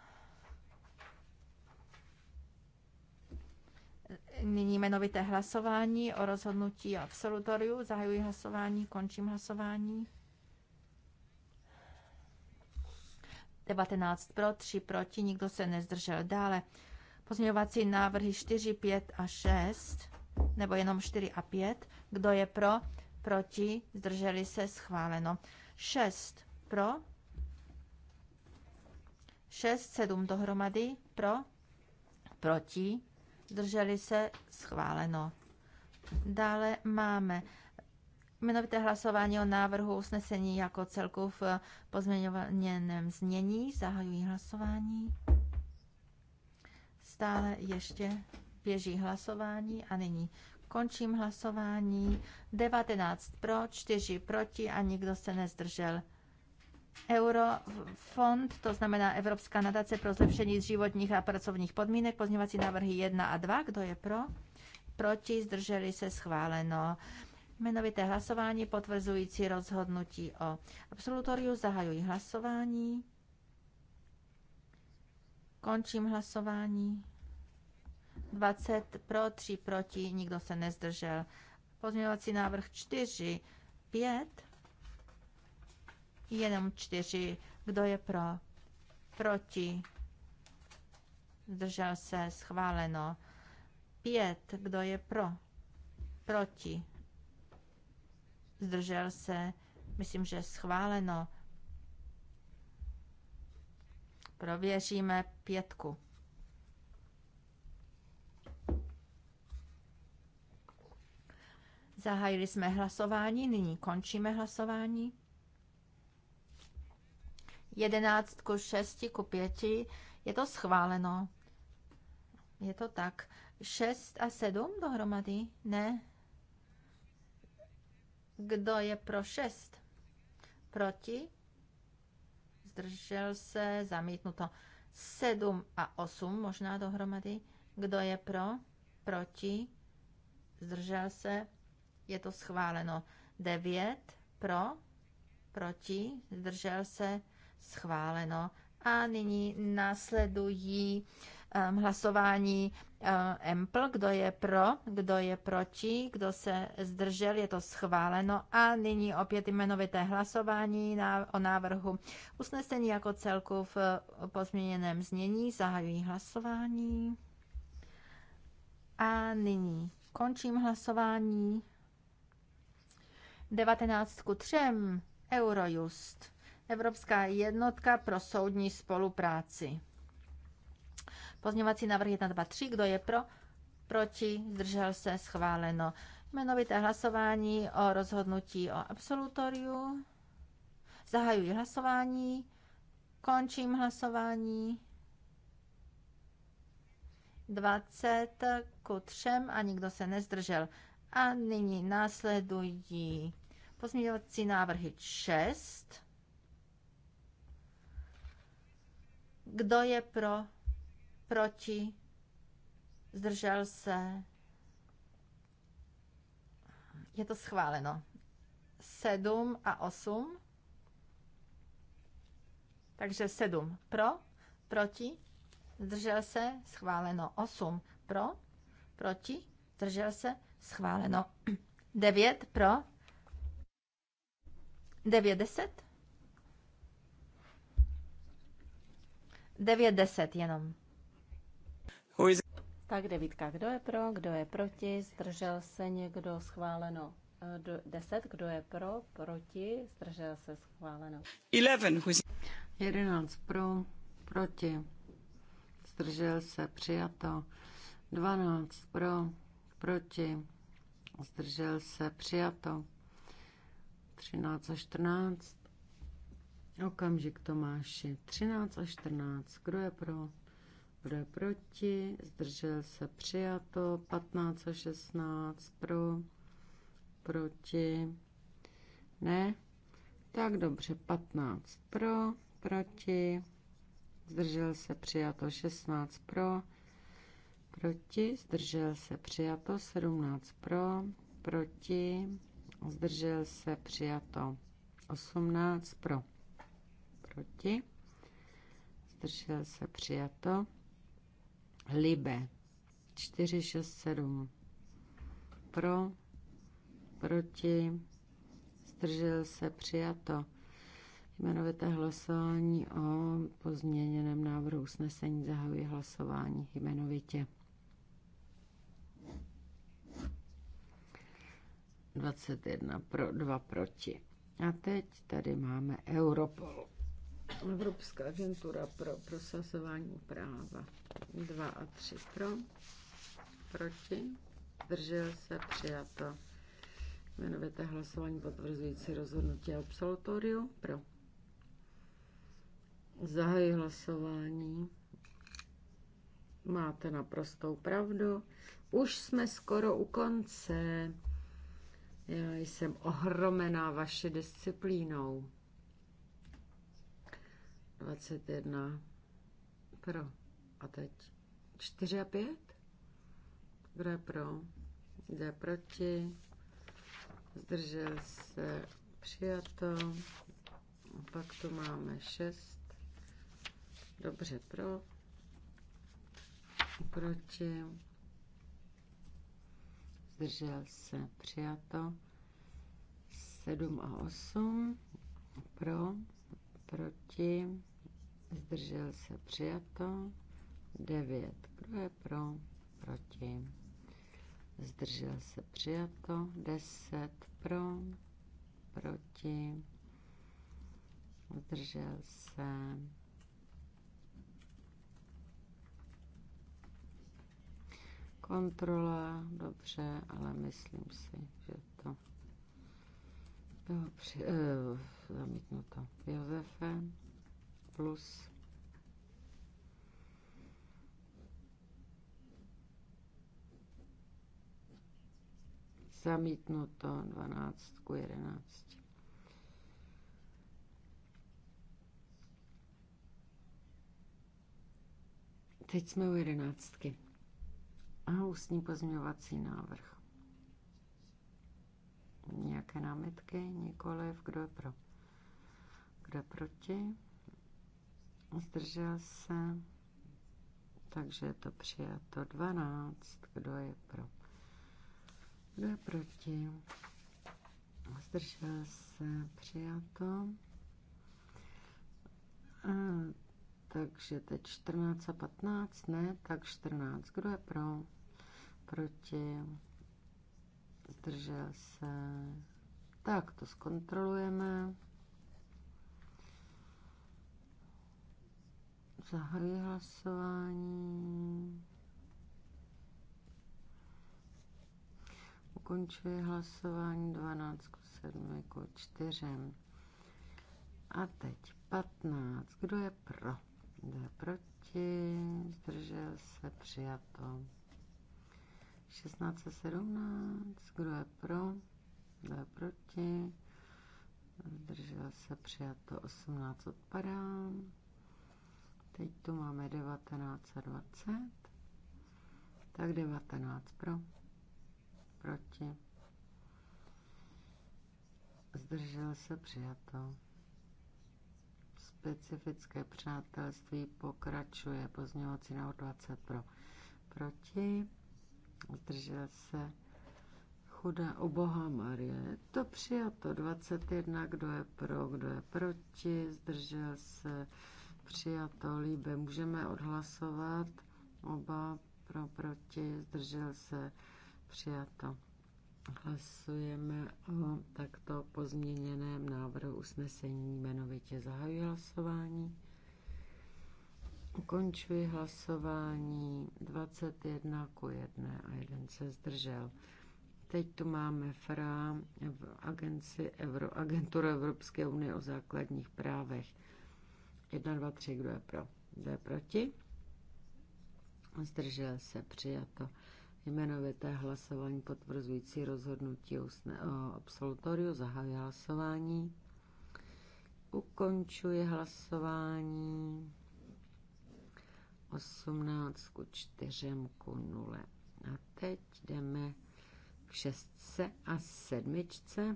Nyní jmenovité hlasování o rozhodnutí absolutoriu. Zahajuji hlasování, končím hlasování. 19 pro, 3 proti, nikdo se nezdržel. Dále pozměňovací návrhy 4, 5 a 6 nebo jenom 4 a 5. Kdo je pro? Proti? Zdrželi se? Schváleno. 6 pro. 6, 7 dohromady. Pro. Proti? Zdrželi se? Schváleno. Dále máme jmenovité hlasování o návrhu usnesení jako celku v pozměňovaném znění. Zahajuji hlasování. Stále ještě běží hlasování a nyní končím hlasování. 19 pro, 4 proti a nikdo se nezdržel. Eurofond, to znamená Evropská nadace pro zlepšení životních a pracovních podmínek, pozměvací návrhy 1 a 2, kdo je pro? Proti, zdrželi se schváleno. Jmenovité hlasování potvrzující rozhodnutí o absolutoriu zahajují hlasování. Končím hlasování. 20 pro, 3 proti, nikdo se nezdržel. Pozměňovací návrh 4, 5, jenom 4. Kdo je pro? Proti? Zdržel se, schváleno. 5. Kdo je pro? Proti? Zdržel se, myslím, že schváleno. Prověříme pětku. Zahájili jsme hlasování, nyní končíme hlasování. 11 ku 6 ku 5. Je to schváleno. Je to tak. 6 a 7 dohromady? Ne. Kdo je pro 6? Proti? Zdržel se, zamítnuto. 7 a 8 možná dohromady. Kdo je pro? Proti? Zdržel se, je to schváleno. 9 pro, proti, zdržel se, schváleno. A nyní následují um, hlasování um, EMPL, kdo je pro, kdo je proti, kdo se zdržel, je to schváleno. A nyní opět jmenovité hlasování na, o návrhu usnesení jako celku v eh, pozměněném znění. Zahajují hlasování. A nyní končím hlasování. 19 ku 3 Eurojust, Evropská jednotka pro soudní spolupráci. Pozměňovací návrh 1, 2, 3. Kdo je pro? Proti? Zdržel se? Schváleno. Jmenovité hlasování o rozhodnutí o absolutoriu. Zahajuji hlasování. Končím hlasování. 20 ku 3 a nikdo se nezdržel. A nyní následují pozměňovací návrhy 6. Kdo je pro? Proti? Zdržel se? Je to schváleno. 7 a 8. Takže 7 pro, proti, zdržel se, schváleno. 8 pro, proti, zdržel se, Schváleno. 9 pro. 9, 10. 9, 10 jenom. Tak devítka, kdo je pro, kdo je proti, zdržel se někdo, schváleno. 10, eh, kdo je pro, proti, zdržel se, schváleno. 11, 11 pro, proti, zdržel se, přijato. 12 pro, proti, zdržel se, přijato. 13 a 14. Okamžik Tomáši. 13 a 14. Kdo je pro? Kdo je proti? Zdržel se přijato. 15 a 16. Pro? Proti? Ne? Tak dobře. 15 pro? Proti? Zdržel se přijato. 16 pro? proti, zdržel se přijato, 17 pro, proti, zdržel se přijato, 18 pro, proti, zdržel se přijato, libe, 4, 6, 7 pro, proti, zdržel se přijato. Jmenovité hlasování o pozměněném návrhu usnesení zahajuje hlasování jmenovitě. 21 pro, 2 proti. A teď tady máme Europol. Evropská agentura pro prosazování práva. 2 a 3 pro, proti, Držel se, přijato. Jmenovité hlasování potvrzující rozhodnutí absolutoriu pro. Zahají hlasování. Máte naprostou pravdu. Už jsme skoro u konce. Já jsem ohromená vaše disciplínou. 21 pro. A teď 4 a 5? Kdo je pro? Kdo je proti? Zdržel se přijato. Pak tu máme 6. Dobře pro. Proti zdržel se, přijato. 7 a 8, pro, proti, zdržel se, přijato. 9, kdo je pro, proti, zdržel se, přijato. 10, pro, proti, zdržel se, Kontrola, dobře, ale myslím si, že to bylo při, eh, zamítnuto. Josefe plus zamítnuto 12 ku 11. Teď jsme u jedenáctky. A ústní pozměňovací návrh. Nějaké námitky? Nikoliv. Kdo je pro? Kdo je proti? Zdržel se. Takže je to přijato 12. Kdo je pro? Kdo je proti? Zdržel se. Přijato. A, takže teď 14 a 15, ne, tak 14. Kdo je pro? proti, zdržel se. Tak, to zkontrolujeme. Zahajuji hlasování. Ukončuji hlasování 12 k 7 k 4. A teď 15. Kdo je pro? Kdo je proti? Zdržel se přijato. 16 a 17. Kdo je pro? Kdo je proti? Zdržel se přijato 18 odpadá. Teď tu máme 19 a 20. Tak 19 pro. Proti. Zdržel se přijato. Specifické přátelství pokračuje. Pozměňovací návrh 20 pro. Proti zdržel se. Chudá oboha Marie, to přijato 21, kdo je pro, kdo je proti, zdržel se, přijato líbe. Můžeme odhlasovat oba pro, proti, zdržel se, přijato. Hlasujeme o takto pozměněném návrhu usnesení jmenovitě zahajuji hlasování. Ukončuji hlasování 21 ku 1 a jeden se zdržel. Teď tu máme FRA, agenci Evro, Agentura Evropské unie o základních právech. 1, 2, 3, kdo je pro? Kdo je proti? Zdržel se, přijato. Jmenovité hlasování potvrzující rozhodnutí o, absolutoriu zahajuje hlasování. Ukončuji hlasování. 18 ku 4 ku 0. A teď jdeme k šestce a sedmičce.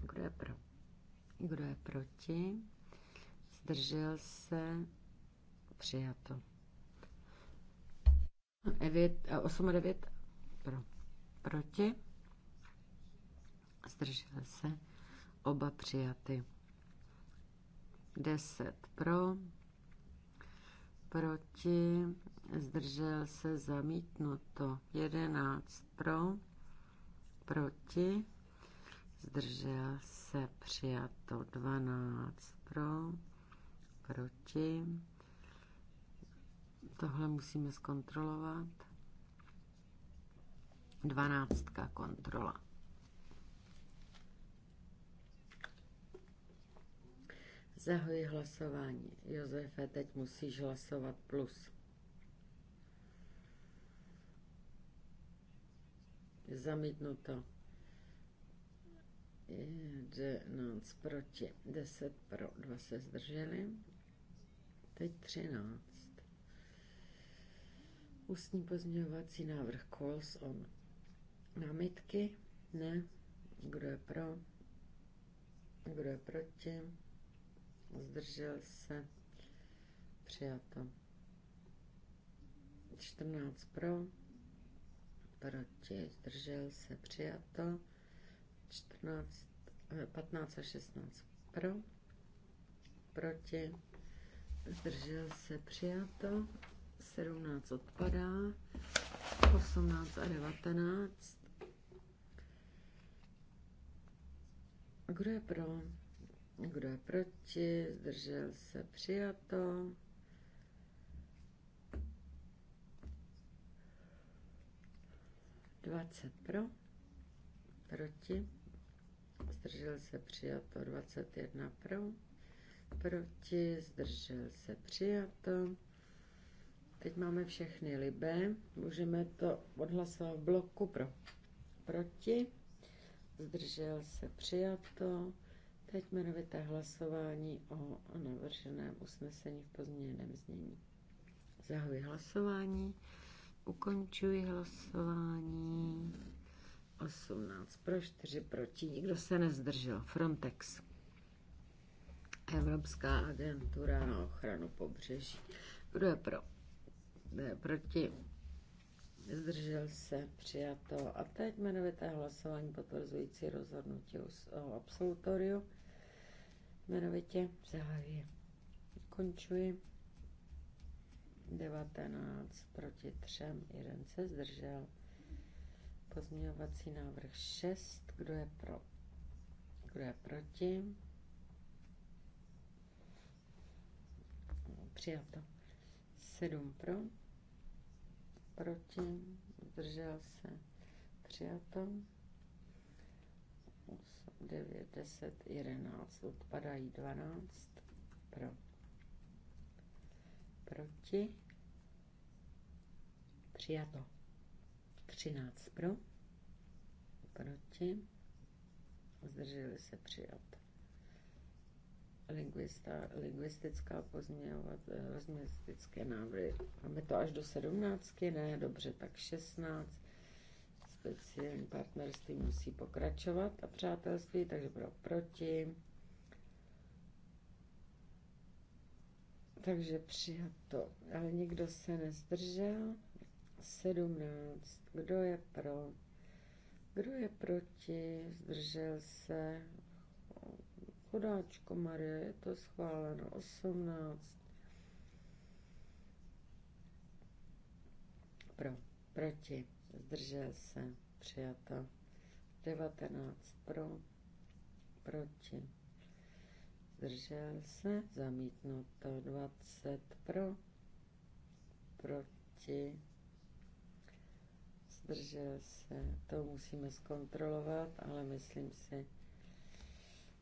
Kdo je pro? Kdo je proti? Zdržel se? Přijato. 9, 8 eh, a 9 pro. Proti? Zdržel se? Oba přijaty. 10 pro, proti, zdržel se zamítnuto. 11 pro, proti, zdržel se přijato. 12 pro, proti. Tohle musíme zkontrolovat. Dvanáctka kontrola. Zahoji hlasování. Josefe, teď musíš hlasovat plus. Zamítnuto. 11 proti, 10 pro, Dva se zdrželi. Teď 13. Ústní pozměňovací návrh calls on. Námitky? Ne. Kdo je pro? Kdo je proti? zdržel se, přijato. 14 pro, proti, zdržel se, přijato. 14, 15 eh, a 16 pro, proti, zdržel se, přijato. 17 odpadá, 18 a 19. A Kdo je pro? Kdo je proti? Zdržel se přijato. Dvacet pro. Proti. Zdržel se přijato. 21 pro. Proti. Zdržel se přijato. Teď máme všechny libé. Můžeme to odhlasovat v bloku pro. Proti. Zdržel se přijato. Teď jmenovité hlasování o navrženém usnesení v pozměněném znění. Zahajuji hlasování, ukončuji hlasování. 18 pro, 4 proti, nikdo se nezdržel. Frontex. Evropská agentura na ochranu pobřeží. Kdo je pro? Kdo je proti? Zdržel se, přijato. A teď jmenovité hlasování potvrzující rozhodnutí o absolutoriu jmenovitě zahájí. Končuji. 19 proti 3, jeden se zdržel. Pozměňovací návrh 6, kdo je pro? Kdo je proti? Přijato. 7 pro, proti, zdržel se. Přijato. 9, 10, 11, odpadají 12, pro, proti, přijato, 13 pro, proti, zdrželi se přijat. Lingvista, lingvistická pozměňovat, eh, lingvistické návrhy. Máme to až do 17, ne? Dobře, tak 16 sociální partnerství musí pokračovat a přátelství, takže pro proti. Takže přijato, ale nikdo se nezdržel. 17. Kdo je pro? Kdo je proti? Zdržel se? Chudáčko Marie, je to schváleno. 18. Pro, proti zdržel se, přijato. 19 pro, proti, zdržel se, zamítnuto. 20 pro, proti, zdržel se. To musíme zkontrolovat, ale myslím si,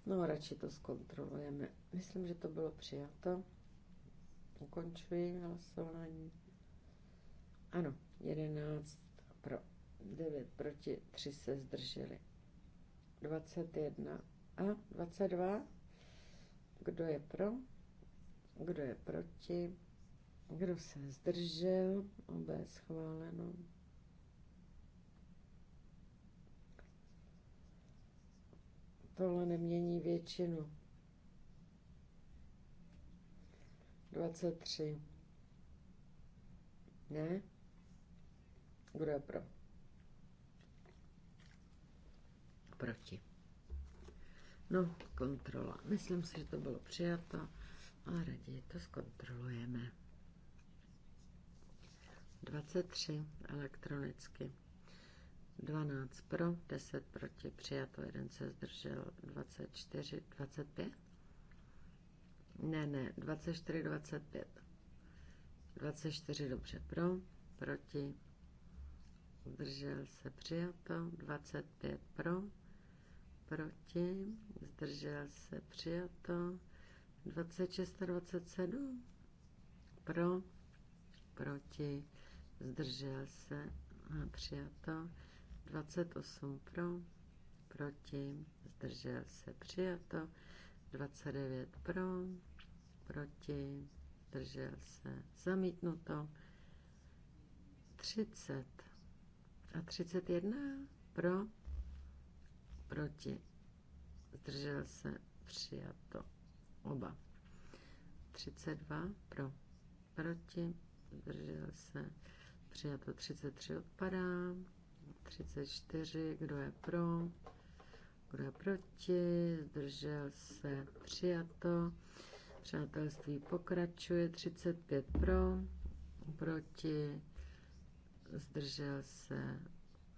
no radši to zkontrolujeme. Myslím, že to bylo přijato. Ukončuji hlasování. Ano, 11 pro, 9 proti, 3 se zdrželi. 21 a 22. Kdo je pro? Kdo je proti? Kdo se zdržel? Obe schváleno. Tohle nemění většinu. 23. Ne? Kdo je pro? Proti. No, kontrola. Myslím si, že to bylo přijato, ale raději to zkontrolujeme. 23 elektronicky. 12 pro, 10 proti, přijato, jeden se zdržel, 24, 25? Ne, ne, 24, 25. 24 dobře pro, proti, zdržel se přijato, 25 pro, proti, zdržel se přijato, 26 a 27 pro, proti, zdržel se a přijato, 28 pro, proti, zdržel se přijato, 29 pro, proti, zdržel se zamítnuto, 30 a 31 pro, proti, zdržel se, přijato. Oba. 32 pro, proti, zdržel se, přijato. 33 odpadá. 34, kdo je pro, kdo je proti, zdržel se, přijato. Přátelství pokračuje, 35 pro, proti, zdržel se,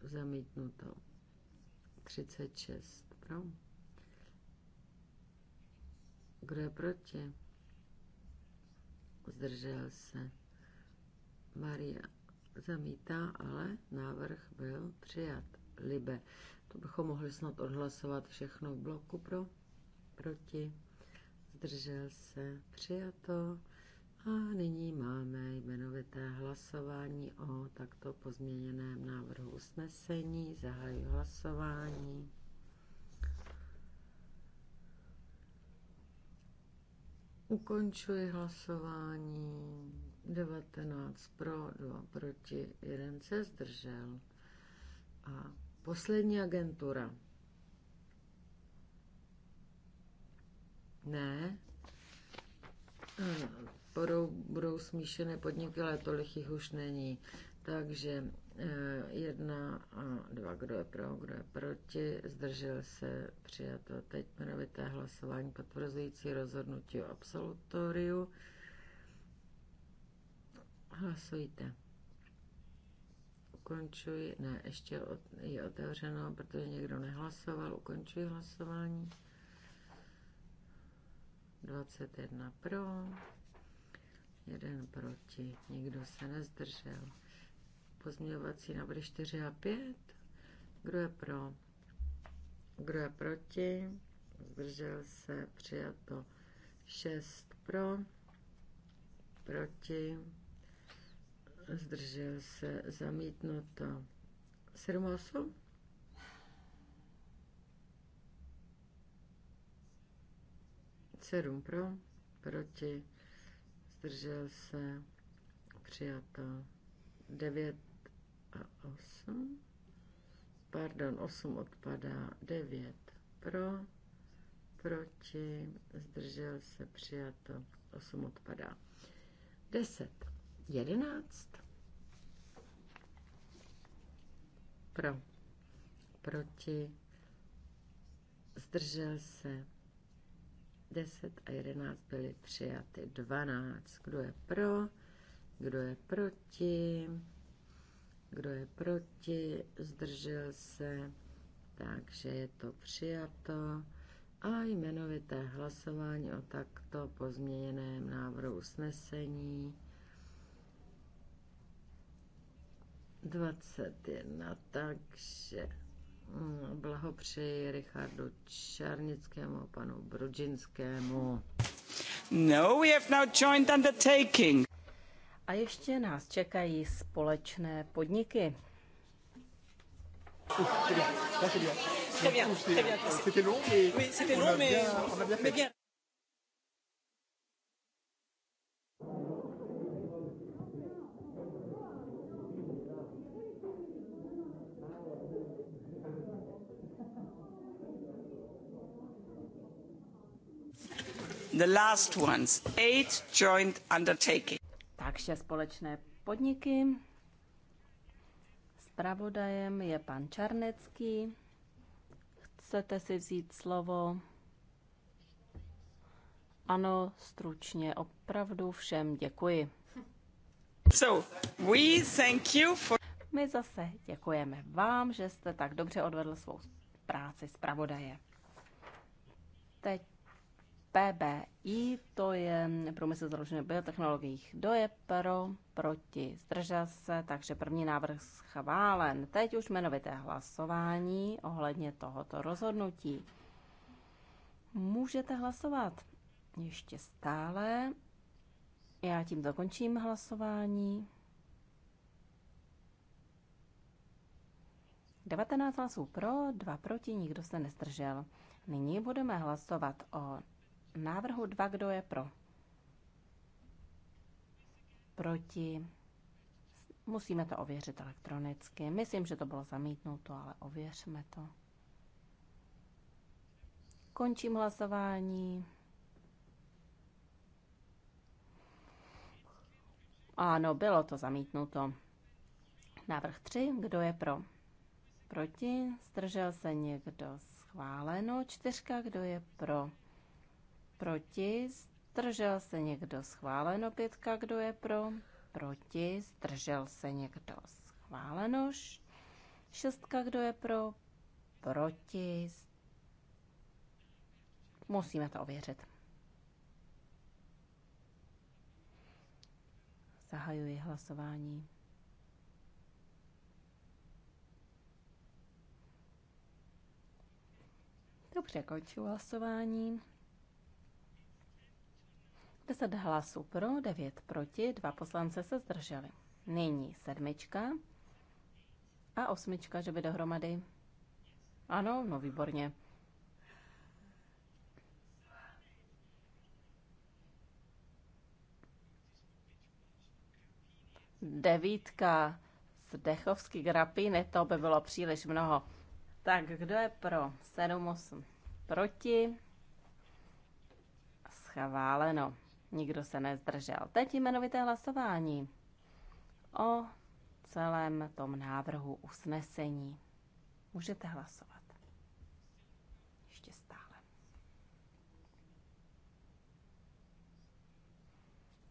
zamítnuto. 36 pro. Kdo je proti? Zdržel se. Maria zamítá, ale návrh byl přijat. Libe. To bychom mohli snad odhlasovat všechno v bloku pro, proti. Zdržel se. Přijato. A nyní máme jmenovité hlasování o takto pozměněném návrhu usnesení. Zahajuji hlasování. Ukončuji hlasování. 19 pro, 2 proti, 1 se zdržel. A poslední agentura. Ne podporou budou smíšené podniky, ale tolik jich už není. Takže eh, jedna a dva, kdo je pro, kdo je proti, zdržel se, přijato teď jmenovité hlasování potvrzující rozhodnutí o absolutoriu. Hlasujte. Ukončuji, ne, ještě je otevřeno, protože někdo nehlasoval, ukončuji hlasování. 21 pro jeden proti, nikdo se nezdržel. Pozměňovací návrhy 4 a 5. Kdo je pro? Kdo je proti? Zdržel se, přijato 6 pro, proti, zdržel se, zamítnuto 7 8. Sedm pro, proti zdržel se, přijato 9 a 8, pardon, 8 odpadá, 9 pro, proti, zdržel se, přijato, 8 odpadá, 10, 11 pro, proti, zdržel se, 10 a 11 byly přijaty 12. Kdo je pro? Kdo je proti? Kdo je proti? Zdržel se? Takže je to přijato. A jmenovité hlasování o takto pozměněném návrhu usnesení 21. Takže Blahopřeji Richardu Černickému, panu Brudžinskému. No, we have now joint undertaking. A ještě nás čekají společné podniky. C'était long, mais, oui, long, mais, mais bien. The last ones, eight joint Takže společné podniky. Spravodajem je pan Čarnecký. Chcete si vzít slovo? Ano, stručně, opravdu všem děkuji. So, we thank you for... My zase děkujeme vám, že jste tak dobře odvedl svou práci zpravodaje. Teď PBI, to je průmysl založený biotechnologiích. Kdo je pro, proti, zdržel se, takže první návrh schválen. Teď už jmenovité hlasování ohledně tohoto rozhodnutí. Můžete hlasovat ještě stále. Já tím dokončím hlasování. 19 hlasů pro, 2 proti, nikdo se nezdržel. Nyní budeme hlasovat o návrhu 2. Kdo je pro? Proti? Musíme to ověřit elektronicky. Myslím, že to bylo zamítnuto, ale ověřme to. Končím hlasování. Ano, bylo to zamítnuto. Návrh 3. Kdo je pro? Proti? Zdržel se někdo? Schváleno. Čtyřka. Kdo je pro? proti, zdržel se někdo schváleno, pětka, kdo je pro, proti, zdržel se někdo schváleno, šestka, kdo je pro, proti, musíme to ověřit. Zahajuji hlasování. Dobře, končím hlasování. 10 hlasů pro, 9 proti, 2 poslance se zdrželi. Nyní sedmička a osmička, že by dohromady. Ano, no výborně. Devítka Dechovský grapíny, to by bylo příliš mnoho. Tak kdo je pro? 7, 8 proti. Schváleno nikdo se nezdržel. Teď jmenovité hlasování o celém tom návrhu usnesení. Můžete hlasovat. Ještě stále.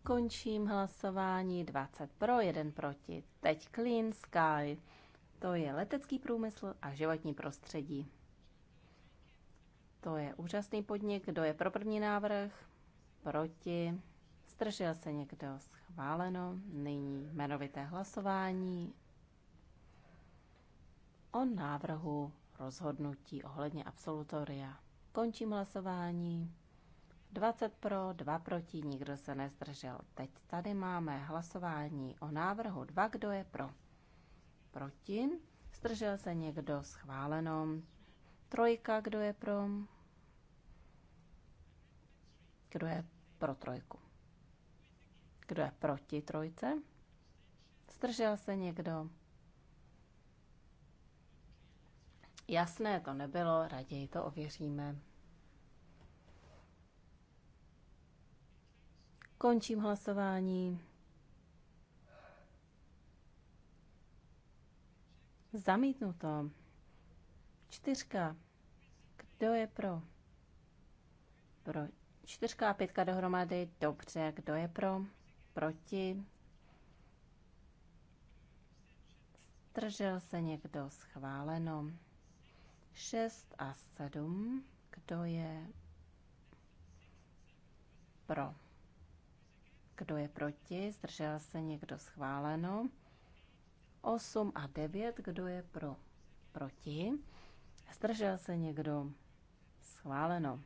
Končím hlasování 20 pro, 1 proti. Teď Clean Sky. To je letecký průmysl a životní prostředí. To je úžasný podnik. Kdo je pro první návrh? proti, zdržel se někdo schváleno, nyní jmenovité hlasování o návrhu rozhodnutí ohledně absolutoria. Končím hlasování. 20 pro, 2 proti, nikdo se nezdržel. Teď tady máme hlasování o návrhu 2, kdo je pro. Proti, zdržel se někdo schváleno. Trojka, kdo je pro. Kdo je pro trojku? Kdo je proti trojce? Zdržel se někdo? Jasné to nebylo, raději to ověříme. Končím hlasování. Zamítnuto. Čtyřka. Kdo je pro? Pro, Čtyřka a pětka dohromady, dobře, kdo je pro, proti, zdržel se někdo schváleno. Šest a sedm, kdo je pro, kdo je proti, zdržel se někdo schváleno. 8 a 9, kdo je pro, proti, zdržel se někdo schváleno.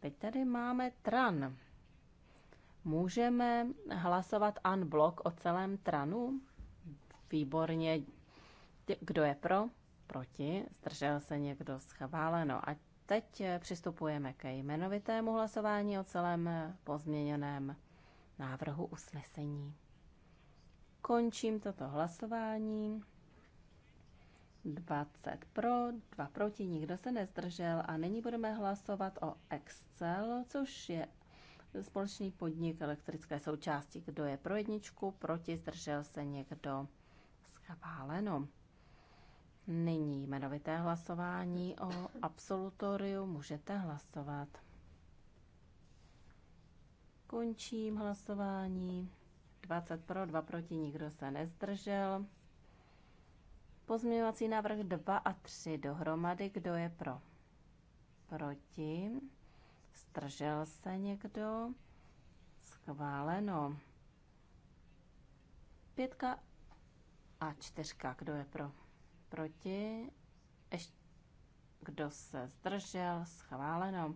Teď tady máme tran. Můžeme hlasovat an blok o celém tranu? Výborně. Kdo je pro? Proti. Zdržel se někdo schváleno. A teď eh, přistupujeme ke jmenovitému hlasování o celém eh, pozměněném návrhu usnesení. Končím toto hlasování. 20 pro, 2 proti, nikdo se nezdržel a nyní budeme hlasovat o Excel, což je společný podnik elektrické součásti. Kdo je pro jedničku, proti, zdržel se někdo schváleno. Nyní jmenovité hlasování o absolutoriu můžete hlasovat. Končím hlasování. 20 pro, 2 proti, nikdo se nezdržel. Pozměňovací návrh 2 a 3 dohromady. Kdo je pro? Proti? Zdržel se někdo? Schváleno. Pětka a čtyřka. Kdo je pro? Proti? Ještě kdo se zdržel? Schváleno.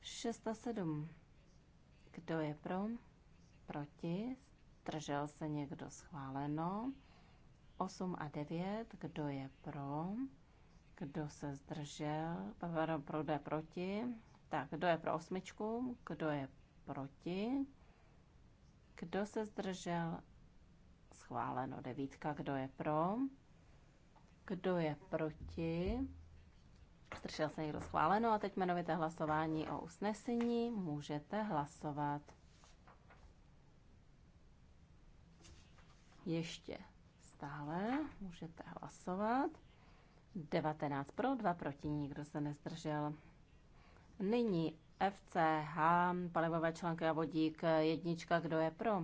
6 a 7. Kdo je pro? Proti? Zdržel se někdo? Schváleno. 8 a 9, kdo je pro, kdo se zdržel, pro, pro je proti, tak kdo je pro osmičku, kdo je proti, kdo se zdržel, schváleno devítka, kdo je pro, kdo je proti, zdržel se někdo schváleno a teď jmenovité hlasování o usnesení, můžete hlasovat. Ještě Dále můžete hlasovat. 19 pro, 2 proti, nikdo se nezdržel. Nyní FCH, palivové články a vodík, jednička, kdo je pro?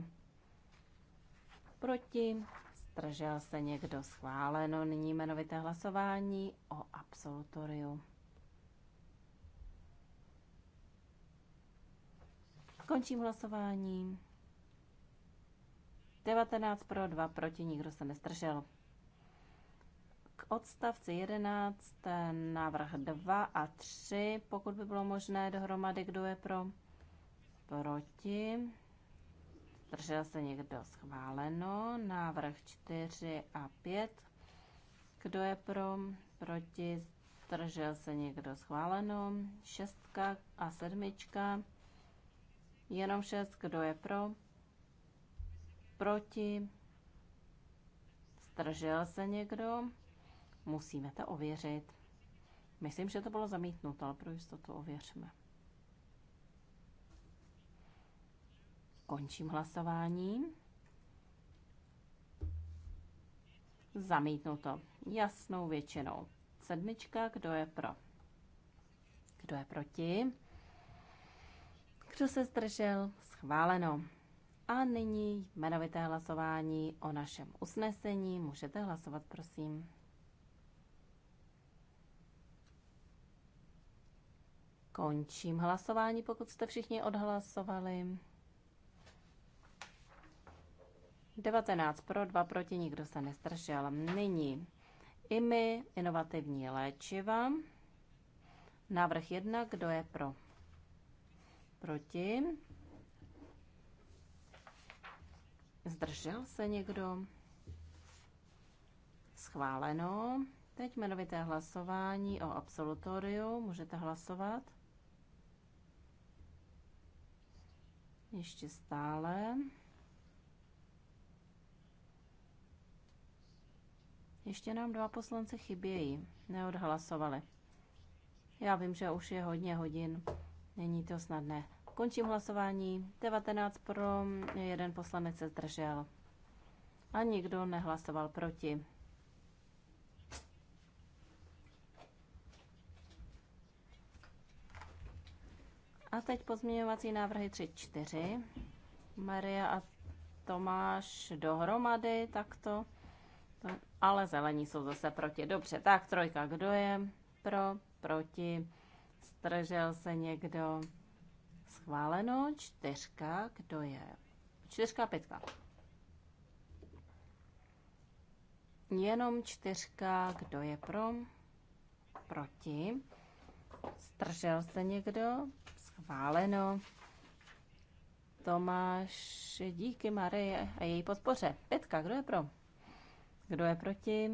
Proti, zdržel se někdo schváleno. Nyní jmenovité hlasování o absolutoriu. Končím hlasování. 19 pro, 2 proti, nikdo se nestržel. K odstavci 11, návrh 2 a 3, pokud by bylo možné dohromady, kdo je pro, proti, Držel se někdo schváleno, návrh 4 a 5, kdo je pro, proti, držel se někdo schváleno, 6 a 7, jenom 6, kdo je pro, Proti? stržel se někdo? Musíme to ověřit. Myslím, že to bylo zamítnuto, ale pro jistotu ověřme. Končím hlasování. Zamítnuto. Jasnou většinou. Sedmička, kdo je pro? Kdo je proti? Kdo se zdržel? Schváleno. A nyní jmenovité hlasování o našem usnesení. Můžete hlasovat, prosím. Končím hlasování, pokud jste všichni odhlasovali. 19 pro, 2 proti, nikdo se nestržel. Nyní IMI, inovativní léčiva. Návrh 1, kdo je pro? Proti. Zdržel se někdo? Schváleno. Teď jmenovité hlasování o absolutoriu. Můžete hlasovat. Ještě stále. Ještě nám dva poslanci chybějí. Neodhlasovali. Já vím, že už je hodně hodin. Není to snadné. Končím hlasování. 19 pro, jeden poslanec se zdržel. A nikdo nehlasoval proti. A teď pozměňovací návrhy 3, 4. Maria a Tomáš dohromady takto. ale zelení jsou zase proti. Dobře, tak trojka, kdo je pro, proti, zdržel se někdo schváleno. Čtyřka, kdo je? Čtyřka, pětka. Jenom čtyřka, kdo je pro? Proti. Stržel se někdo? Schváleno. Tomáš, díky Marie a její podpoře. Pětka, kdo je pro? Kdo je proti?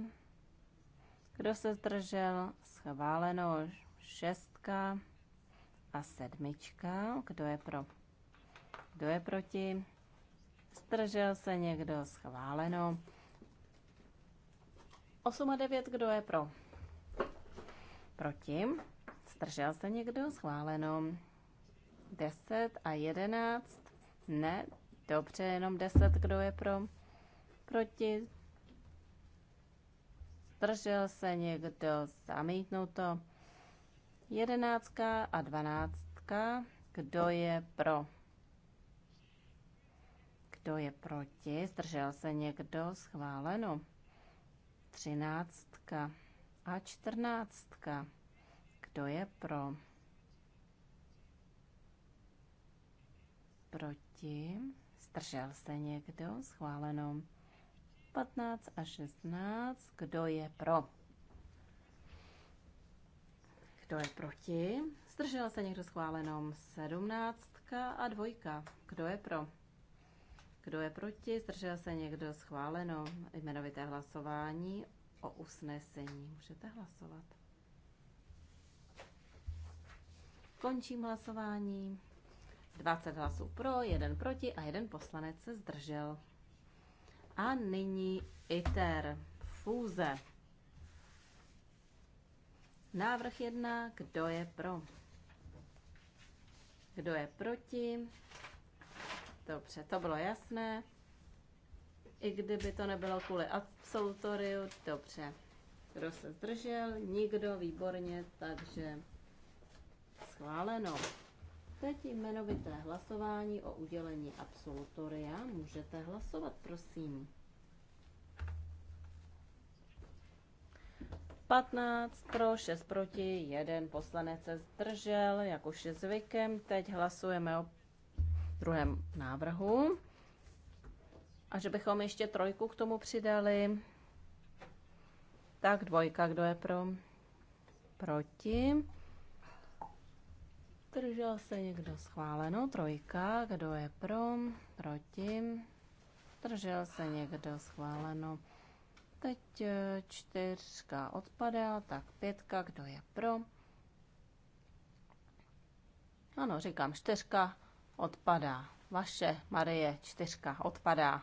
Kdo se zdržel? Schváleno. Šestka a sedmička. Kdo je pro? Kdo je proti? Zdržel se někdo? Schváleno. 8 a 9. Kdo je pro? Proti? Zdržel se někdo? Schváleno. 10 a 11. Ne, dobře, jenom 10. Kdo je pro? Proti? Zdržel se někdo? Zamítnuto jedenáctka a dvanáctka. Kdo je pro? Kdo je proti? Zdržel se někdo? Schváleno. Třináctka a čtrnáctka. Kdo je pro? Proti? Zdržel se někdo? Schváleno. 15 a 16. Kdo je pro? Kdo je proti? Zdržel se někdo schváleno? Sedmnáctka a dvojka. Kdo je pro? Kdo je proti? Zdržel se někdo schváleno? Jmenovité hlasování o usnesení. Můžete hlasovat. Končím hlasování. 20 hlasů pro, jeden proti a jeden poslanec se zdržel. A nyní ITER. Fúze. Návrh jedna, Kdo je pro? Kdo je proti? Dobře, to bylo jasné. I kdyby to nebylo kvůli absolutoriu, dobře. Kdo se zdržel? Nikdo, výborně, takže schváleno. Teď jmenovité hlasování o udělení absolutoria. Můžete hlasovat, prosím. 15 pro, 6 proti, 1 poslanec se zdržel, jak už je zvykem. Teď hlasujeme o druhém návrhu. A že bychom ještě trojku k tomu přidali. Tak dvojka, kdo je pro? Proti. Držel se někdo schváleno. Trojka, kdo je pro? Proti. Držel se někdo schváleno. Teď eh, čtyřka odpadá, tak pětka, kdo je pro? Ano, říkám, čtyřka odpadá. Vaše, Marie, čtyřka odpadá.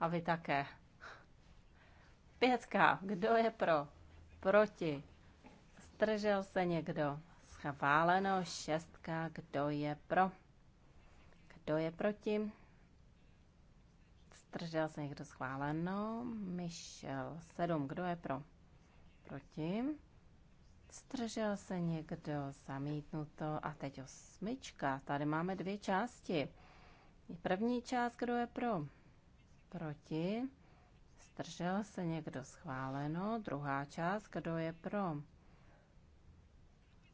A vy také. Pětka, kdo je pro? Proti. Zdržel se někdo? Schváleno šestka, kdo je pro? Kdo je proti? Zdržel se někdo schváleno. Michel 7. Kdo je pro? Proti. Zdržel se někdo zamítnuto. A teď osmička. Tady máme dvě části. První část, kdo je pro? Proti. Zdržel se někdo schváleno. Druhá část, kdo je pro?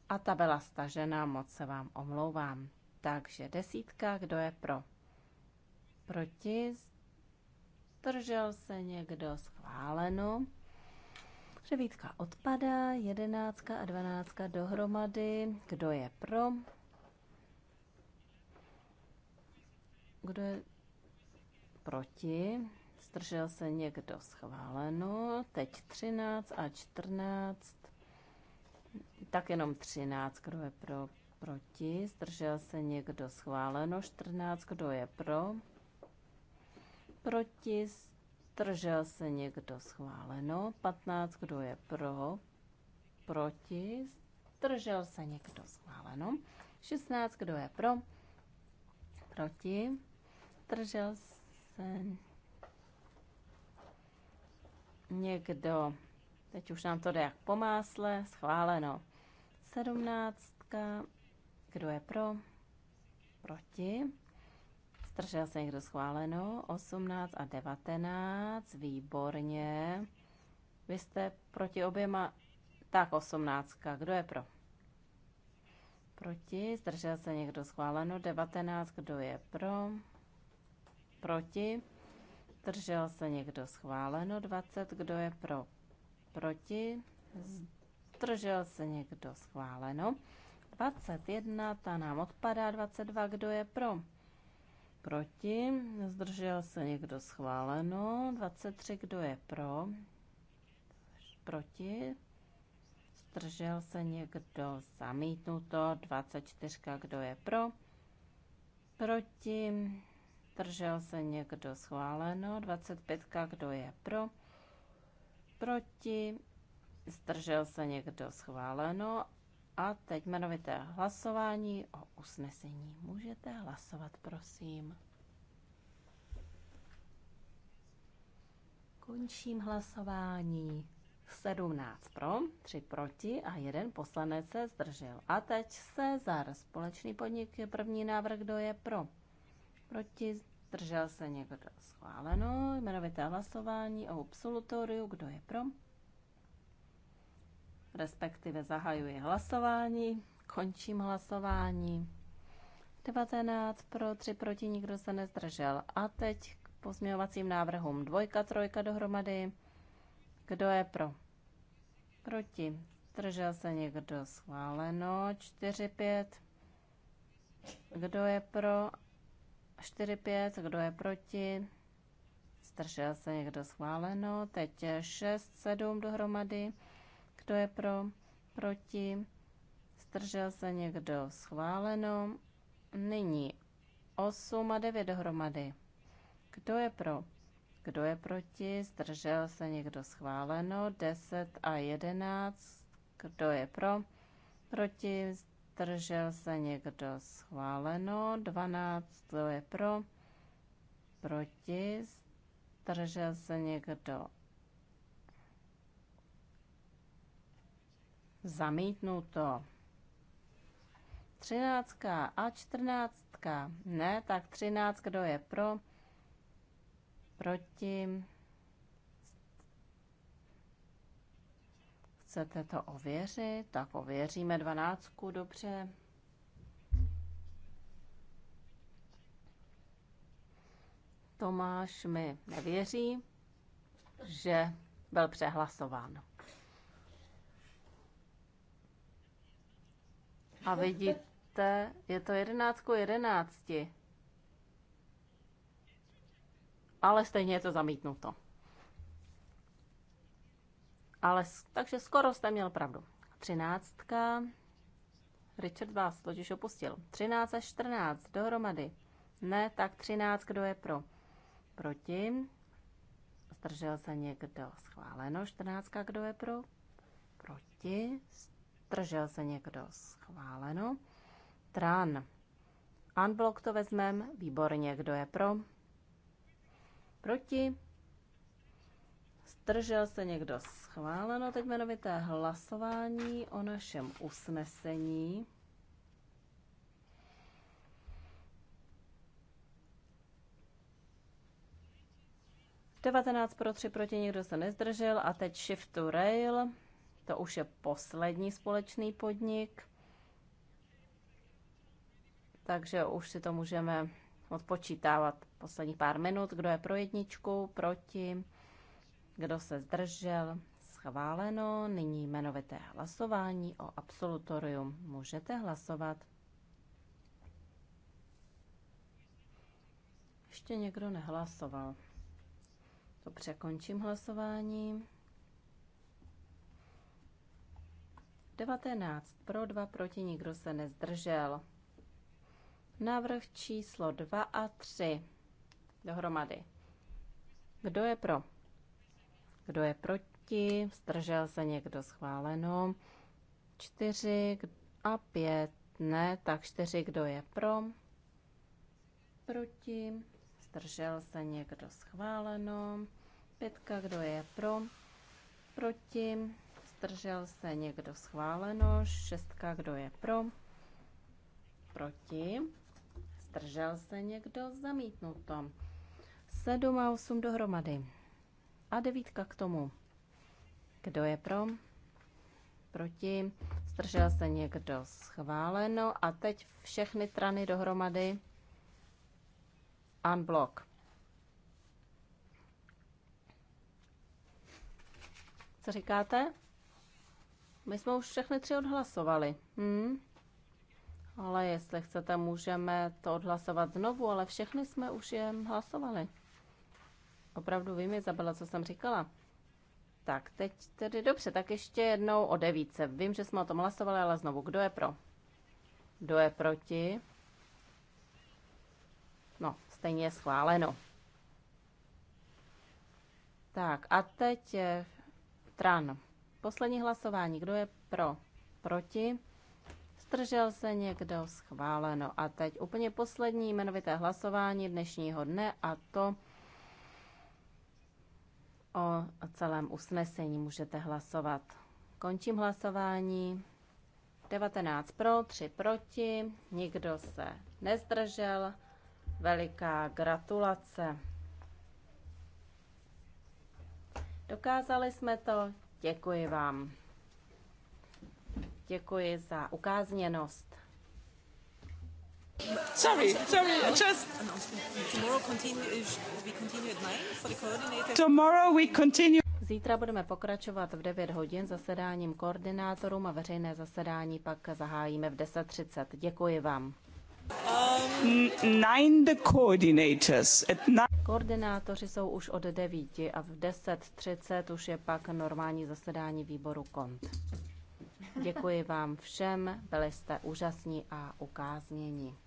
A ta byla stažena, moc se vám omlouvám. Takže desítka, kdo je pro? Proti zdržel se někdo schváleno. Řevítka odpadá, jedenáctka a dvanáctka dohromady. Kdo je pro? Kdo je proti? Zdržel se někdo schváleno. Teď 13 a 14. Tak jenom 13, kdo je pro, proti? Zdržel se někdo schváleno. 14, kdo je pro? proti, zdržel se někdo schváleno, 15, kdo je pro, proti, zdržel se někdo schváleno, 16, kdo je pro, proti, zdržel se někdo, teď už nám to jde jak po másle, schváleno, 17, kdo je pro, proti, Zdržel se někdo schváleno? 18 a 19. Výborně. Vy jste proti oběma. Tak 18. Kdo je pro? Proti. Zdržel se někdo schváleno? 19. Kdo je pro? Proti. Zdržel se někdo schváleno? 20. Kdo je pro? Proti. Zdržel se někdo schváleno? 21. Ta nám odpadá. 22. Kdo je pro? proti? Zdržel se někdo schváleno. 23, kdo je pro? Proti? Zdržel se někdo zamítnuto. 24, kdo je pro? Proti? Zdržel se někdo schváleno. 25, kdo je pro? Proti? Zdržel se někdo schváleno a teď jmenovité hlasování o usnesení. Můžete hlasovat, prosím. Končím hlasování. 17 pro, 3 proti a jeden poslanec se zdržel. A teď se za společný podnik, je první návrh, kdo je pro. Proti, zdržel se někdo schváleno. Jmenovité hlasování o absolutoriu, kdo je pro respektive zahajuji hlasování, končím hlasování. 19 pro, 3 proti, nikdo se nezdržel. A teď k pozměňovacím návrhům dvojka, trojka dohromady. Kdo je pro? Proti. Zdržel se někdo? Schváleno. 4, 5. Kdo je pro? 4, 5. Kdo je proti? Zdržel se někdo? Schváleno. Teď 6, 7 dohromady. Kdo je pro? Proti? Zdržel se někdo? Schváleno. Nyní 8 a 9 dohromady. Kdo je pro? Kdo je proti? Zdržel se někdo? Schváleno. 10 a 11. Kdo je pro? Proti? Zdržel se někdo? Schváleno. 12. Kdo je pro? Proti? Zdržel se někdo? Zamítnuto. Třináctka a čtrnáctka. Ne, tak třináct, kdo je pro? Proti? Chcete to ověřit? Tak ověříme dvanáctku, dobře. Tomáš mi nevěří, že byl přehlasován. A vidíte, je to 11 ku 11. Ale stejně je to zamítnuto. Ale, takže skoro jste měl pravdu. Třináctka. Richard vás totiž opustil. 13 a 14 dohromady. Ne, tak 13, kdo je pro? Proti. Zdržel se někdo schváleno. 14, kdo je pro? Proti. Zdržel se někdo? Schváleno. Tran. Unblock to vezmem. Výborně. Kdo je pro? Proti? Zdržel se někdo? Schváleno. Teď jmenovité hlasování o našem usnesení. Devatenáct pro tři proti nikdo se nezdržel a teď shift to rail. To už je poslední společný podnik, takže už si to můžeme odpočítávat posledních pár minut. Kdo je pro jedničku, proti, kdo se zdržel, schváleno. Nyní jmenovité hlasování o absolutorium. Můžete hlasovat. Ještě někdo nehlasoval. To překončím hlasování. 19 pro, 2 proti, nikdo se nezdržel. Návrh číslo 2 a 3 dohromady. Kdo je pro? Kdo je proti? Zdržel se někdo schváleno? 4 a 5 ne, tak 4 kdo je pro? Proti? Zdržel se někdo schváleno? 5 kdo je pro? Proti? zdržel se někdo schváleno, šestka, kdo je pro, proti, zdržel se někdo zamítnuto, sedm a osm dohromady a devítka k tomu, kdo je pro, proti, zdržel se někdo schváleno a teď všechny trany dohromady unblock. Co říkáte? My jsme už všechny tři odhlasovali. Hm? Ale jestli chcete, můžeme to odhlasovat znovu, ale všechny jsme už je hlasovali. Opravdu vím, Izabela, co jsem říkala. Tak, teď tedy dobře, tak ještě jednou o devíce. Vím, že jsme o tom hlasovali, ale znovu, kdo je pro? Kdo je proti? No, stejně je schváleno. Tak, a teď je Tran. Poslední hlasování. Kdo je pro? Proti? Zdržel se někdo? Schváleno. A teď úplně poslední jmenovité hlasování dnešního dne a to o celém usnesení můžete hlasovat. Končím hlasování. 19 pro, 3 proti, nikdo se nezdržel. Veliká gratulace. Dokázali jsme to, Děkuji vám. Děkuji za ukázněnost. Sorry, sorry, just. Tomorrow, continue, we continue at nine for the coordinator. Tomorrow we continue. Zítra budeme pokračovat v 9 hodin zasedáním koordinátorům a veřejné zasedání pak zahájíme v 10.30. Děkuji vám. Koordinátoři jsou už od 9 a v 10.30 už je pak normální zasedání výboru KONT. Děkuji vám všem, byli jste úžasní a ukáznění.